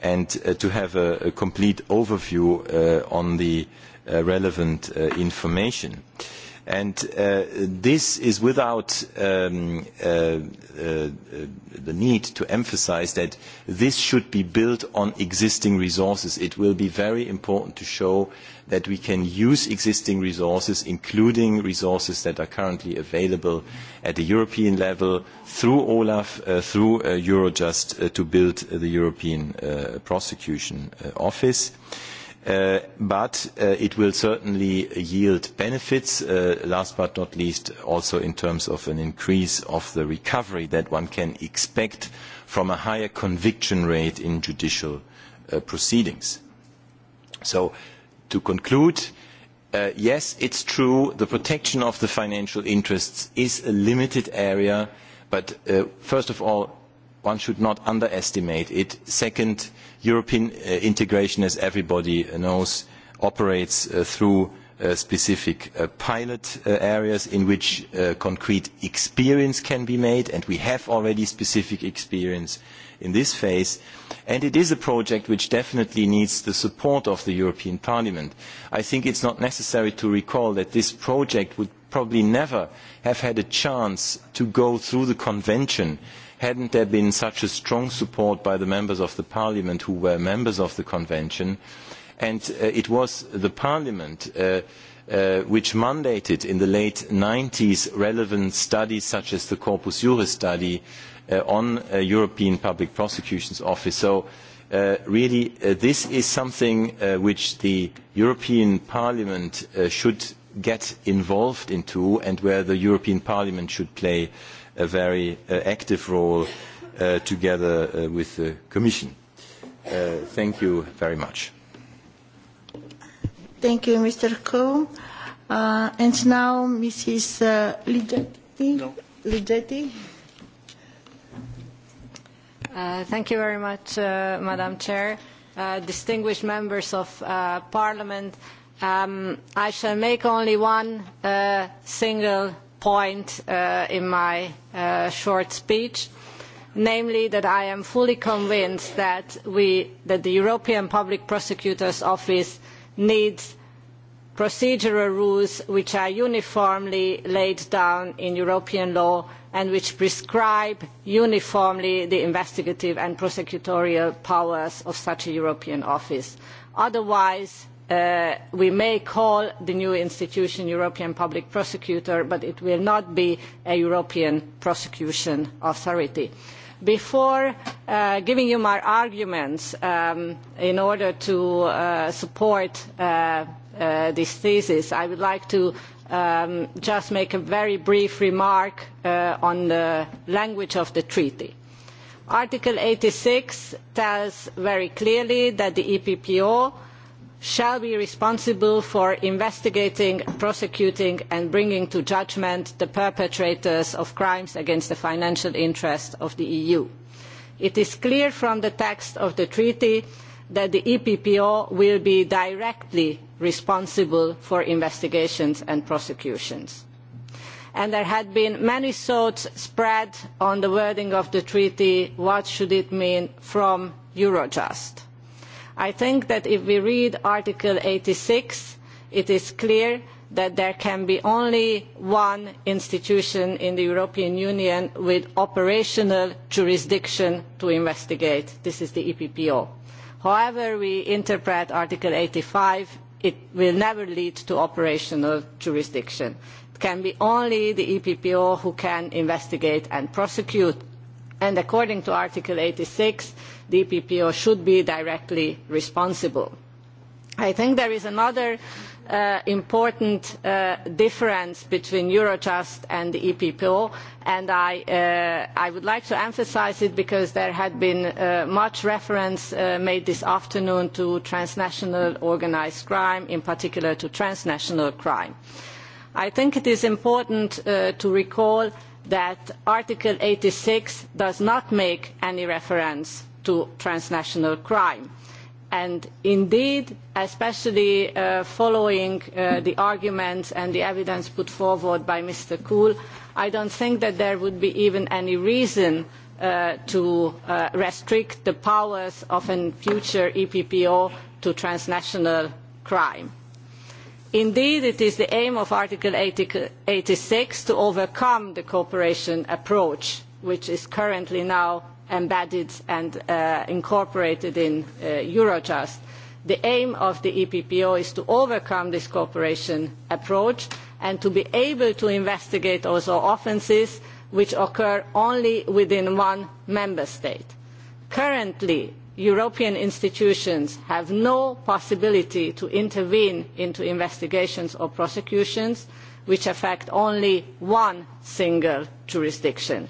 Speaker 13: and uh, to have a, a complete overview uh, on the uh, relevant information. Uh, And uh, this is without um, uh, uh, the need to emphasize that this should be built on existing resources. It will be very important to show that we can use existing resources, including resources that are currently available at the European level through OLAF, uh, through uh, Eurojust, uh, to build uh, the European uh, Prosecution uh, Office. Uh, Uh, but uh, it will certainly yield benefits, uh, last but not least, also in terms of an increase of the recovery that one can expect from a higher conviction rate in judicial proceedings. So to conclude, yes, it's true, the protection of the financial interests is a limited area, but first of all, one should not underestimate it. Second, European uh, integration, as everybody knows, operates uh, through Uh, specific uh, pilot uh, areas in which uh, concrete experience can be made, and we have already specific experience in this phase. And it is a project which definitely needs the support of the European Parliament. I think it's not necessary to recall that this project would probably never have had a chance to go through the convention uh, hadn't there been such a strong support by the members of the parliament who were members of the convention and uh, it was the parliament uh, uh, which mandated in the late 90s relevant studies such as the Corpus Juris study uh, on a uh, European Public Prosecution's Office. So uh, really this is something which the European Parliament should get involved into and where the European Parliament should play uh, a very uh, active role uh, together uh, with the Commission. Uh, thank you very much.
Speaker 1: Thank you, Mr. Coe. Uh, and now, Mrs. Uh, Ligetti. No. Ligetti. Uh, thank you very much, uh,
Speaker 14: Madam Chair. Uh, distinguished members of uh, Parliament, um, I shall make only one uh, single point uh, in my uh, short speech, namely that I am fully convinced that, we, that the European Public Prosecutor's Office needs procedural rules which are uniformly laid down in European law and which prescribe uniformly the investigative and prosecutorial powers of such a European office. Otherwise, Uh, we may call the new institution european public prosecutor but it will not be a european prosecution authority. before uh, giving you my arguments um, in order to uh, support uh, uh, this thesis i would like to um, just make a very brief remark on the language of the treaty article eighty six tells very clearly that the eppo shall be responsible for investigating, prosecuting and bringing to judgment the perpetrators of crimes against the financial interests of the EU. It is clear from the text of the treaty that the EPPO will be directly responsible for investigations and prosecutions. And there had been many thoughts spread on the wording of the treaty, what should it mean from Eurojust i think that if we read Article 86, it is clear that there can be only one institution in the European Union with operational jurisdiction to investigate. This is the EPPO. However we interpret Article 85, it will never lead to operational jurisdiction. It can be only the EPPO who can investigate and prosecute. And according to Article 86, DPPO should be directly responsible. I think there is another uh, important uh, difference between Eurojust and the EPPO, and I, uh, I would like to emphasise it because there had been uh, much reference uh, made this afternoon to transnational organised crime, in particular to transnational crime. I think it is important uh, to recall that Article 86 does not make any reference to transnational crime. And indeed, especially uh, following uh, the arguments and the evidence put forward by Mr. Kuhl, I don't think that there would be even any reason uh, to uh, restrict the powers of a future EPPO to transnational crime. Indeed, it is the aim of Article 80, 86 to overcome the cooperation approach, which is currently now embedded and uh, incorporated in uh, Eurojust. The aim of the EPPO is to overcome this cooperation approach and to be able to investigate also offences which occur only within one member state. Currently, European institutions have no possibility to intervene into investigations or prosecutions which affect only one single jurisdiction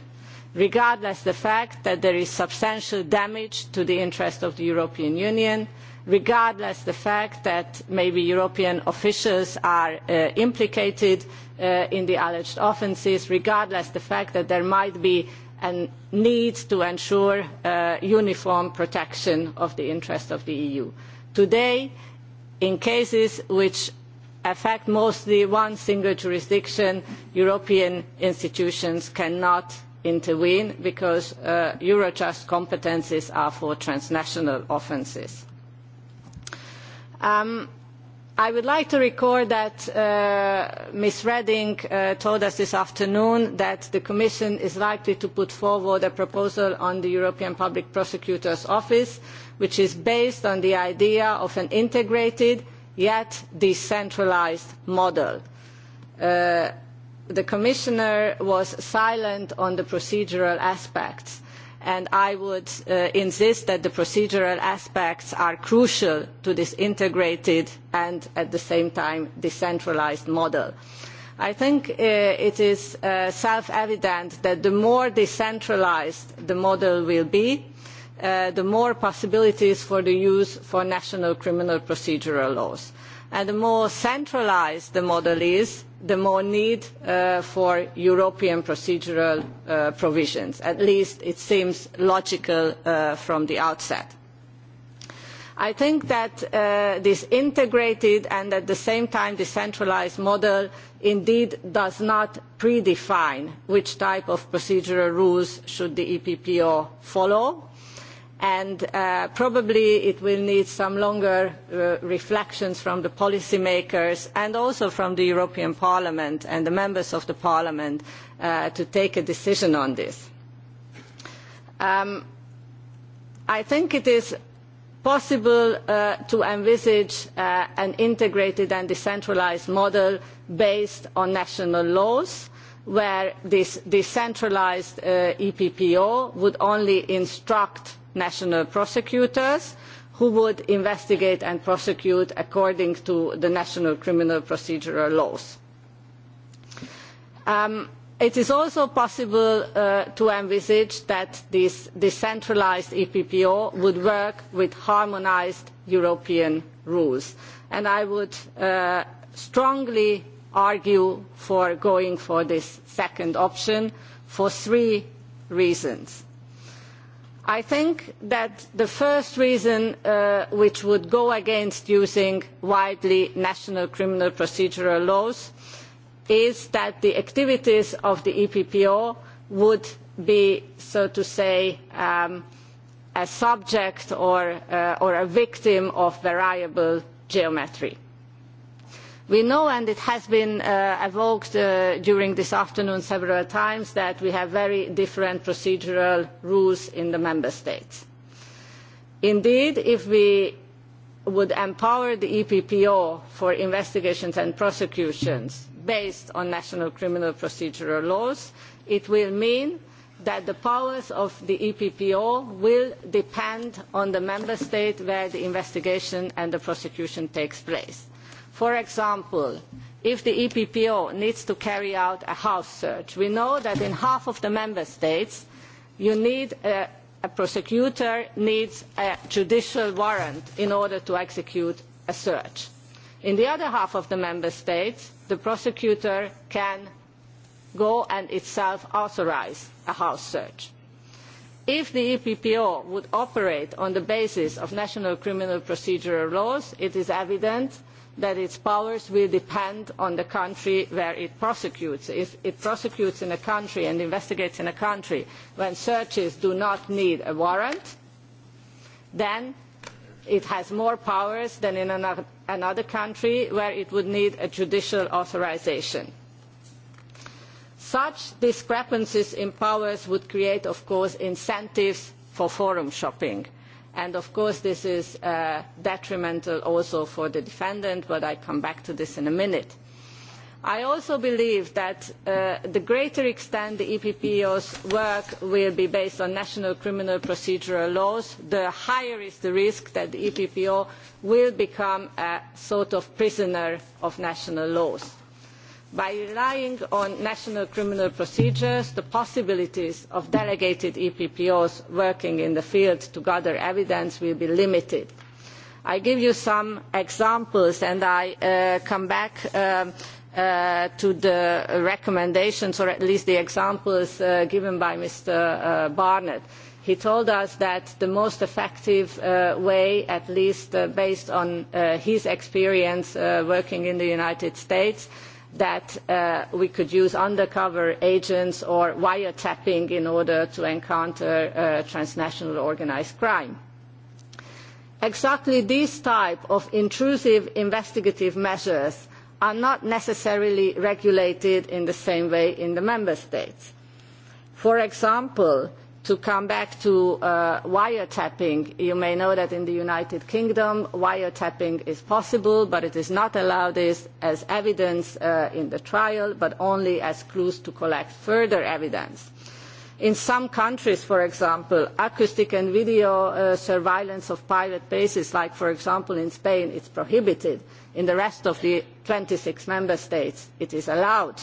Speaker 14: regardless the fact that there is substantial damage to the interests of the European Union, regardless the fact that maybe European officials are uh, implicated uh, in the alleged offences, regardless the fact that there might be a need to ensure uh, uniform protection of the interests of the EU. Today, in cases which affect mostly one single jurisdiction, European institutions cannot intervene because uh, Eurojust competences are for transnational offences. Um, I would like to record that uh, Ms Reding uh, told us this afternoon that the Commission is likely to put forward a proposal on the European Public Prosecutor's Office, which is based on the idea of an integrated yet decentralised model. Uh, the commissioner was silent on the procedural aspects and i would uh, insist that the procedural aspects are crucial to this integrated and at the same time decentralised model. i think uh, it is uh, self evident that the more decentralised the model will be uh, the more possibilities for the use of national criminal procedural laws and the more centralised the model is the more need uh, for european procedural uh, provisions at least it seems logical uh, from the outset. i think that uh, this integrated and at the same time decentralised model indeed does not predefine which type of procedural rules should the eppo follow and uh, probably it will need some longer uh, reflections from the policymakers and also from the European Parliament and the members of the Parliament uh, to take a decision on this. Um, I think it is possible uh, to envisage uh, an integrated and decentralised model based on national laws where this decentralised uh, EPPO would only instruct national prosecutors who would investigate and prosecute according to the national criminal procedural laws. Um, it is also possible uh, to envisage that this decentralised EPPO would work with harmonised European rules. And I would uh, strongly argue for going for this second option for three reasons i think that the first reason uh, which would go against using widely national criminal procedural laws is that the activities of the EPPO would be, so to say, um, a subject or, uh, or a victim of variable geometry. We know, and it has been uh, evoked uh, during this afternoon several times, that we have very different procedural rules in the member states. Indeed, if we would empower the EPPO for investigations and prosecutions based on national criminal procedural laws, it will mean that the powers of the EPPO will depend on the member state where the investigation and the prosecution takes place For example, if the EPPO needs to carry out a house search, we know that in half of the member states, you need a, a prosecutor needs a judicial warrant in order to execute a search. In the other half of the member states, the prosecutor can go and itself authorise a house search. If the EPPO would operate on the basis of national criminal procedural laws, it is evident that its powers will depend on the country where it prosecutes. If it prosecutes in a country and investigates in a country when searches do not need a warrant, then it has more powers than in another, country where it would need a judicial authorization. Such discrepancies in powers would create, of course, incentives for forum shopping and of course this is uh, detrimental also for the defendant but i come back to this in a minute i also believe that uh, the greater extent the eppo's work will be based on national criminal procedural laws the higher is the risk that the eppo will become a sort of prisoner of national laws by relying on national criminal procedures, the possibilities of delegated EPPOs working in the field to gather evidence will be limited. I give you some examples and I uh, come back um, uh, to the recommendations or at least the examples uh, given by Mr. Uh, Barnett. He told us that the most effective uh, way, at least uh, based on his experience working in the United States, that uh, we could use undercover agents or wiretapping in order to encounter uh, transnational organised crime. Exactly these type of intrusive investigative measures are not necessarily regulated in the same way in the member states. For example, to come back to uh, wiretapping, you may know that in the United Kingdom, wiretapping is possible, but it is not allowed as, as evidence uh, in the trial, but only as clues to collect further evidence. In some countries, for example, acoustic and video uh, surveillance of private bases, like for example in Spain, it's prohibited. In the rest of the 26 member states, it is allowed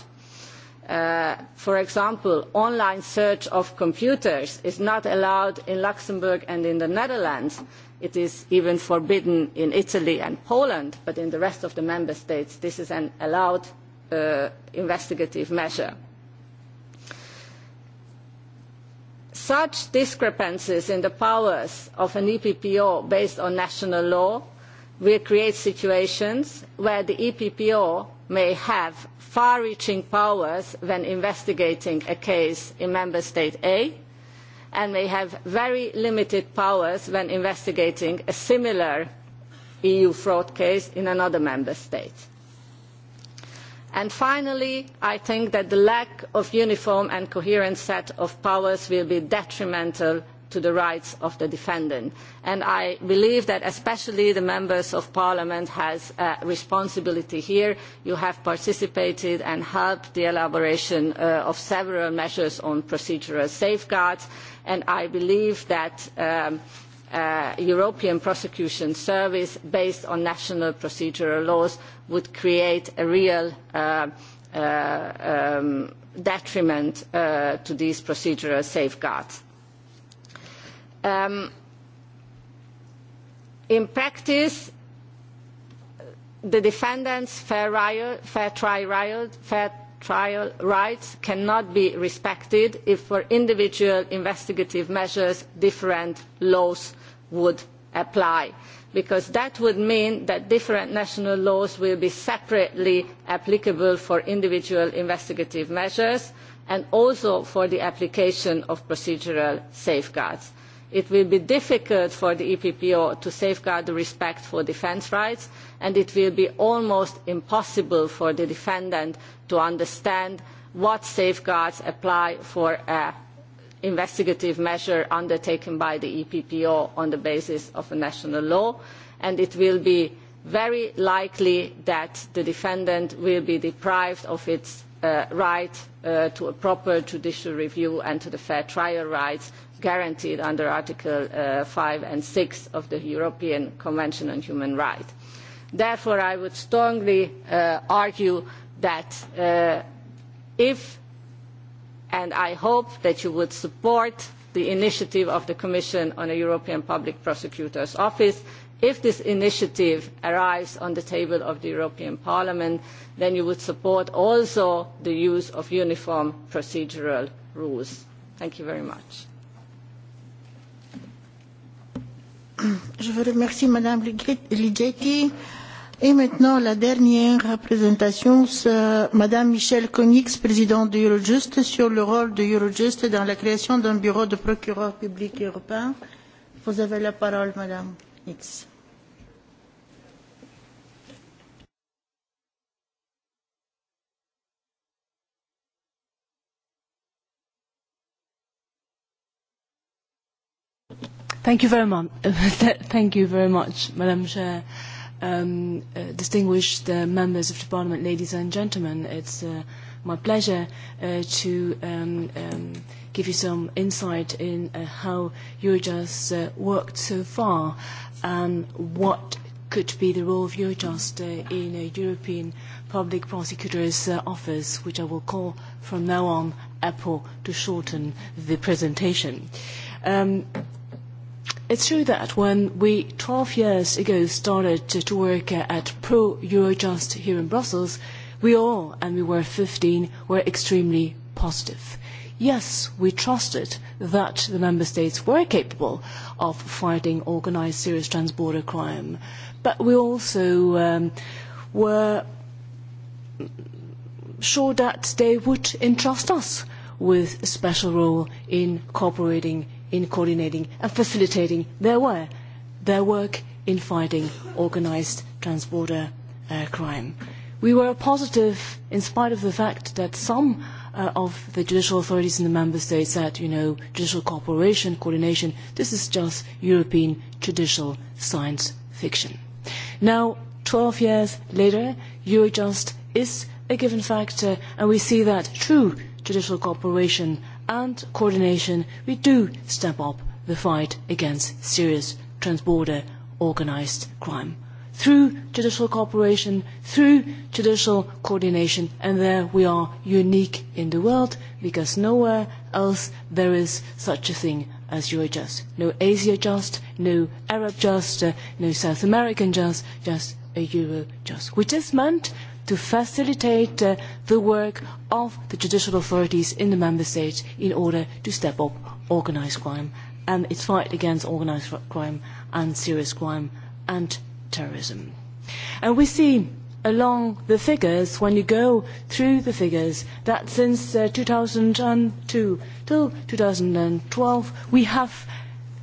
Speaker 14: Uh, for example, online search of computers is not allowed in Luxembourg and in the Netherlands. It is even forbidden in Italy and Poland, but in the rest of the member states this is an allowed uh, investigative measure. Such discrepancies in the powers of an EPPO based on national law will create situations where the EPPO may have far-reaching powers when investigating a case in Member State A and may have very limited powers when investigating a similar EU fraud case in another Member State. And finally, I think that the lack of uniform and coherent set of powers will be detrimental to the rights of the defendant. And I believe that especially the members of parliament has a uh, responsibility here. You have participated and helped the elaboration uh, of several measures on procedural safeguards. And I believe that um, Uh, European prosecution service based on national procedural laws would create a real uh, uh, um, detriment uh, to these procedural safeguards. Um, in practice, the defendants' fair, riot, fair, trial, riot, fair trial rights cannot be respected if for individual investigative measures different laws would apply because that would mean that different national laws will be separately applicable for individual investigative measures and also for the application of procedural safeguards it will be difficult for the EPPO to safeguard the respect for defence rights and it will be almost impossible for the defendant to understand what safeguards apply for an investigative measure undertaken by the EPPO on the basis of a national law and it will be very likely that the defendant will be deprived of its uh, right uh, to a proper judicial review and to the fair trial rights guaranteed under Article uh, 5 and 6 of the European Convention on Human Rights. Therefore, I would strongly uh, argue that uh, if, and I hope that you would support the initiative of the Commission on a European Public Prosecutor's Office, if this initiative arrives on the table of the European Parliament, then you would support also the use of uniform procedural rules. Thank you very much.
Speaker 1: Je vous remercie, Madame Ligeti. Et maintenant, la dernière présentation, c'est euh, Madame Michelle Konix, présidente de Eurojust, sur le rôle de Eurojust dans la création d'un bureau de procureur public européen. Vous avez la parole, Madame X.
Speaker 15: Thank you very much. Madam Chair. Um, uh, distinguished uh, members of the Parliament, ladies and gentlemen, it's uh, my pleasure uh, to um, um, give you some insight in uh, how Eurojust uh, worked so far and what could be the role of Eurojust uh, in a European Public Prosecutor's uh, Office, which I will call from now on EPPO to shorten the presentation. Um, It's true that when we 12 years ago started to work at Pro Eurojust here in Brussels, we all, and we were 15, were extremely positive. Yes, we trusted that the member states were capable of fighting organized serious transborder crime, but we also um, were sure that they would entrust us with a special role in cooperating in coordinating and facilitating their work, their work in fighting organised transborder uh, crime. We were positive in spite of the fact that some uh, of the judicial authorities in the member states said, you know, judicial cooperation, coordination, this is just European judicial science fiction. Now, 12 years later, Eurojust is a given factor, and we see that true judicial cooperation and coordination, we do step up the fight against serious transborder organised crime through judicial cooperation, through judicial coordination, and there we are unique in the world because nowhere else there is such a thing as Eurojust. No Asia Just, no Arab Just, uh, no South American Just, just a Eurojust, which is meant to facilitate uh, the work of the judicial authorities in the member states in order to step up organised crime and its fight against organised crime and serious crime and terrorism. And we see along the figures, when you go through the figures, that since uh, 2002 till 2012, we have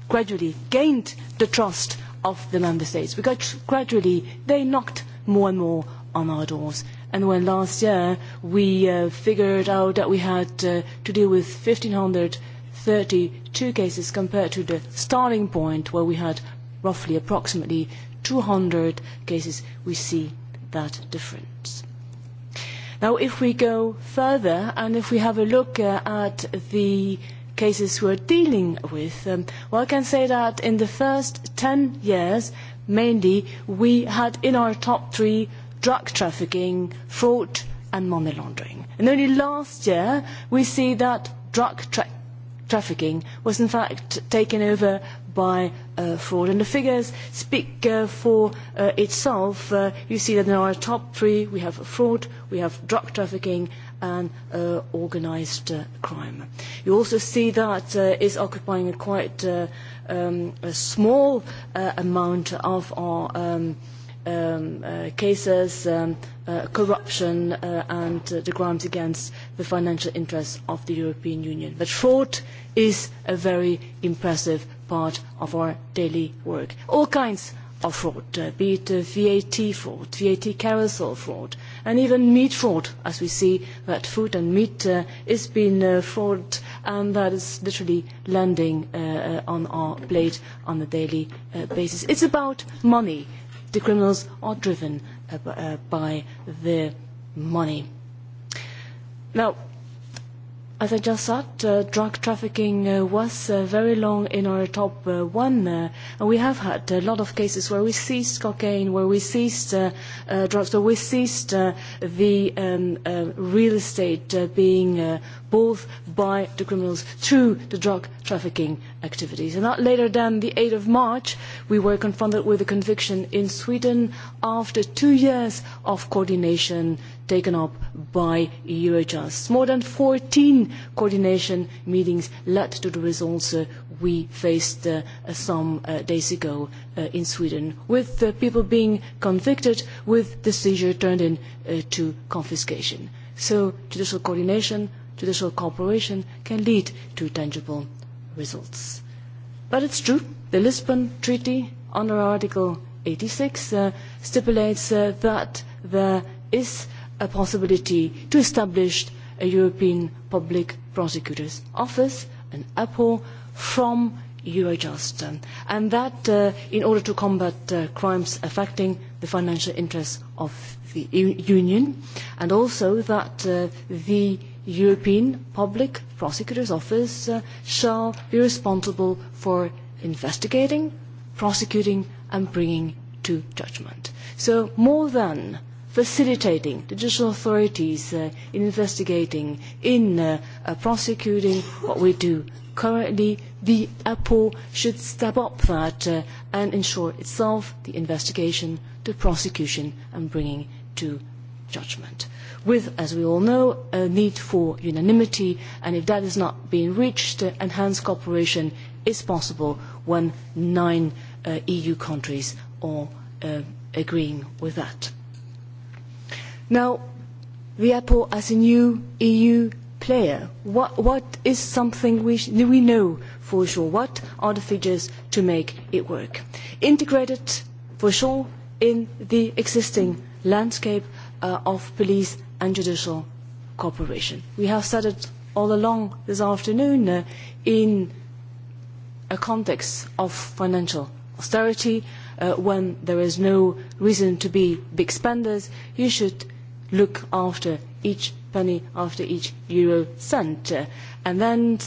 Speaker 15: gradually gained the trust of the member states because gradually they knocked more and more on our doors. when last year we uh, figured out that we had uh, to deal with 1,532 cases compared to the starting point where we had roughly approximately 200 cases, we see that difference. Now, if we go further and if we have a look uh, at the cases we're dealing with, um, well, I can say that in the first 10 years, mainly, we had in our top three drug trafficking, fraud and money laundering. And only last year we see that drug tra trafficking was in fact taken over by uh, fraud. And the figures speak uh, for uh, itself. Uh, you see that in our top three we have fraud, we have drug trafficking and uh, organised uh, crime. You also see that uh, is occupying a quite uh, um, a small uh, amount of our um, um, uh, cases, um, uh, corruption uh, and uh, the crimes against the financial interests of the European Union. But fraud is a very impressive part of our daily work. All kinds of fraud, uh, be it uh, VAT fraud, VAT carousel fraud, and even meat fraud, as we see that food and meat is being fraud and that is literally landing on our plate on a daily basis. It's about money the criminals are driven uh, by the money. Now, As I just said, uh, drug trafficking uh, was uh, very long in our top uh, one, uh, and we have had a lot of cases where we seized cocaine, where we seized uh, uh, drugs, where we seized uh, the um, uh, real estate uh, being uh, bought by the criminals through the drug trafficking activities. And not later than the 8th of March, we were confronted with a conviction in Sweden after two years of coordination taken up by Eurojust. More than 14 coordination meetings led to the results uh, we faced uh, some uh, days ago uh, in Sweden, with people being convicted, with the seizure turned into uh, confiscation. So judicial coordination, judicial cooperation can lead to tangible results. But it's true, the Lisbon Treaty under Article 86 uh, stipulates that there is a possibility to establish a European Public Prosecutor's Office, an APO, from Eurojust, and that uh, in order to combat uh, crimes affecting the financial interests of the U Union, and also that uh, the European Public Prosecutor's Office uh, shall be responsible for investigating, prosecuting and bringing to judgment. So more than facilitating judicial authorities uh, in investigating, in uh, uh, prosecuting what we do. Currently, the Apple should step up that uh, and ensure itself the investigation, the prosecution and bringing to judgment. With, as we all know, a need for unanimity, and if that is not being reached, uh, enhanced cooperation is possible when nine uh, EU countries are uh, agreeing with that. Now, WIAPO as a new EU player, what, what is something we, we know for sure? What are the figures to make it work? Integrated for sure in the existing landscape uh, of police and judicial cooperation. We have said it all along this afternoon uh, in a context of financial austerity, uh, when there is no reason to be big spenders, you should look after each penny, after each euro cent. And then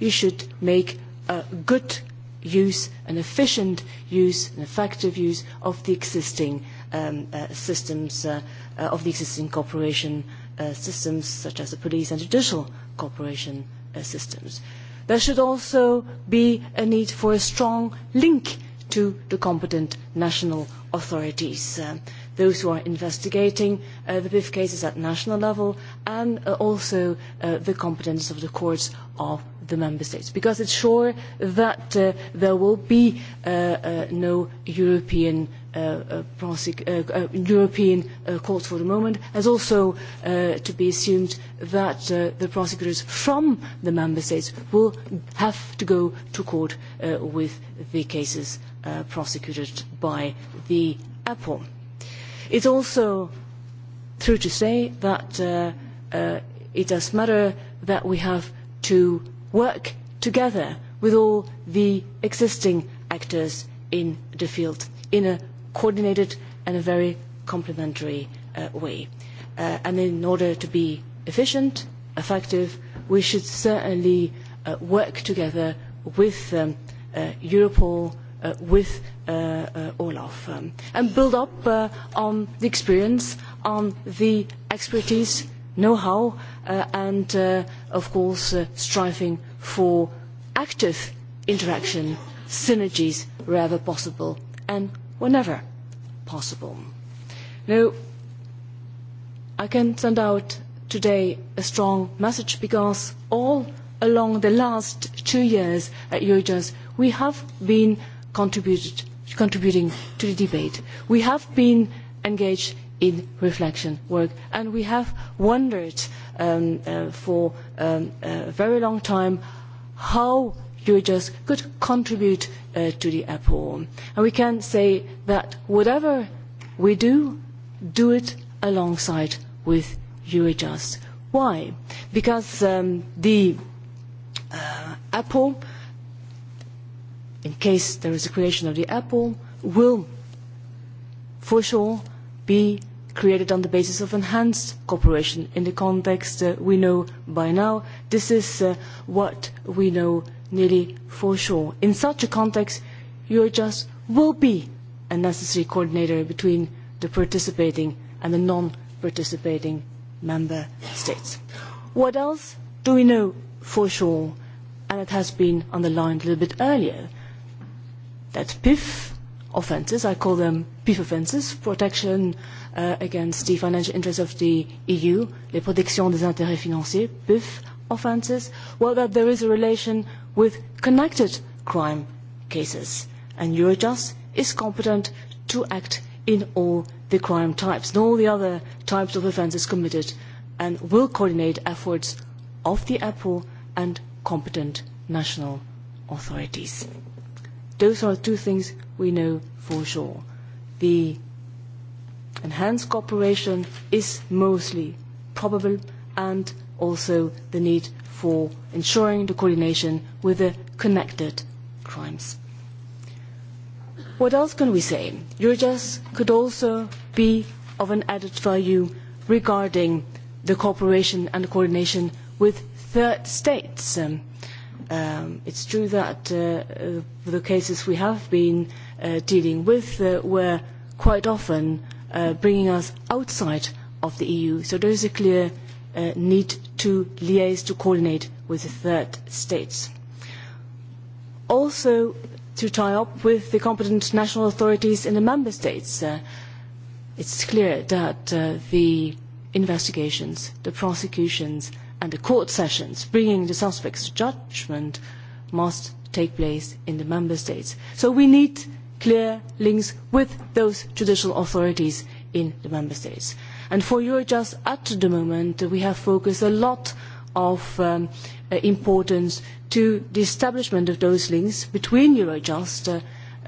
Speaker 15: you should make a good use, an efficient use, an effective use of the existing um, uh, systems, uh, uh, of the existing cooperation uh, systems, such as the police and judicial cooperation uh, systems. There should also be a need for a strong link to the competent national authorities. Um, those who are investigating uh, the PIF cases at national level and uh, also uh, the competence of the courts of the member states because it's sure that uh, there will be uh, uh, no European uh, uh, uh, uh European uh, court for the moment As also uh, to be assumed that uh, the prosecutors from the member states will have to go to court uh, with the cases uh, prosecuted by the Apple. It is also true to say that uh, uh, it does matter that we have to work together with all the existing actors in the field in a coordinated and a very complementary uh, way. Uh, and in order to be efficient, effective, we should certainly uh, work together with um, uh, Europol, uh, with Eh, eh, Olaf um, and build up on the experience, on the expertise, know-how and of course striving for active interaction, synergies wherever possible and whenever possible. Now, I can send out today a strong message because all along the last two years at Eurojust we have been contributed contributing to the debate. We have been engaged in reflection work and we have wondered um, uh, for um, a very long time how Eurojust could contribute uh, to the apple. And we can say that whatever we do, do it alongside with Eurojust. Why? Because um, the uh, apple in case there is a creation of the apple, will for sure be created on the basis of enhanced cooperation in the context uh, we know by now. This is uh, what we know nearly for sure. In such a context, Eurojust will be a necessary coordinator between the participating and the non-participating member states. What else do we know for sure? And it has been underlined a little bit earlier that PIF offences, I call them PIF offences, protection uh, against the financial interests of the EU, les protections des intérêts financiers, PIF offences, well, that there is a relation with connected crime cases. And Eurojust is competent to act in all the crime types and all the other types of offences committed and will coordinate efforts of the EPO and competent national authorities. Those are two things we know for sure. The enhanced cooperation is mostly probable and also the need for ensuring the coordination with the connected crimes. What else can we say? Eurojust could also be of an added value regarding the cooperation and the coordination with third states. Um, Um, it's true that uh, uh, the cases we have been uh, dealing with uh, were quite often uh, bringing us outside of the EU. So there is a clear uh, need to liaise, to coordinate with the third states. Also, to tie up with the competent national authorities in the member states, uh, it's clear that uh, the investigations, the prosecutions, and the court sessions bringing the suspects to judgment must take place in the member states. So we need clear links with those judicial authorities in the member states. And for Eurojust, at the moment, we have focused a lot of um, uh, importance to the establishment of those links between Eurojust uh,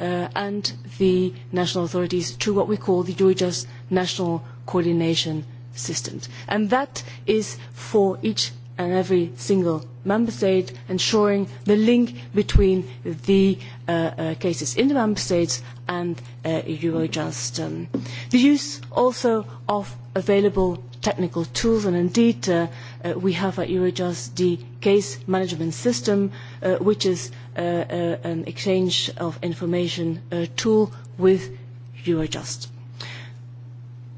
Speaker 15: uh, and the national authorities through what we call the Eurojust National Coordination systems. And that is for each and every single member state ensuring the link between the uh, uh, cases in the member states and uh, Eurojust. Um, the use also of available technical tools and indeed uh, uh, we have at Eurojust the case management system uh, which is uh, uh, an exchange of information uh, tool with Eurojust.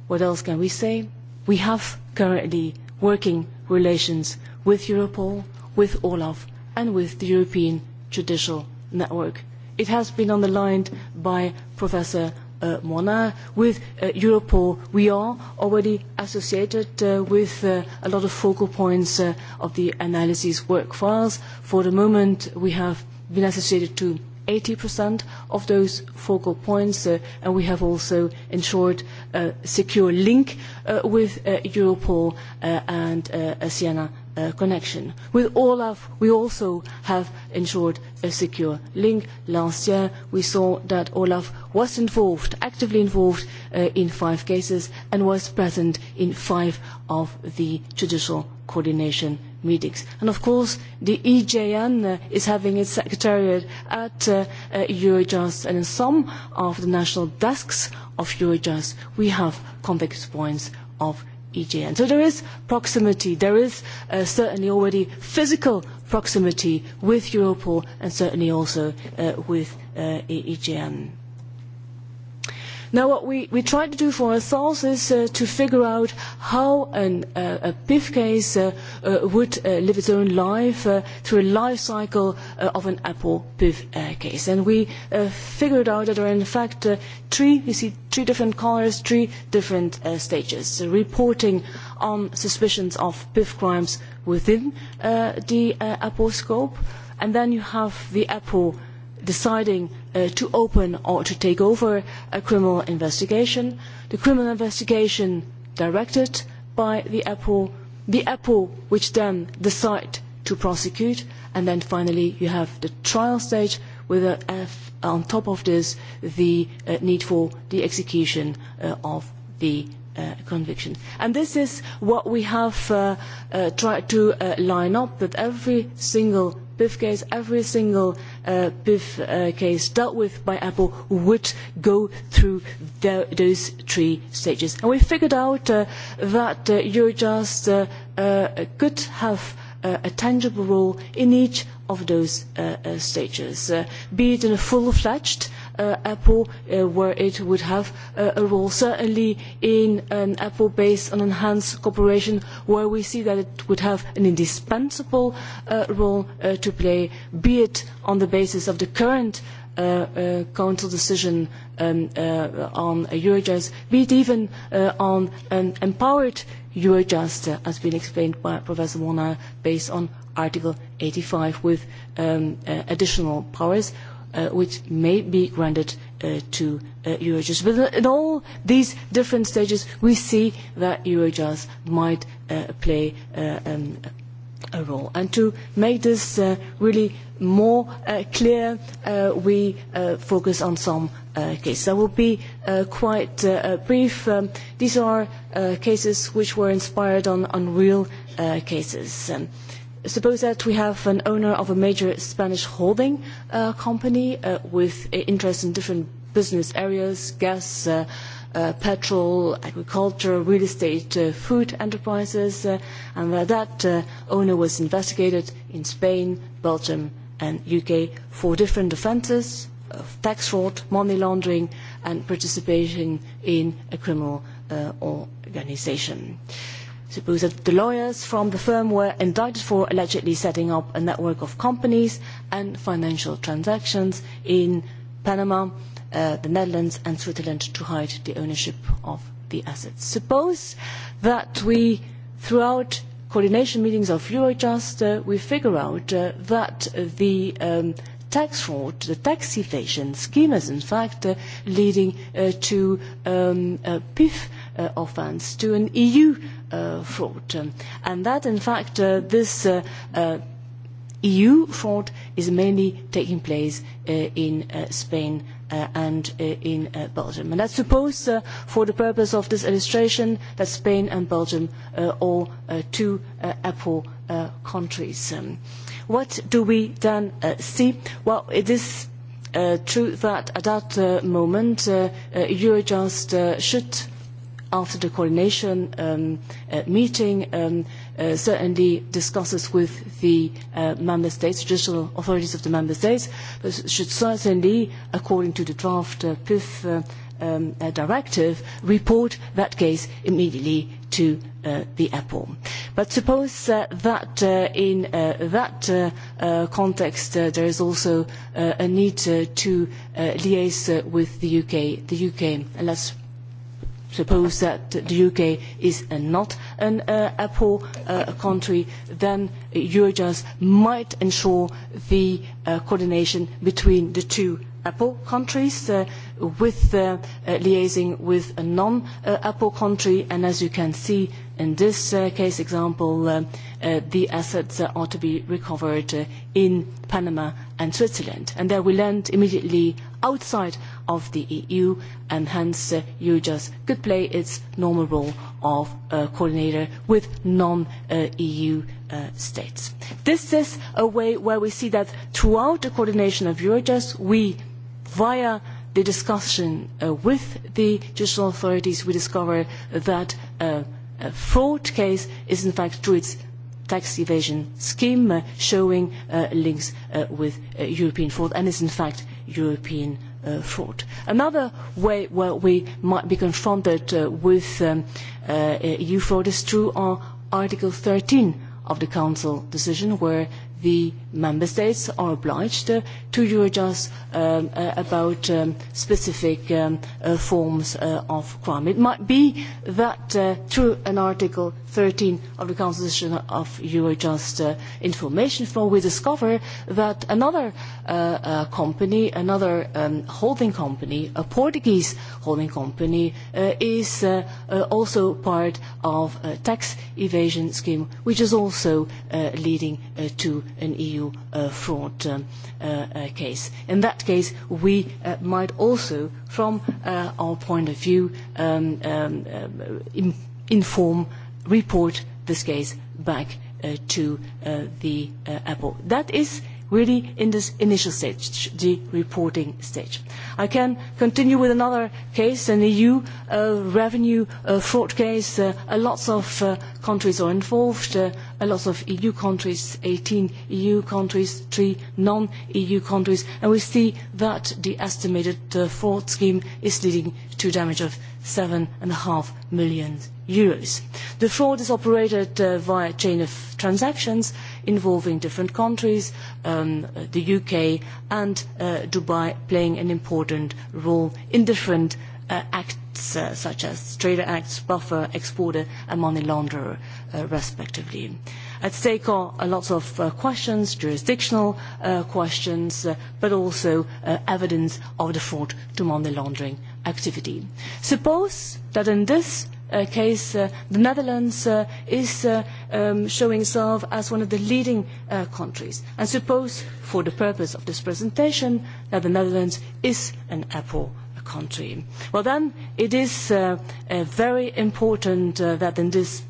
Speaker 15: What else can we say? We have currently working relations with Europol, with Olaf, and with the European Judicial Network. It has been underlined by Professor uh, Mona. With uh, Europol, we are already associated uh, with uh, a lot of focal points uh, of the analysis work files. For the moment, we have been associated to 80% of those focal points, uh, and we have also ensured a secure link uh, with uh, Europol and a Siena connection. With Olaf, we also have ensured a secure link. Last year, we saw that Olaf was involved, actively involved in five cases and was present in five of the judicial coordination meetings. of course, the EJN uh, is having its secretariat at uh, uh, Eurojust and in some of the national desks of Eurojust, we have contact points of EJN. So there is proximity, there is uh, certainly already physical proximity with Europol and certainly also uh, with uh, EJN. Now, what we, we try to do for ourselves is uh, to figure out how an, uh, a PIF case uh, uh, would uh, live its own life uh, through a life cycle uh, of an Apple PIF uh, case. And we uh, figured out that there are in fact uh, three, you see, three different colors, three different uh, stages. So reporting on suspicions of PIF crimes within uh, the uh, Apple scope, and then you have the Apple deciding Uh, to open or to take over a criminal investigation. The criminal investigation directed by the Apple, the Apple which then decide to prosecute, and then finally you have the trial stage with a, a, on top of this the uh, need for the execution uh, of the Uh, conviction. And this is what we have uh, uh, tried to uh, line up that every single PIF case, every single Uh, pif uh, case dealt with by Apple would go through the, those three stages. And we figured out uh, that Eurojust uh, could have a tangible role in each of those stages, be it in a full-fledged Uh, Apple, uh, where it would have uh, a role certainly in an Apple based on enhanced cooperation, where we see that it would have an indispensable role to play, be it on the basis of the current council decision um, on Eurojust, be it even on an empowered Eurojust, as has been explained by Professor Warner, based on Article eighty five with um, additional powers, Uh, which may be granted uh, to uh, Eurojust. But in all these different stages, we see that Eurojust might uh, play uh, um, a role. And to make this uh, really more uh, clear, uh, we uh, focus on some uh, cases. I will be quite brief. Um, these are cases which were inspired on, on real cases. Um, suppose that we have an owner of a major Spanish holding uh, company uh, with interest in different business areas, gas, uh, uh, petrol, agriculture, real estate, uh, food enterprises, uh, and where that uh, owner was investigated in Spain, Belgium, and UK for different offences of tax fraud, money laundering, and participation in a criminal uh, organisation. Uh, Suppose that the lawyers from the firm were indicted for allegedly setting up a network of companies and financial transactions in Panama, uh, the Netherlands and Switzerland to hide the ownership of the assets. Suppose that we, throughout coordination meetings of Eurojust, uh, we figure out uh, that the um, tax fraud, the tax evasion scheme is in fact uh, leading uh, to um, uh, PIF Uh, offence to an EU uh, fraud. And that, in fact, uh, this EU fraud is mainly taking place in Spain and in Belgium. And us suppose, for the purpose of this illustration, that Spain and Belgium are two Apple countries. Um, what do we then see? Well, it is true that at that moment, Eurojust should after the coordination um, uh, meeting um, uh, certainly discusses with the uh, member states, judicial authorities of the member states, but should certainly, according to the draft uh, PIF um, directive, report that case immediately to the apple. But suppose that in that context there is also a need to liaise with the UK, the UK, and let's suppose that the UK is not an uh, Apple uh, country, then Eurojust might ensure the uh, coordination between the two Apple countries uh, with uh, liaising with a non-Apple uh, country. And as you can see, in this uh, case example, uh, uh, the assets uh, ought to be recovered in Panama and Switzerland. And there we land immediately outside of the EU, and hence uh, UJAS could play its normal role of uh, coordinator with non-EU states. This is a way where we see that throughout the coordination of UJAS, we, via the discussion with the judicial authorities, we discover that fraud case is in fact through its tax evasion scheme uh, showing uh, links uh, with uh, European fraud and is in fact European uh, fraud. Another way where we might be confronted with um, EU fraud is through our Article 13 of the Council decision where the member states are obliged uh, to Eurojust um, uh, about um, specific um, uh, forms uh, of crime. It might be that uh, through an Article 13 of the Constitution of Eurojust uh, Information Flow, we discover that another company, another um, holding company, a Portuguese holding company, is also part of a tax evasion scheme, which is also leading to an EU uh, fraud uh, uh, case. In that case, we might also, from our point of view, um, um in inform, report this case back to the Apple. That is really in this initial stage, the reporting stage. I can continue with another case, an EU uh, revenue uh, fraud case. Uh, lots of countries are involved a lot of EU countries, 18 EU countries, three non-EU countries, and we see that the estimated uh, fraud scheme is leading to damage of 7.5 million euros. The fraud is operated uh, via chain of transactions involving different countries, um, the UK and uh, Dubai playing an important role in different Uh, acts uh, such as trader acts, buffer, exporter, and money launderer, uh, respectively. At stake are uh, lots of uh, questions, jurisdictional questions, but also evidence of the fraud to money laundering activity. Suppose that in this case, the Netherlands is um, showing itself as one of the leading countries. And suppose, for the purpose of this presentation, that the Netherlands is an apple country. Well then, it is uh, uh, very important uh, that in this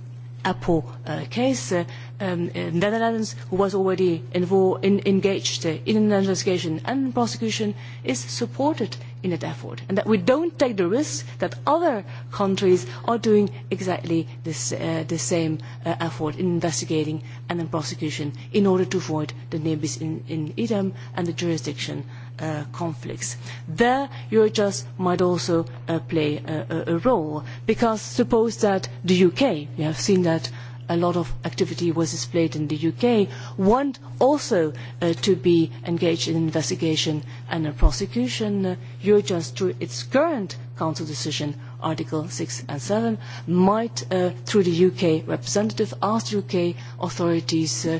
Speaker 15: Apple uh, case, uh, um, uh, Netherlands, who was already involved, in, engaged in an investigation and prosecution, is supported in that effort, and that we don't take the risk that other countries are doing exactly this, uh, the same uh, effort in investigating and in prosecution in order to avoid the neighbours in, in Idem and the jurisdiction Uh, conflicts. There, Eurojust might also uh, play uh, a, a, role, because suppose that the UK, you have seen that a lot of activity was displayed in the UK, want also uh, to be engaged in investigation and a prosecution. Eurojust, uh, through its current Council decision, Article 6 and 7, might, uh, through the UK representative, ask UK authorities uh,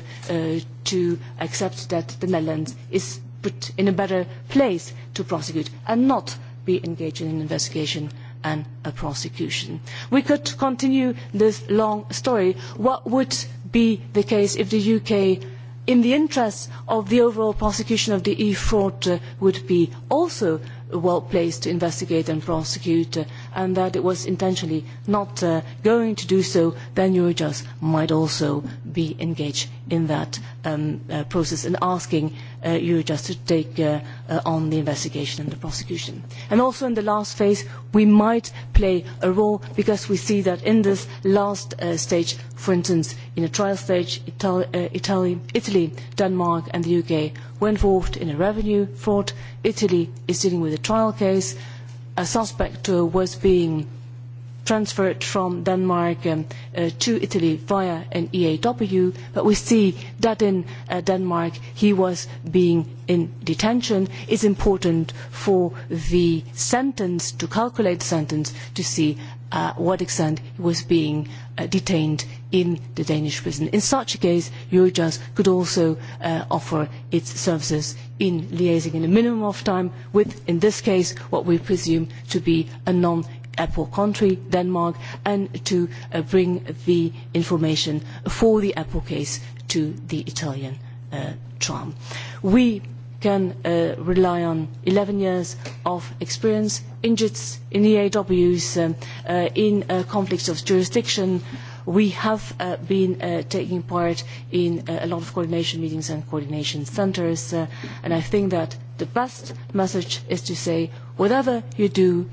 Speaker 15: to accept that the Netherlands is put in a better place to prosecute and not be engaged in an investigation and a prosecution. We could continue this long story. What would be the case if the UK, in the interests of the overall prosecution of the e-fraud, uh, would be also well placed to investigate and prosecute uh, and that it was intentionally not uh, going to do so, then Eurojust might also be engaged in that um, uh, process and asking uh, Eurojust to take uh, uh, on the investigation and the prosecution. And also in the last phase, we might play a role because we see that in this last uh, stage, for instance, in a trial stage, Itali uh, Italy, Italy, Denmark and the UK were involved in a revenue fraud. Italy is dealing with a trial case a suspect uh, was being transferred from Denmark um, uh, to Italy via an EAW, but we see that in uh, Denmark he was being in detention. It's important for the sentence, to calculate the sentence, to see uh, what extent he was being uh, detained in the Danish prison. In such a case, Eurojust could also uh, offer its services in liaising in a minimum of time with, in this case, what we presume to be a non Apple country, Denmark, and to uh, bring the information for the Apple case to the Italian uh, trial. We can uh, rely on 11 years of experience in JITs, in EAWs, um, uh, in uh, conflicts of jurisdiction, we have uh, been uh, taking part in uh, a lot of coordination meetings and coordination centres and i think that the best message is to say whatever you do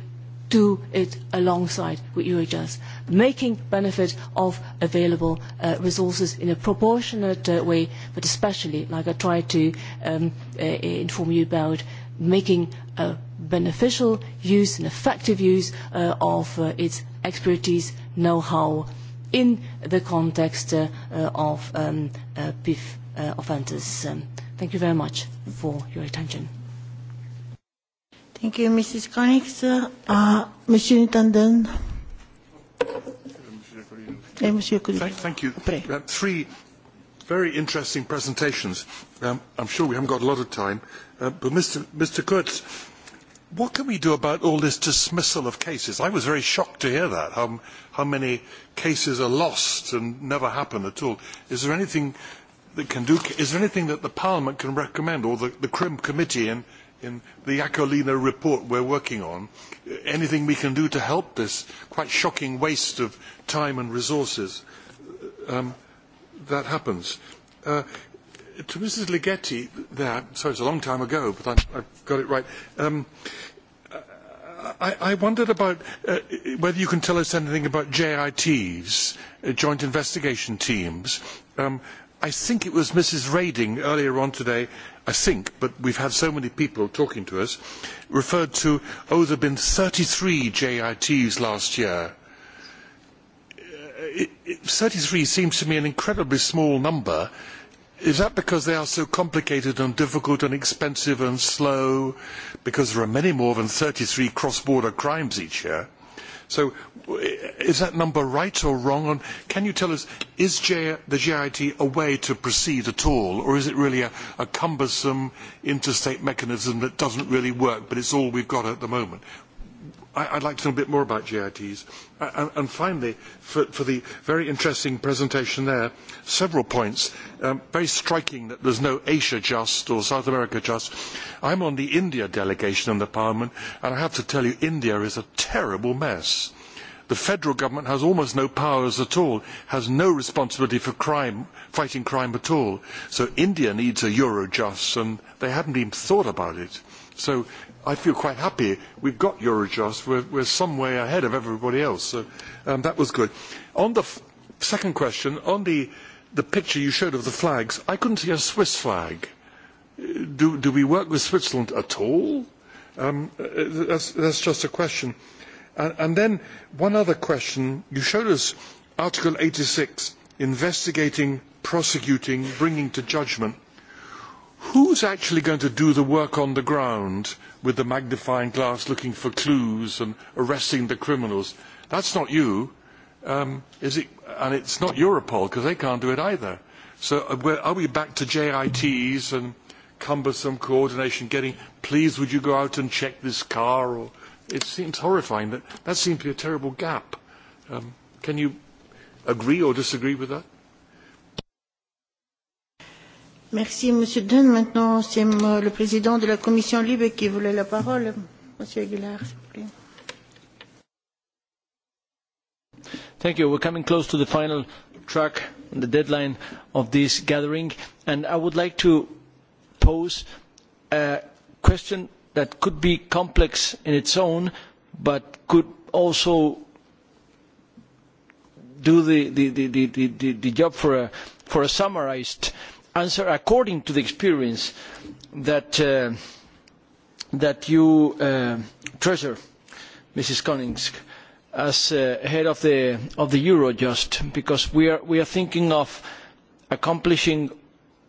Speaker 15: do it alongside with eurojust making benefit of available resources in a proportionate way but especially like i tried to um, inform you about making a beneficial use and effective use of its expertise know-how in the context uh, uh of um, uh, PIF uh, offences. Um, thank you very much for your attention. Thank you, Mrs. Koenig. Uh,
Speaker 1: Monsieur Nintendon.
Speaker 5: Hey, eh, Monsieur thank, thank you. Uh, three very interesting presentations. Um, I'm sure we haven't got a lot of time, uh, but Mr. Mr. Kurtz, What can we do about all this dismissal of cases? I was very shocked to hear that, how, how many cases are lost and never happen at all. Is there anything that can do, is there anything that the Parliament can recommend, or the, the CRIM committee in, in the Akolina report we're working on, anything we can do to help this quite shocking waste of time and resources um, that happens? Uh, to Mrs. Ligeti, there, sorry, it's a long time ago, but I'm, I've got it right. Um, I, I wondered about uh, whether you can tell us anything about JITs, uh, Joint Investigation Teams. Um, I think it was Mrs. Rading earlier on today, I think, but we've had so many people talking to us, referred to, oh, there have been 33 JITs last year. Uh, it, it, 33 seems to me an incredibly small number. Is that because they are so complicated and difficult and expensive and slow? Because there are many more than 33 cross-border crimes each year. So is that number right or wrong? And can you tell us, is G the GIT a way to proceed at all, or is it really a, a cumbersome interstate mechanism that doesn't really work, but it's all we've got at the moment? I'd like to know a bit more about GITs. and finally, for, for the very interesting presentation there, several points. Um, very striking that there's no Asia Just or South America Just. I'm on the India delegation in the Parliament, and I have to tell you, India is a terrible mess the federal government has almost no powers at all, has no responsibility for crime, fighting crime at all. So India needs a Eurojust, and they haven't even thought about it. So i feel quite happy we've got Eurojust. We're, we're some way ahead of everybody else. So um, that was good. On the f- second question, on the, the picture you showed of the flags, I couldn't see a Swiss flag. Do, do we work with Switzerland at all? Um, uh, uh, that's, that's just a question. And, and then one other question. You showed us Article 86, investigating, prosecuting, bringing to judgment who's actually going to do the work on the ground with the magnifying glass looking for clues and arresting the criminals? That's not you. Um, is it, and it's not Europol because they can't do it either. So uh, are we back to JITs and cumbersome coordination getting, please would you go out and check this car? Or, it seems horrifying. That, that seems to be a terrible gap. Um, can you agree or disagree with that?
Speaker 1: Merci, Monsieur Dunn. Maintenant, c'est euh, le président de la commission libre qui voulait la parole. Monsieur Aguilar, s'il vous plaît.
Speaker 3: Thank you. We're coming close to the final track, the deadline of this gathering, and I would like to pose a question that could be complex in its own, but could also do the, the, the, the job for a, for a summarized uh, answer according to the experience that, uh, that you uh, treasure, Mrs. Koenig, as uh, head of the, of the Eurojust, because we are, we are thinking of accomplishing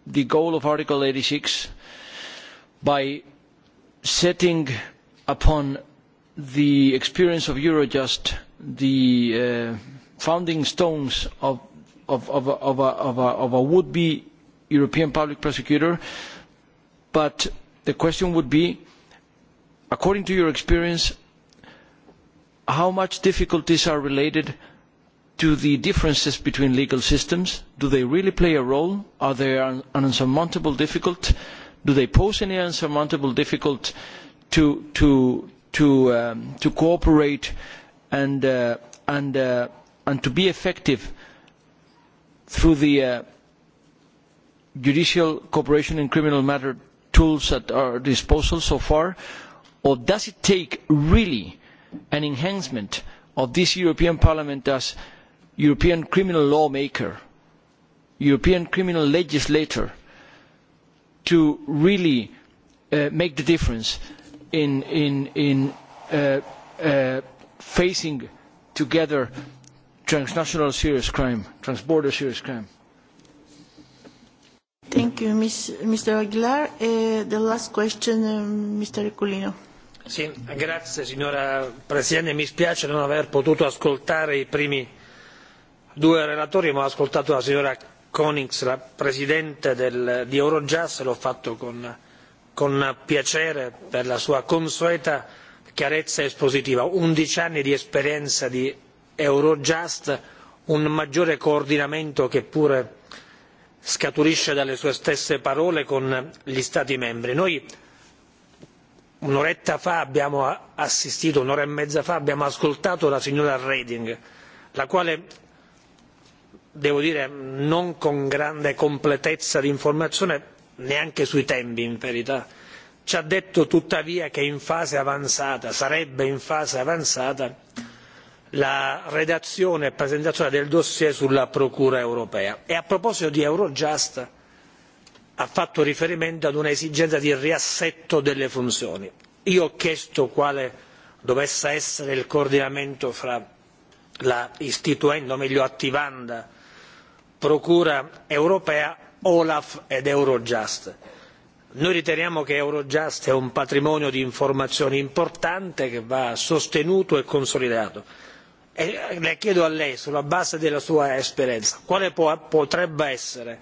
Speaker 3: the goal of Article 86 by setting upon the experience of Eurojust the founding stones of, of, of a would-be European Public Prosecutor, but the question would be, according to your experience, how much difficulties are related to the differences between legal systems? Do they really play a role? Are they an difficult? Do they pose any insurmountable difficult to, to, to, um, to cooperate and, uh, and, uh, and to be effective through the uh, judicial cooperation in criminal matter tools at our disposal so far? Or does it take really an enhancement of this European Parliament as European criminal lawmaker, European criminal legislator, to really uh, make the difference in, in, in uh, uh, facing together transnational serious crime, transborder serious crime?
Speaker 1: Thank you, Mr. Aguilar. Uh, the last question, Mr. Um, Culino.
Speaker 10: Sì, grazie signora Presidente, mi spiace non aver potuto ascoltare i primi due relatori, ma ho ascoltato la signora Konings, la Presidente del, di Eurojust, e l'ho fatto con, con piacere per la sua consueta chiarezza espositiva. 11 anni di esperienza di Eurojust, un maggiore coordinamento che pure scaturisce dalle sue stesse parole con gli stati membri. noi un'oretta fa abbiamo assistito un'ora e mezza fa abbiamo ascoltato la signora reding la quale devo dire non con grande completezza di informazione neanche sui tempi in verità ci ha detto tuttavia che in fase avanzata sarebbe in fase avanzata la redazione e presentazione del dossier sulla procura europea e a proposito di eurojust ha fatto riferimento ad un'esigenza di riassetto delle funzioni. io ho chiesto quale dovesse essere il coordinamento fra la istituenda o meglio attivanda procura europea olaf ed eurojust. noi riteniamo che eurojust è un patrimonio di informazioni importante che va sostenuto e consolidato e le chiedo a lei sulla base della sua esperienza quale potrebbe essere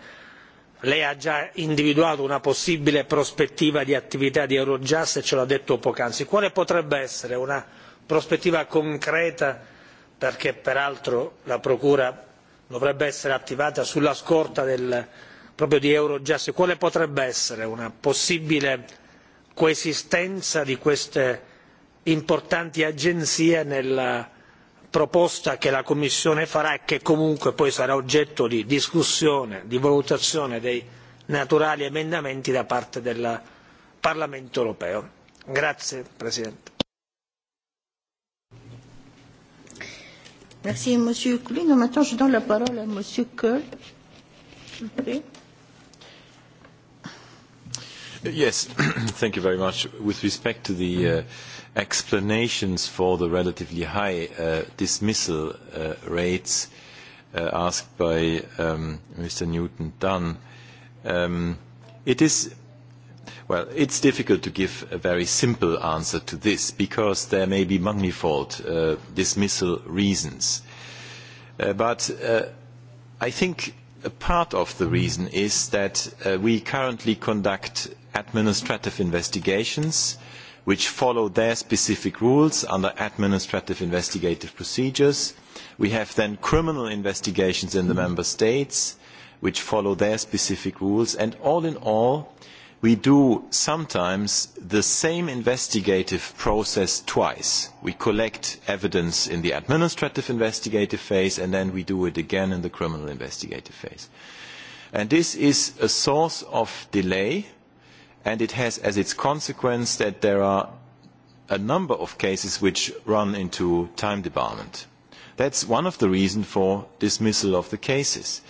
Speaker 10: lei ha già individuato una possibile prospettiva di attività di eurojust e ce l'ha detto poc'anzi quale potrebbe essere una prospettiva concreta perché peraltro la procura dovrebbe essere attivata sulla scorta proprio di eurojust quale potrebbe essere una possibile coesistenza di queste importanti agenzie nella proposta che la Commissione farà e che comunque poi sarà oggetto di discussione, di valutazione dei naturali emendamenti da parte del Parlamento europeo. Grazie Presidente.
Speaker 1: Merci Monsieur Coulin. Maintenant, je donne la parole à Monsieur
Speaker 13: Yes, thank you very much. With respect to the uh, explanations for the relatively high uh, dismissal uh, rates uh, asked by um, Mr. Newton Dunn. Um, it is well, it's difficult to give a very simple answer to this because there may be manifold uh, dismissal reasons. Uh, but uh, I think a part of the reason is that uh, we currently conduct administrative investigations which follow their specific rules under administrative investigative procedures. We have then criminal investigations in the mm. member states which follow their specific rules and all in all we do sometimes the same investigative process twice. We collect evidence in the administrative investigative phase and then we do it again in the criminal investigative phase. And this is a source of delay and it has as its consequence that there are a number of cases which run into time debarment. That's one of the reasons for dismissal of the cases.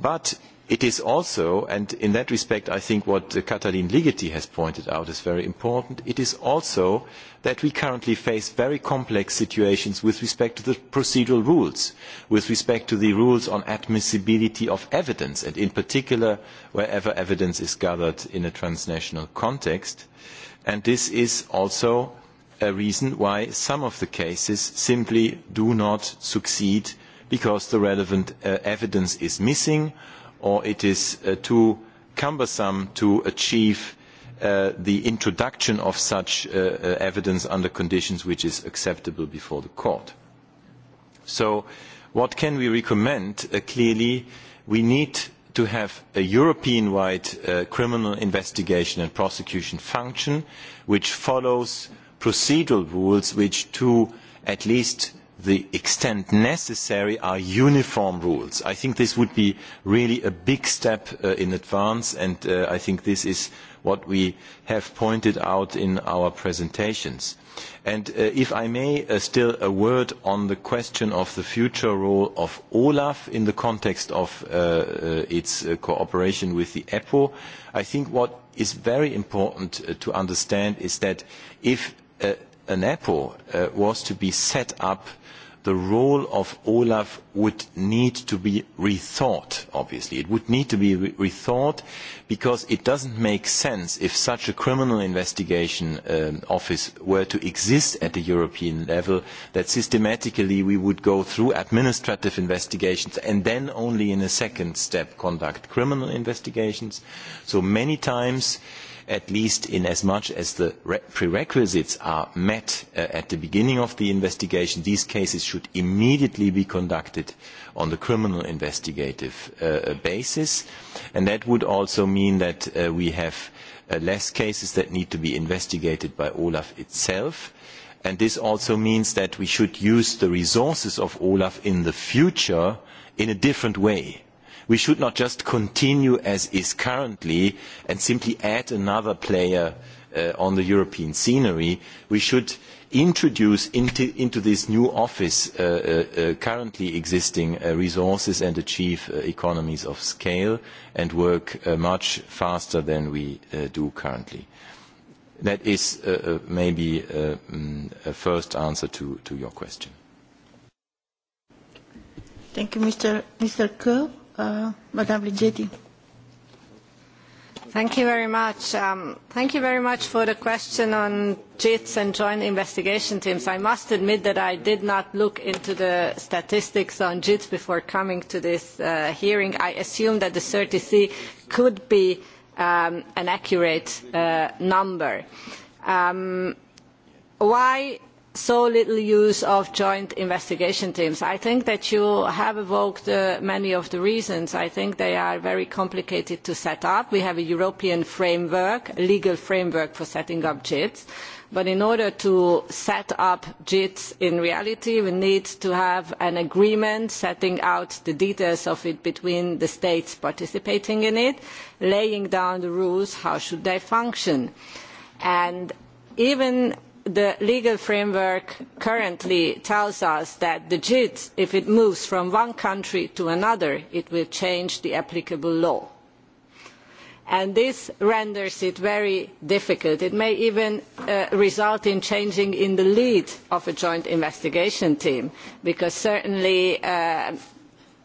Speaker 13: But It is also, and in that respect I think what uh, Katalin Ligeti has pointed out is very important, it is also that we currently face very complex situations with respect to the procedural rules, with respect to the rules on admissibility of evidence, and in particular wherever evidence is gathered in a transnational context. And this is also a reason why some of the cases simply do not succeed because the relevant uh, evidence is missing or it is uh, too cumbersome to achieve uh, the introduction of such uh, uh, evidence under conditions which is acceptable before the court. So what can we recommend? Uh, clearly, we need to have a European-wide uh, criminal investigation and prosecution function which follows procedural rules which to at least the extent necessary are uniform rules. I think this would be really a big step uh, in advance and uh, I think this is what we have pointed out in our presentations. And uh, if I may, uh, still a word on the question of the future role of OLAF in the context of uh, uh, its uh, cooperation with the EPO. I think what is very important uh, to understand is that if uh, an EPO uh, was to be set up the role of Olaf would need to be rethought, obviously. It would need to be re rethought because it doesn't make sense if such a criminal investigation um, office were to exist at the European level that systematically we would go through administrative investigations and then only in a second step conduct criminal investigations. So many times uh, at least in as much as the prerequisites are met uh, at the beginning of the investigation, these cases should immediately be conducted on the criminal investigative uh, basis. And that would also mean that uh, we have uh, less cases that need to be investigated by Olaf itself. And this also means that we should use the resources of Olaf in the future in a different way we should not just continue as is currently and simply add another player uh, on the European scenery. We should introduce into, into this new office uh, uh, uh currently existing uh, resources and achieve uh, economies of scale and work much faster than we do currently. That is maybe mm, a first answer to, to your question.
Speaker 1: Thank you, Mr. Mr. Kerr. Uh, Madame Ligeti. Thank you very much. Um, thank you very
Speaker 14: much for the question on JITs and joint investigation teams. I must admit that I did not look into the statistics on JITs before coming to this uh, hearing. I assume that the 30C e could be um, an accurate uh, number. Um, why so little use of joint investigation teams. I think that you have evoked uh, many of the reasons. I think they are very complicated to set up. We have a European framework, legal framework for setting up JITs. But in order to set up JITs in reality, we need to have an agreement setting out the details of it between the states participating in it, laying down the rules, how should they function. And even the legal framework currently tells us that the jit if it moves from one country to another it will change the applicable law and this renders it very difficult. it may even uh, result in changing in the lead of a joint investigation team because certainly uh,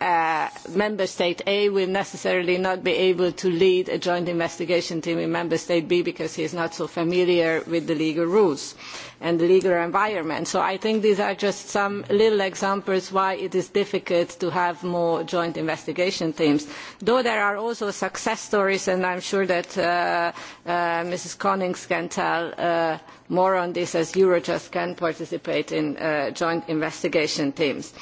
Speaker 14: Uh, member state A will necessarily not be able to lead a joint investigation team in member state B because he is not so familiar with the legal rules and the legal environment. So I think these are just some little examples why it is difficult to have more joint investigation teams. Though there are also success stories, and I'm sure that uh, uh, Mrs. Connings can tell uh, more on this as Eurojust can participate in uh, joint investigation teams.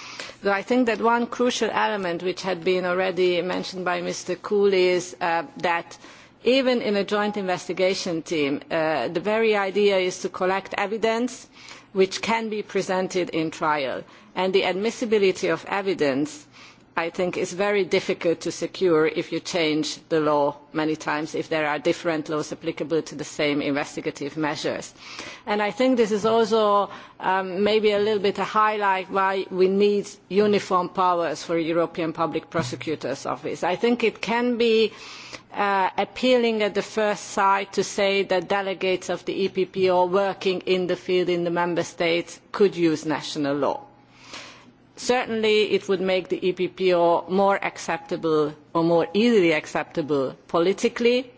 Speaker 14: So I think that one crucial element which had been already mentioned by Mr. Cooley is uh, that even in a joint investigation team, uh, the very idea is to collect evidence which can be presented in trial. And the admissibility of evidence i think is very difficult to secure if you change the law many times, if there are different laws applicable to the same investigative measures. And I think this is also um, maybe a little bit a highlight why we need uniform powers for European Public Prosecutor's Office. I think it can be uh, appealing at the first sight to say that delegates of the EPPO working in the field in the Member States could use national law certainly it would make the eppo more acceptable or more easily acceptable politically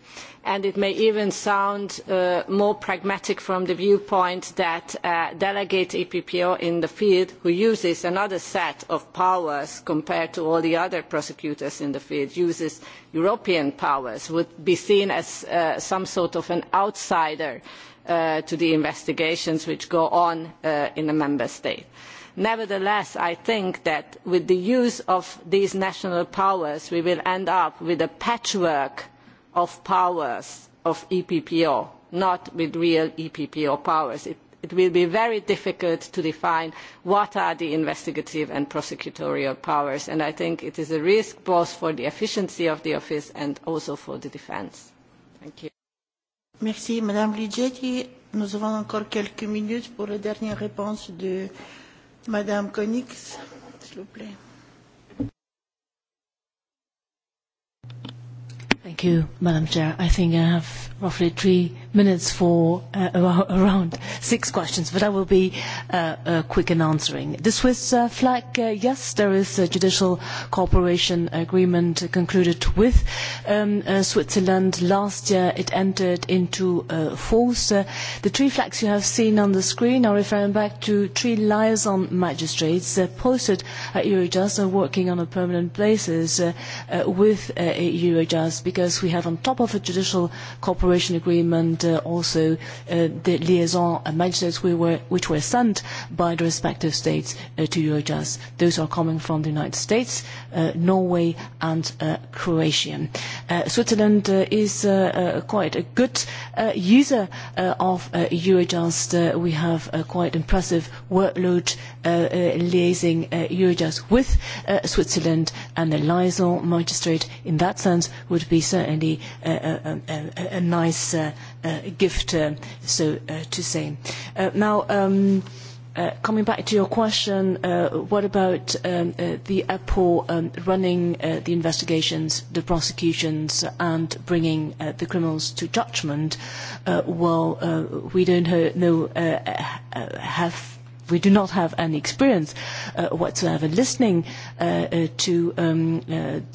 Speaker 14: and it may even sound uh, more pragmatic from the viewpoint that uh, delegate eppo in the field who uses another set of powers compared to all the other prosecutors in the field uses european powers would be seen as uh, some sort of an outsider uh, to the investigations which go on uh, in a member state. Uh, nevertheless i think that with the use of these national powers we will end up with a patchwork of powers of eppo not with real eppo powers. it, it will be very difficult to define what are the investigative and prosecutorial powers and i think it is a risk both for the efficiency of the office and also for the defence. thank you.
Speaker 1: Merci, Madame Ligeti. Nous avons encore quelques minutes pour la dernière réponse de Madame Koenig, s'il vous plaît.
Speaker 15: Thank you, Madam Chair. I think I have roughly three minutes for uh, around six questions, but I will be uh, uh, quick in answering. The Swiss uh, flag, uh, yes, there is a judicial cooperation agreement concluded with um, uh, Switzerland. Last year it entered into uh, force. Uh, the three flags you have seen on the screen are referring back to three liaison magistrates uh, posted at Eurojust and working on a permanent basis uh, uh, with uh, Eurojust because we have on top of a judicial cooperation agreement uh, also uh, the liaison uh, magistrates we were, which were sent by the respective states uh, to Eurojust. Those are coming from the United States, uh, Norway and uh, Croatia. Uh, Switzerland uh, is uh, uh, quite a good uh, user uh, of uh, Eurojust. Uh, we have a quite impressive workload uh, uh, liaising uh, Eurojust with uh, Switzerland and the liaison magistrate in that sense would be certainly a, a, a, a nice uh, Uh, gift, uh, so uh, to say. now, um, Uh, coming back to your question, uh, what about um, uh, the Apple um, running the investigations, the prosecutions, and bringing the criminals to judgment? well, we don't know, have we do not have any experience uh, whatsoever listening to um,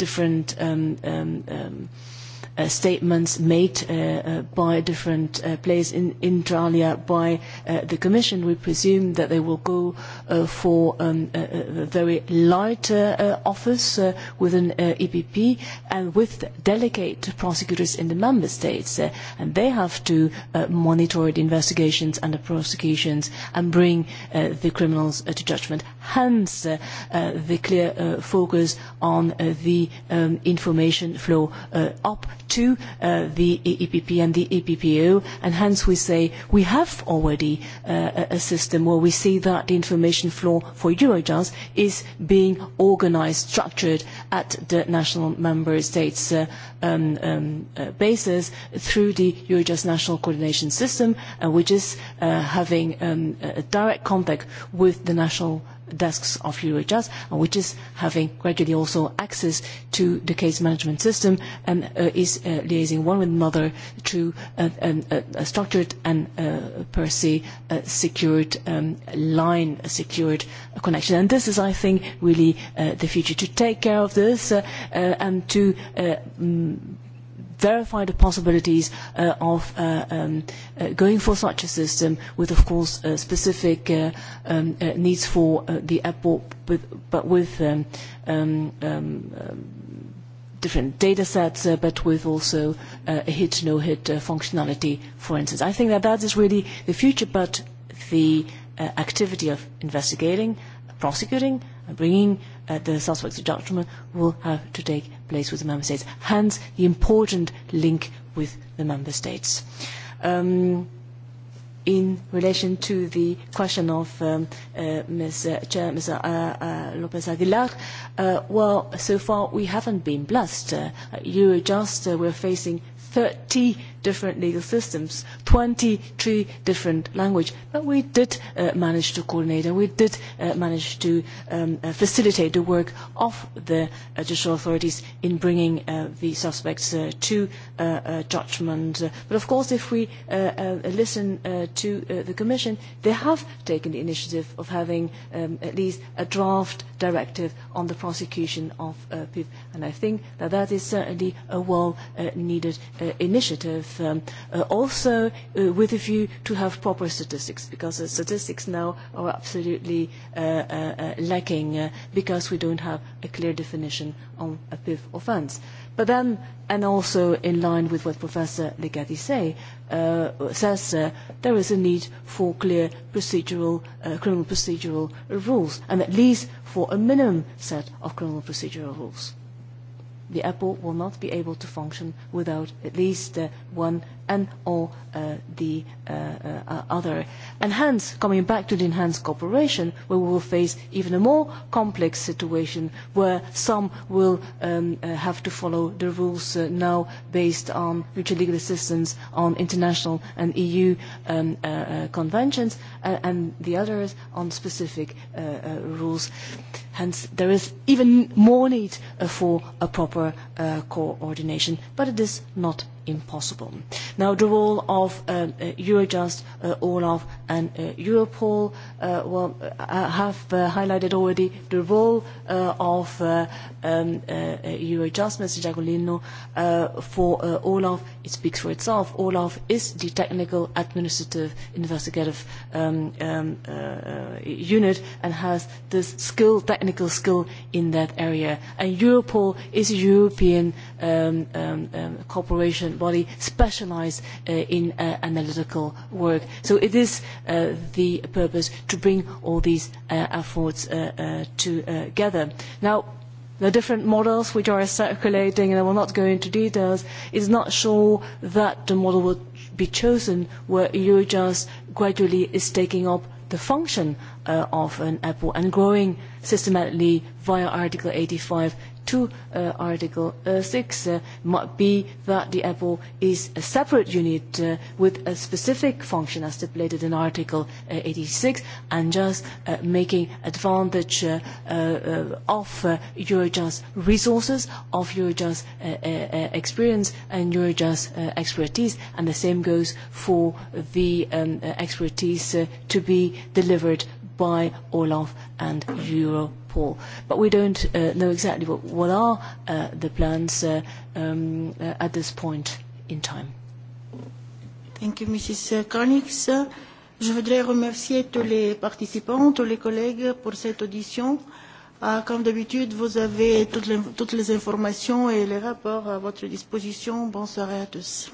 Speaker 15: different um, um, um, uh, statements made uh, uh, by different uh, players in Intralia by uh, the Commission. We presume that they will go uh, for um, a, a very light uh, uh, office uh, within uh, EPP and with delegate prosecutors in the member states. Uh, and they have to uh, monitor the investigations and the prosecutions and bring uh, the criminals uh, to judgment. Hence, uh, uh, the clear uh, focus on uh, the um, information flow uh, up to uh, the EPP e and the EPPO, and hence we say we have already uh, a system where we see that the information flow for Eurojust is being organised, structured at the national member states uh, um, um, basis through the Eurojust National Coordination System, which is having um, a direct contact with the national desks of Eurojust, which is having gradually also access to the case management system and uh, is uh, liaising one with another through um, a, a structured and uh, per se uh, secured um, line, a secured connection. And this is, I think, really uh, the future to take care of this uh, uh, and to uh, mm, verify the possibilities uh, of uh, um, uh, going for such a system with, of course, uh, specific uh, um, uh, needs for uh, the airport, with, but with um, um, um, um, different data sets, uh, but with also uh, a hit, no hit uh, functionality, for instance. I think that that is really the future, but the uh, activity of investigating, prosecuting, uh, bringing Uh, the suspect's judgment will have to take place with the member states. Hence, the important link with the member states. Um, in relation to the question of um, uh, Ms. Uh, Chair, Uh, uh, Lopez Aguilar, uh, well, so far we haven't been blessed. Uh, just uh, we're facing 30 different legal systems, 23 different languages, But we did uh, manage to coordinate and we did uh, manage to um, uh, facilitate the work of the judicial authorities in bringing the suspects to judgment. but of course, if we listen to the Commission, they have taken the initiative of having um, at least a draft directive on the prosecution of people. And I think that that is certainly a well-needed initiative with um, uh, also uh, with a view to have proper statistics because the statistics now are absolutely uh, uh, uh lacking uh, because we don't have a clear definition on a PIV offence. But then, and also in line with what Professor Legati say, uh, says, uh, there is a need for clear procedural, uh, criminal procedural rules, and at least for a minimum set of criminal procedural rules the airport will not be able to function without at least uh, one and all uh, the uh, uh, other. And hence, coming back to the enhanced cooperation, where we will face even a more complex situation where some will um, uh, have to follow the rules uh, now based on mutual legal assistance on international and EU um, uh, uh, conventions uh, and the others on specific uh, uh, rules. Hence, there is even more need uh, for a proper uh, coordination, but it is not impossible. Now, the role of uh, uh, Eurojust, uh, Olaf, and uh, Europol uh, well, I uh, have uh, highlighted already the role uh, of uh, um, uh, Eurojust, Mr. Giacolino, uh, for uh, Olaf. It speaks for itself. Olaf is the technical, administrative, investigative um, um, uh, unit and has this skill, technical skill in that area. And Europol is a European uh, um, um, um cooperation body specialised uh, in uh, analytical work. So it is uh, the purpose to bring all these uh, efforts uh, uh, together. Now, the different models which are circulating, and I will not go into details, is not sure that the model will be chosen where Eurojust gradually is taking up the function uh, of an Apple and growing systematically via Article 85 to uh, Article uh, 6 uh, might be that the EPO is a separate unit uh, with a specific function as stipulated in Article uh, 86 and just uh, making advantage uh, uh, of uh, Eurojust resources, of Eurojust uh, uh, uh experience and Eurojust uh, expertise and the same goes for the um, uh, expertise uh, to be delivered by Olaf and Euro Paul. But we don't uh, know exactly what, what are uh, the plans uh, um, uh, at this point in time. Thank you,
Speaker 1: Mrs. Je voudrais remercier tous les participants, tous les collègues pour cette audition. Uh, comme d'habitude, vous avez toutes les, toutes les informations et les rapports à votre disposition. à tous.